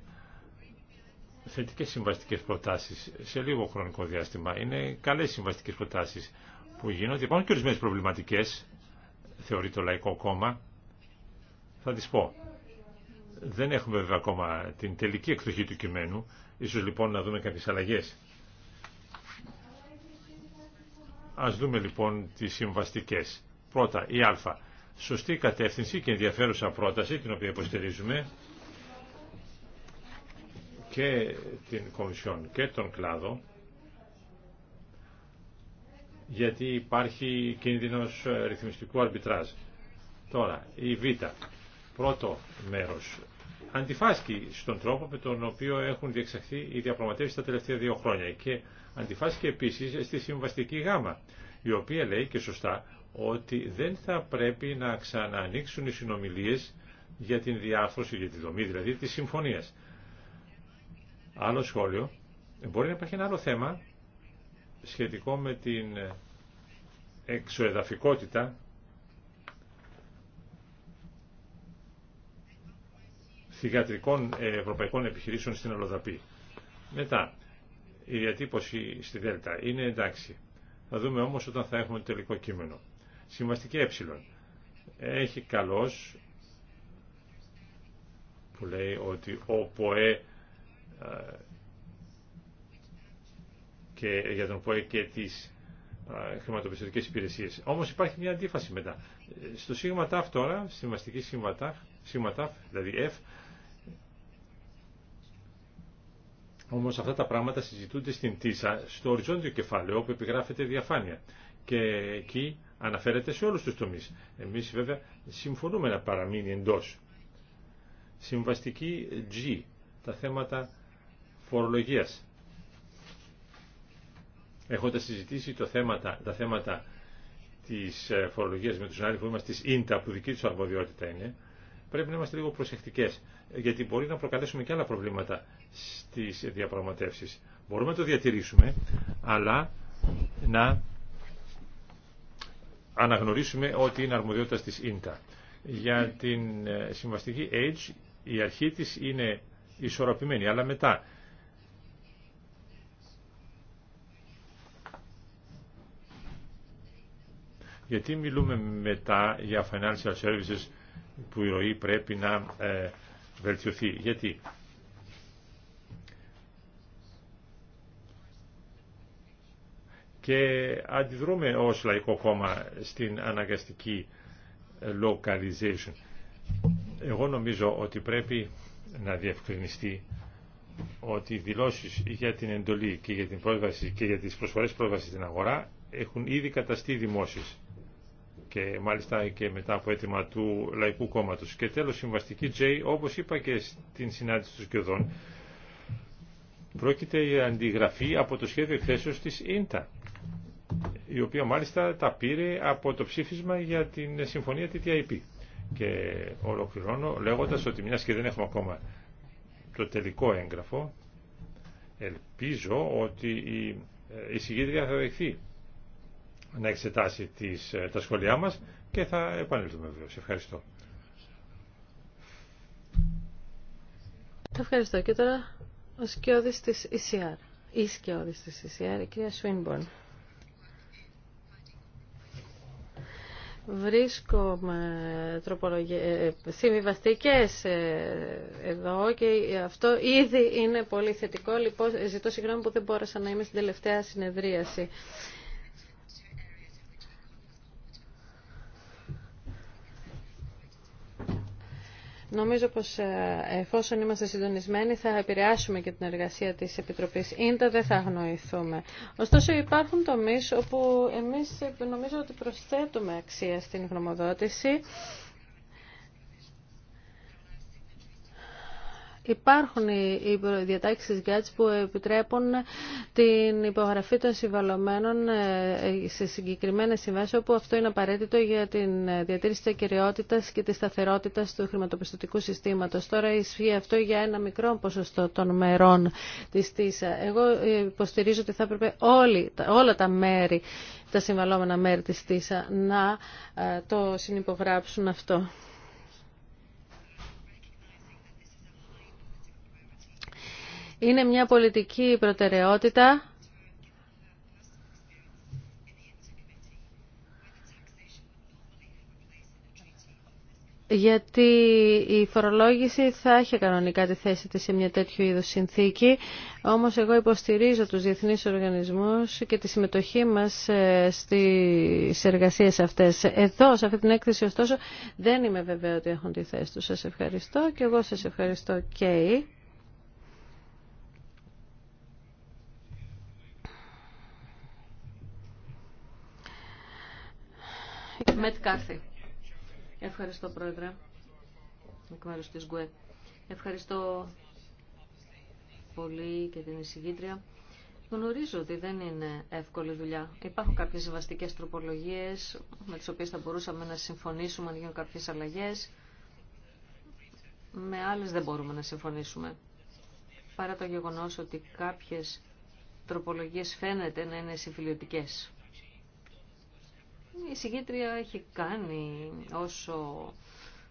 θετικές συμβαστικές προτάσεις σε λίγο χρονικό διάστημα. Είναι καλές συμβαστικές προτάσεις που γίνονται. Υπάρχουν και ορισμένες προβληματικές, θεωρεί το Λαϊκό Κόμμα. Θα τις πω. Δεν έχουμε βέβαια ακόμα την τελική εκδοχή του κειμένου. Ίσως λοιπόν να δούμε κάποιες αλλαγές. Ας δούμε λοιπόν τις συμβαστικές. Πρώτα, η Α. Σωστή κατεύθυνση και ενδιαφέρουσα πρόταση, την οποία υποστηρίζουμε και την Κομισιόν και τον κλάδο, γιατί υπάρχει κίνδυνος ε, ρυθμιστικού αρμπιτράζ. Τώρα, η Β. Πρώτο μέρος αντιφάσκει στον τρόπο με τον οποίο έχουν διεξαχθεί οι διαπραγματεύσει τα τελευταία δύο χρόνια και αντιφάσκει επίσης στη συμβαστική γάμα, η οποία λέει και σωστά ότι δεν θα πρέπει να ξαναανοίξουν οι συνομιλίε για την διάρθρωση, για τη δομή δηλαδή τη συμφωνία. Άλλο σχόλιο. Μπορεί να υπάρχει ένα άλλο θέμα σχετικό με την εξοεδαφικότητα θηγατρικών ε, ευρωπαϊκών επιχειρήσεων στην Ολοδαπή. Μετά, η διατύπωση στη Δέλτα είναι εντάξει. Θα δούμε όμω όταν θα έχουμε το τελικό κείμενο. Συμβαστική ε. Έχει καλώ που λέει ότι ο ΠΟΕ ε, και για τον ΠΟΕ και τι ε, χρηματοπιστωτικέ υπηρεσίε. Όμω υπάρχει μια αντίφαση μετά. Στο σίγμα ΤΑΦ τώρα, στη μαστική σίγμα ΤΑΦ, δηλαδή F, Όμως αυτά τα πράγματα συζητούνται στην ΤΙΣΑ, στο οριζόντιο κεφάλαιο όπου επιγράφεται διαφάνεια. Και εκεί αναφέρεται σε όλους τους τομείς. Εμείς βέβαια συμφωνούμε να παραμείνει εντός. Συμβαστική G, τα θέματα φορολογίας. Έχοντα συζητήσει το θέματα, τα θέματα της ε, φορολογίας με τους συνάδελφους μας της ΙΝΤΑ, που δική τους αρμοδιότητα είναι, πρέπει να είμαστε λίγο προσεκτικές, γιατί μπορεί να προκαλέσουμε και άλλα προβλήματα στις διαπραγματεύσεις. Μπορούμε να το διατηρήσουμε, αλλά να αναγνωρίσουμε ότι είναι αρμοδιότητα της ίντα. Για την ε, συμβαστική age η αρχή της είναι ισορροπημένη, αλλά μετά γιατί μιλούμε μετά για financial services που η ροή πρέπει να ε, βελτιωθεί. Γιατί και αντιδρούμε ως Λαϊκό Κόμμα στην αναγκαστική localization. Εγώ νομίζω ότι πρέπει να διευκρινιστεί ότι οι δηλώσεις για την εντολή και για, την πρόσβαση, και για τις προσφορές πρόσβασης στην αγορά έχουν ήδη καταστεί δημόσιες και μάλιστα και μετά από αίτημα του Λαϊκού Κόμματος. Και τέλος, συμβαστική J, όπως είπα και στην συνάντηση του Σκιωδών, πρόκειται η αντιγραφή από το σχέδιο εκθέσεως της ΙΝΤΑ η οποία μάλιστα τα πήρε από το ψήφισμα για την συμφωνία TTIP. Και ολοκληρώνω λέγοντας ότι μια και δεν έχουμε ακόμα το τελικό έγγραφο, ελπίζω ότι η εισηγήτρια θα δεχθεί να εξετάσει τις, ε, τα σχόλιά μας και θα επανέλθουμε βέβαια. ευχαριστώ. Ευχαριστώ και τώρα ο σκιώδης της ECR. Η σκιώδης της ECR, η κυρία Σουίνμπορν. βρίσκομαι τροπολογι... Ε, ε, συμβιβαστικές ε, εδώ και αυτό ήδη είναι πολύ θετικό. Λοιπόν, ζητώ συγγνώμη που δεν μπόρεσα να είμαι στην τελευταία συνεδρίαση. Νομίζω πως ε, εφόσον είμαστε συντονισμένοι θα επηρεάσουμε και την εργασία της Επιτροπής Ίντα, δεν θα αγνοηθούμε. Ωστόσο υπάρχουν τομείς όπου εμείς ε, νομίζω ότι προσθέτουμε αξία στην γνωμοδότηση Υπάρχουν οι διατάξεις GATS που επιτρέπουν την υπογραφή των συμβαλωμένων ε, σε συγκεκριμένες συμβάσεις όπου αυτό είναι απαραίτητο για τη διατήρηση της ακυριότητας και τη σταθερότητα του χρηματοπιστωτικού συστήματος. Τώρα ισχύει αυτό για ένα μικρό ποσοστό των μερών της ΤΙΣΑ. Εγώ υποστηρίζω ότι θα έπρεπε όλα τα μέρη, τα μέρη της ΤΙΣΑ να ε, το συνυπογράψουν αυτό. είναι μια πολιτική προτεραιότητα γιατί η φορολόγηση θα έχει κανονικά τη θέση της σε μια τέτοιου είδους συνθήκη, όμως εγώ υποστηρίζω τους διεθνείς οργανισμούς και τη συμμετοχή μας ε, στις εργασίες αυτές. Εδώ, σε αυτή την έκθεση, ωστόσο, δεν είμαι βέβαια ότι έχουν τη θέση τους. Σας ευχαριστώ και εγώ σας ευχαριστώ, Κέι. Μετ Ευχαριστώ, Πρόεδρε. Εκ μέρους της Ευχαριστώ πολύ και την εισηγήτρια. Γνωρίζω ότι δεν είναι εύκολη δουλειά. Υπάρχουν κάποιε συμβαστικέ τροπολογίε με τι οποίε θα μπορούσαμε να συμφωνήσουμε αν γίνουν κάποιε αλλαγέ. Με άλλε δεν μπορούμε να συμφωνήσουμε. Παρά το γεγονό ότι κάποιες τροπολογίες φαίνεται να είναι συμφιλειωτικέ. Η συγκήτρια έχει κάνει όσο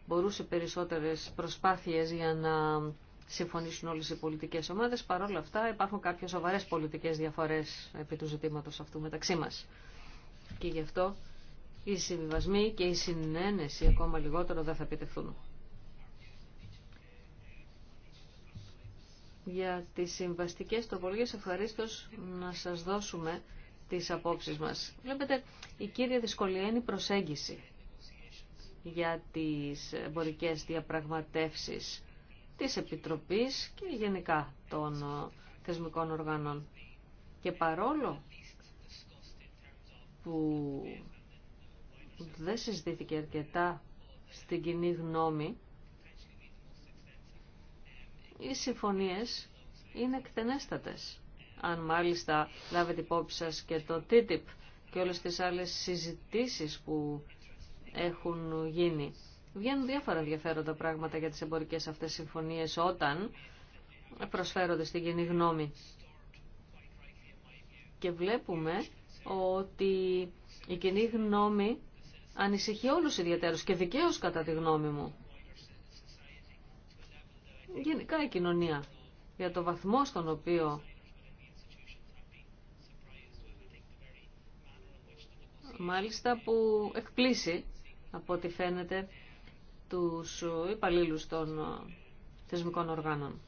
μπορούσε περισσότερες προσπάθειες για να συμφωνήσουν όλες οι πολιτικές ομάδες. Παρ' όλα αυτά υπάρχουν κάποιες σοβαρές πολιτικές διαφορές επί του ζητήματος αυτού μεταξύ μας. Και γι' αυτό οι συμβιβασμοί και η συνένεση ακόμα λιγότερο δεν θα επιτευχθούν. Για τις συμβαστικές τροπολογίες ευχαρίστως να σας δώσουμε τις απόψεις μας. Βλέπετε, η κύρια δυσκολία είναι η προσέγγιση για τις εμπορικέ διαπραγματεύσεις της Επιτροπής και γενικά των ε, θεσμικών οργάνων. Και παρόλο που δεν συζητήθηκε αρκετά στην κοινή γνώμη, οι συμφωνίες είναι εκτενέστατες αν μάλιστα λάβετε υπόψη σας και το TTIP και όλες τις άλλες συζητήσεις που έχουν γίνει. Βγαίνουν διάφορα ενδιαφέροντα πράγματα για τις εμπορικές αυτές συμφωνίες όταν προσφέρονται στην κοινή γνώμη. Και βλέπουμε ότι η κοινή γνώμη ανησυχεί όλους ιδιαίτερους και δικαίως κατά τη γνώμη μου. Γενικά η κοινωνία για το βαθμό στον οποίο μάλιστα που εκπλήσει από ό,τι φαίνεται τους υπαλλήλου των ε, θεσμικών οργάνων.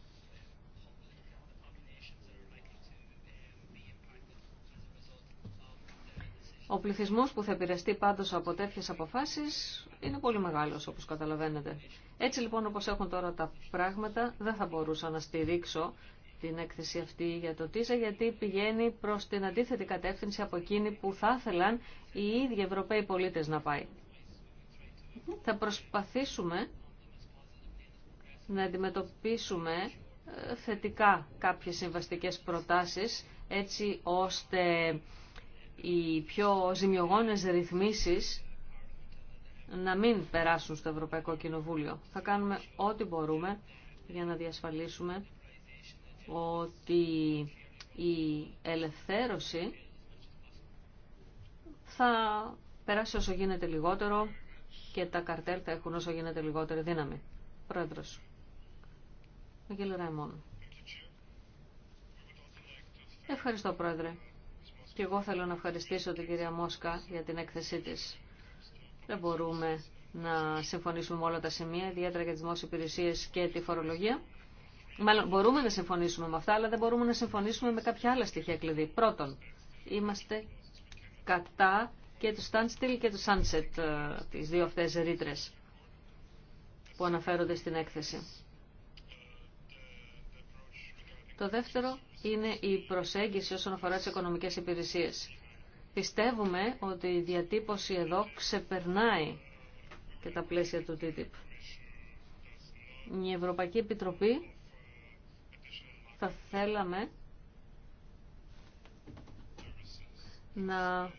Ο πληθυσμός που θα επηρεαστεί πάντως από τέτοιες αποφάσεις είναι πολύ μεγάλος όπως καταλαβαίνετε. Έτσι λοιπόν όπως έχουν τώρα τα πράγματα δεν θα μπορούσα να στηρίξω την έκθεση αυτή για το ΤΙΖΑ γιατί πηγαίνει προς την αντίθετη κατεύθυνση από εκείνη που θα ήθελαν οι ίδιοι Ευρωπαίοι πολίτες να πάει. Θα προσπαθήσουμε να αντιμετωπίσουμε ε, θετικά κάποιες συμβαστικές προτάσεις έτσι ώστε οι πιο ζημιογόνες ρυθμίσεις να μην περάσουν στο Ευρωπαϊκό Κοινοβούλιο. Θα κάνουμε ό,τι μπορούμε για να διασφαλίσουμε ότι η ελευθέρωση θα περάσει όσο γίνεται λιγότερο και τα καρτέλ θα έχουν όσο γίνεται λιγότερη δύναμη. Πρόεδρος. Ραϊμόν. Ευχαριστώ Πρόεδρε. Και εγώ θέλω να ευχαριστήσω την κυρία Μόσκα για την έκθεσή της. Δεν μπορούμε να συμφωνήσουμε με όλα τα σημεία, ιδιαίτερα για τις δημόσιες υπηρεσίες και τη φορολογία. Μάλλον μπορούμε να συμφωνήσουμε με αυτά, αλλά δεν μπορούμε να συμφωνήσουμε με κάποια άλλα στοιχεία κλειδί. Πρώτον, είμαστε κατά και του standstill και του sunset, ε, τις δύο αυτές ρήτρε που αναφέρονται στην έκθεση. Το δεύτερο είναι η προσέγγιση όσον αφορά τις οικονομικές υπηρεσίες. Πιστεύουμε ότι η διατύπωση εδώ ξεπερνάει και τα πλαίσια του TTIP. Η Ευρωπαϊκή Επιτροπή θα θέλαμε να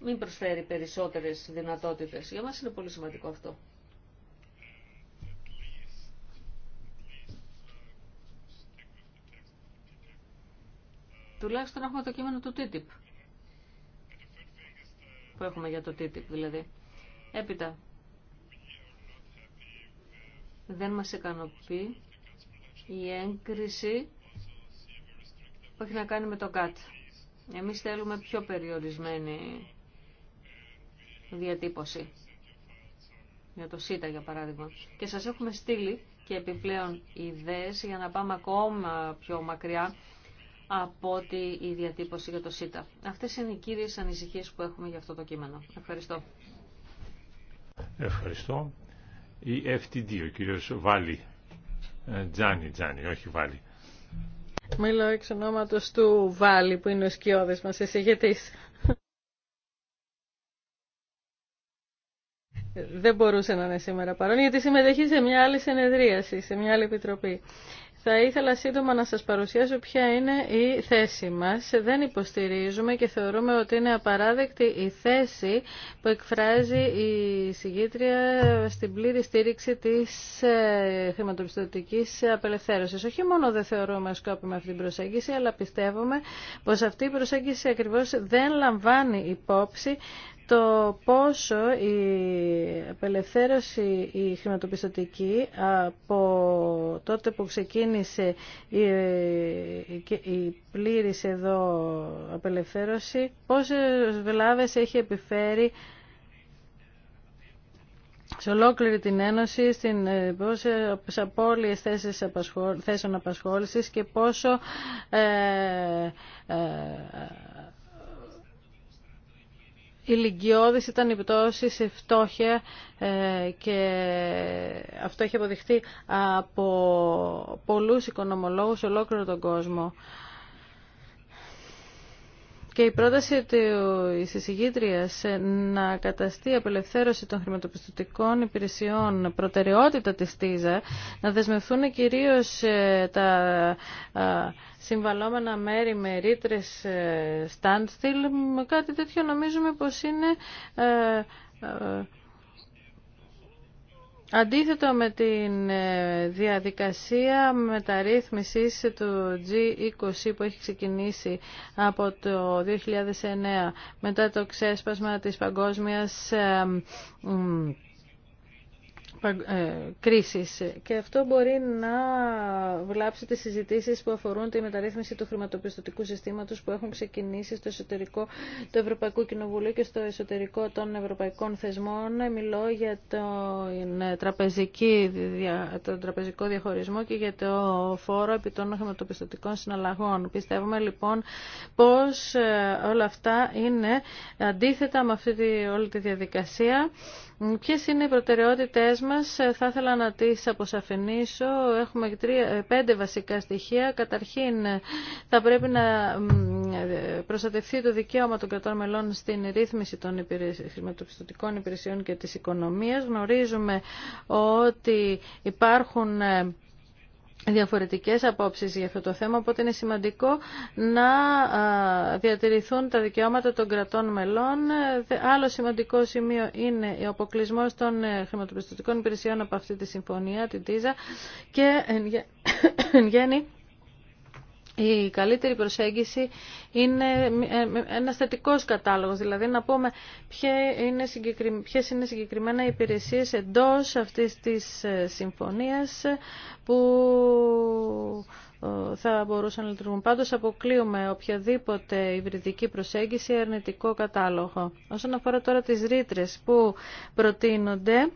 μην προσφέρει περισσότερες δυνατότητες. Για μας είναι πολύ σημαντικό αυτό. Τουλάχιστον έχουμε το κείμενο του TTIP. Που έχουμε για το TTIP δηλαδή. Έπειτα. Δεν μας ικανοποιεί η έγκριση που έχει να κάνει με το ΚΑΤ. Εμείς θέλουμε πιο περιορισμένη διατύπωση για το ΣΥΤΑ για παράδειγμα. Και σας έχουμε στείλει και επιπλέον ιδέες για να πάμε ακόμα πιο μακριά από ότι η διατύπωση για το ΣΥΤΑ. Αυτές είναι οι κύριες ανησυχίες που έχουμε για αυτό το κείμενο. Ευχαριστώ. Ευχαριστώ. Η FTD, ο κύριος Βάλι, ε, Τζάνι, Τζάνι, όχι Βάλι. Μιλώ εξ ονόματος του Βάλη που είναι ο σκιώδης μας εισηγητής. Δεν μπορούσε να είναι σήμερα παρόν γιατί συμμετέχει σε μια άλλη συνεδρίαση, σε μια άλλη επιτροπή. Θα ήθελα σύντομα να σας παρουσιάσω ποια είναι η θέση μας. Δεν υποστηρίζουμε και θεωρούμε ότι είναι απαράδεκτη η θέση που εκφράζει η συγκήτρια στην πλήρη στήριξη της ε, χρηματοπιστωτικής απελευθέρωσης. Όχι μόνο δεν θεωρούμε σκόπιμη αυτή την προσέγγιση, αλλά πιστεύουμε πως αυτή η προσέγγιση ακριβώς δεν λαμβάνει υπόψη το πόσο η απελευθέρωση η χρηματοπιστωτική από τότε που ξεκίνησε η, η πλήρης εδώ απελευθέρωση, πόσες βλάβες έχει επιφέρει σε ολόκληρη την Ένωση, στην, ε, σε απώλειες θέσεις απασχόλησης, θέσεων απασχόλησης και πόσο ε, ε, η λυγκιώδη ήταν η πτώση σε φτώχεια ε, και αυτό έχει αποδειχθεί από πολλούς οικονομολόγους ολόκληρο τον κόσμο. Και η πρόταση της εισηγήτριας ε, να καταστεί η απελευθέρωση των χρηματοπιστωτικών υπηρεσιών προτεραιότητα της ΤΙΖΑ, να δεσμευτούν κυρίως ε, τα συμβαλόμενα μέρη με ρήτρε ε, standstill, κάτι τέτοιο νομίζουμε πως είναι Αντίθετο με την ε, διαδικασία μεταρρύθμισης του G20 που έχει ξεκινήσει από το 2009 μετά το ξέσπασμα της παγκόσμιας ε, ε, κρίσης και αυτό μπορεί να βλάψει τις συζητήσεις που αφορούν τη μεταρρύθμιση του χρηματοπιστωτικού συστήματος που έχουν ξεκινήσει στο εσωτερικό του Ευρωπαϊκού Κοινοβουλίου και στο εσωτερικό των ευρωπαϊκών θεσμών. Μιλώ για το τραπεζική, τραπεζικό διαχωρισμό και για το φόρο επί των χρηματοπιστωτικών συναλλαγών. Πιστεύουμε λοιπόν πως ε, όλα αυτά είναι αντίθετα με αυτή όλη τη διαδικασία Ποιες είναι οι προτεραιότητες μας, ε, θα ήθελα να τις αποσαφηνίσω. Έχουμε τρία, ε, πέντε βασικά στοιχεία. Καταρχήν ε, θα πρέπει να προστατευτεί το δικαίωμα των κρατών μελών στην ρύθμιση των χρηματοπιστωτικών υπηρεσιών και της οικονομίας. Γνωρίζουμε ότι υπάρχουν διαφορετικές απόψεις για αυτό το θέμα, οπότε είναι σημαντικό να διατηρηθούν τα δικαιώματα των κρατών μελών. Άλλο σημαντικό σημείο είναι ο αποκλεισμό των ε, χρηματοπιστωτικών υπηρεσιών από αυτή τη συμφωνία, την ΤΙΖΑ, και εν γέννη η καλύτερη προσέγγιση είναι ε, ένα θετικό κατάλογο, δηλαδή να πούμε ποιε είναι συγκεκριμένα οι υπηρεσίε εντό αυτή τη ε, συμφωνία που ε, θα μπορούσαν να λειτουργούν. Πάντω, αποκλείουμε οποιαδήποτε υβριδική προσέγγιση ή αρνητικό κατάλογο. Όσον αφορά τώρα τι ρήτρε που προτείνονται,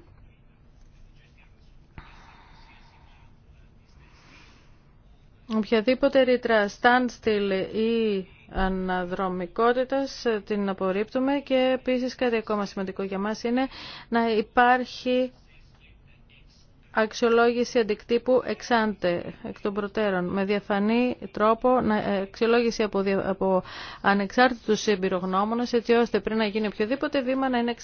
Οποιαδήποτε ρήτρα standstill ή αναδρομικότητας ε, την απορρίπτουμε και επίσης κάτι ακόμα σημαντικό για μας είναι να υπάρχει αξιολόγηση αντικτύπου εξάντε εκ των προτέρων με διαφανή τρόπο ε, αξιολόγηση από, από ανεξάρτητους εμπειρογνώμονες έτσι ώστε πριν να γίνει οποιοδήποτε βήμα να είναι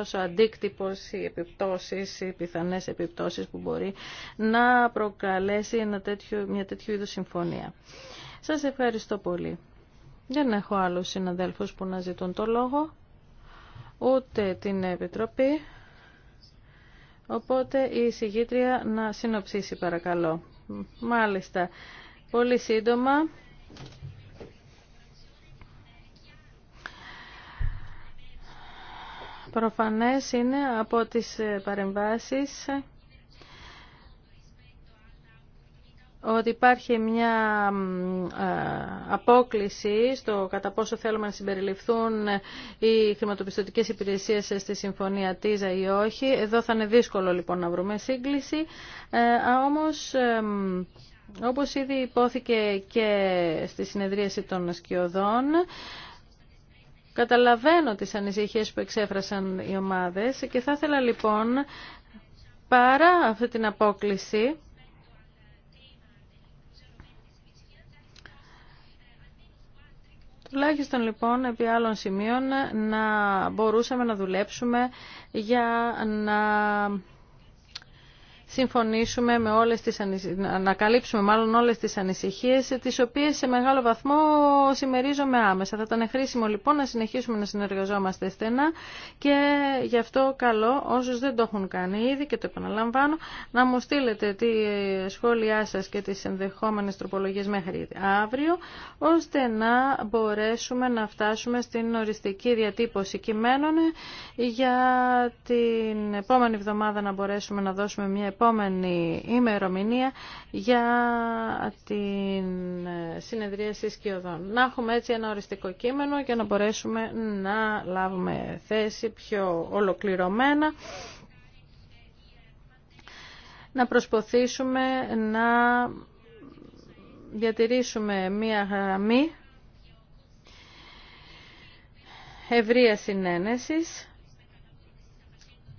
ως ο αντίκτυπος, οι επιπτώσεις, οι πιθανές επιπτώσεις που μπορεί να προκαλέσει ένα τέτοιο, μια τέτοιου είδους συμφωνία. Σας ευχαριστώ πολύ. Δεν έχω άλλους συναδέλφους που να ζητούν το λόγο, ούτε την Επιτροπή. Οπότε η συγγήτρια να συνοψίσει παρακαλώ. Μάλιστα. Πολύ σύντομα. Προφανές είναι από τις παρεμβάσεις ότι υπάρχει μια ε, απόκληση στο κατά πόσο θέλουμε να συμπεριληφθούν οι χρηματοπιστωτικές υπηρεσίες στη Συμφωνία ΤΙΖΑ ή όχι. Εδώ θα είναι δύσκολο λοιπόν να βρούμε σύγκληση. Ε, όμως, ε, όπως ήδη υπόθηκε και στη συνεδρίαση των σκιωδών, Καταλαβαίνω τις ανησυχίες που εξέφρασαν οι ομάδες και θα ήθελα λοιπόν παρά αυτή την απόκληση Τουλάχιστον λοιπόν επί άλλων σημείων να μπορούσαμε να δουλέψουμε για να συμφωνήσουμε με όλες τις ανακαλύψουμε μάλλον όλες τις ανησυχίες τις οποίες σε μεγάλο βαθμό συμμερίζομαι άμεσα. Θα ήταν χρήσιμο λοιπόν να συνεχίσουμε να συνεργαζόμαστε στενά και γι' αυτό καλό όσους δεν το έχουν κάνει ήδη και το επαναλαμβάνω να μου στείλετε τη σχόλιά σας και τις ενδεχόμενες τροπολογίες μέχρι αύριο ώστε να μπορέσουμε να φτάσουμε στην οριστική διατύπωση κειμένων για την επόμενη εβδομάδα να μπορέσουμε να δώσουμε μια επόμενη ημερομηνία για την συνεδρίαση σκιωδών. Να έχουμε έτσι ένα οριστικό κείμενο για να μπορέσουμε να λάβουμε θέση πιο ολοκληρωμένα να προσποθήσουμε να διατηρήσουμε μία γραμμή ευρεία συνένεσης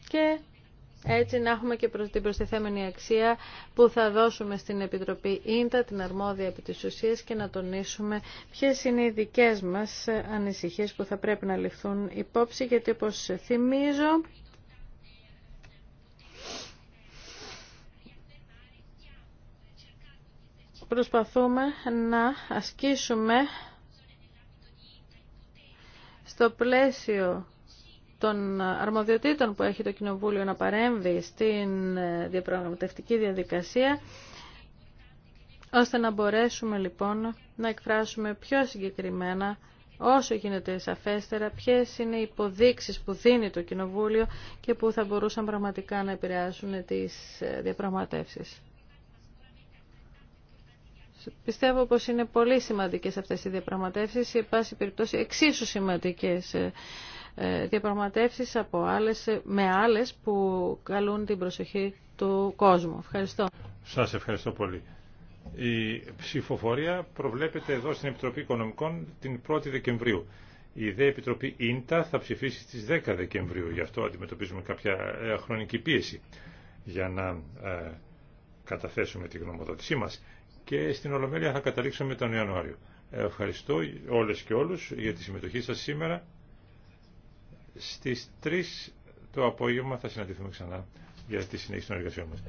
και έτσι να έχουμε και προς την προστιθέμενη αξία που θα δώσουμε στην Επιτροπή Ίντα, την αρμόδια επί της και να τονίσουμε ποιες είναι οι δικές μας ανησυχίες που θα πρέπει να ληφθούν υπόψη γιατί όπως θυμίζω προσπαθούμε να ασκήσουμε στο πλαίσιο των αρμοδιοτήτων που έχει το Κοινοβούλιο να παρέμβει στην ε, διαπραγματευτική διαδικασία, ώστε να μπορέσουμε λοιπόν να εκφράσουμε πιο συγκεκριμένα όσο γίνεται σαφέστερα ποιες είναι οι υποδείξεις που δίνει το Κοινοβούλιο και που θα μπορούσαν πραγματικά να επηρεάσουν τις ε, διαπραγματεύσεις. Πιστεύω πως είναι πολύ σημαντικές αυτές οι διαπραγματεύσεις, σε πάση περιπτώσει εξίσου σημαντικές ε, ε, διαπραγματεύσεις με άλλες που καλούν την προσοχή του κόσμου. Ευχαριστώ. Σας ευχαριστώ πολύ. Η ψηφοφορία προβλέπεται εδώ στην Επιτροπή Οικονομικών την 1η Δεκεμβρίου. Η ΔΕ Επιτροπή ΙΝΤΑ θα ψηφίσει στις 10 Δεκεμβρίου. Γι' αυτό αντιμετωπίζουμε κάποια ε, χρονική πίεση για να ε, καταθέσουμε τη γνωμοδότησή μας. Και στην Ολομέλεια θα καταλήξουμε τον Ιανουάριο. Ευχαριστώ όλες και όλους για τη συμμετοχή σας σήμερα. Στις 3 το απόγευμα θα συναντηθούμε ξανά για τη συνέχιση των εργασιών μας.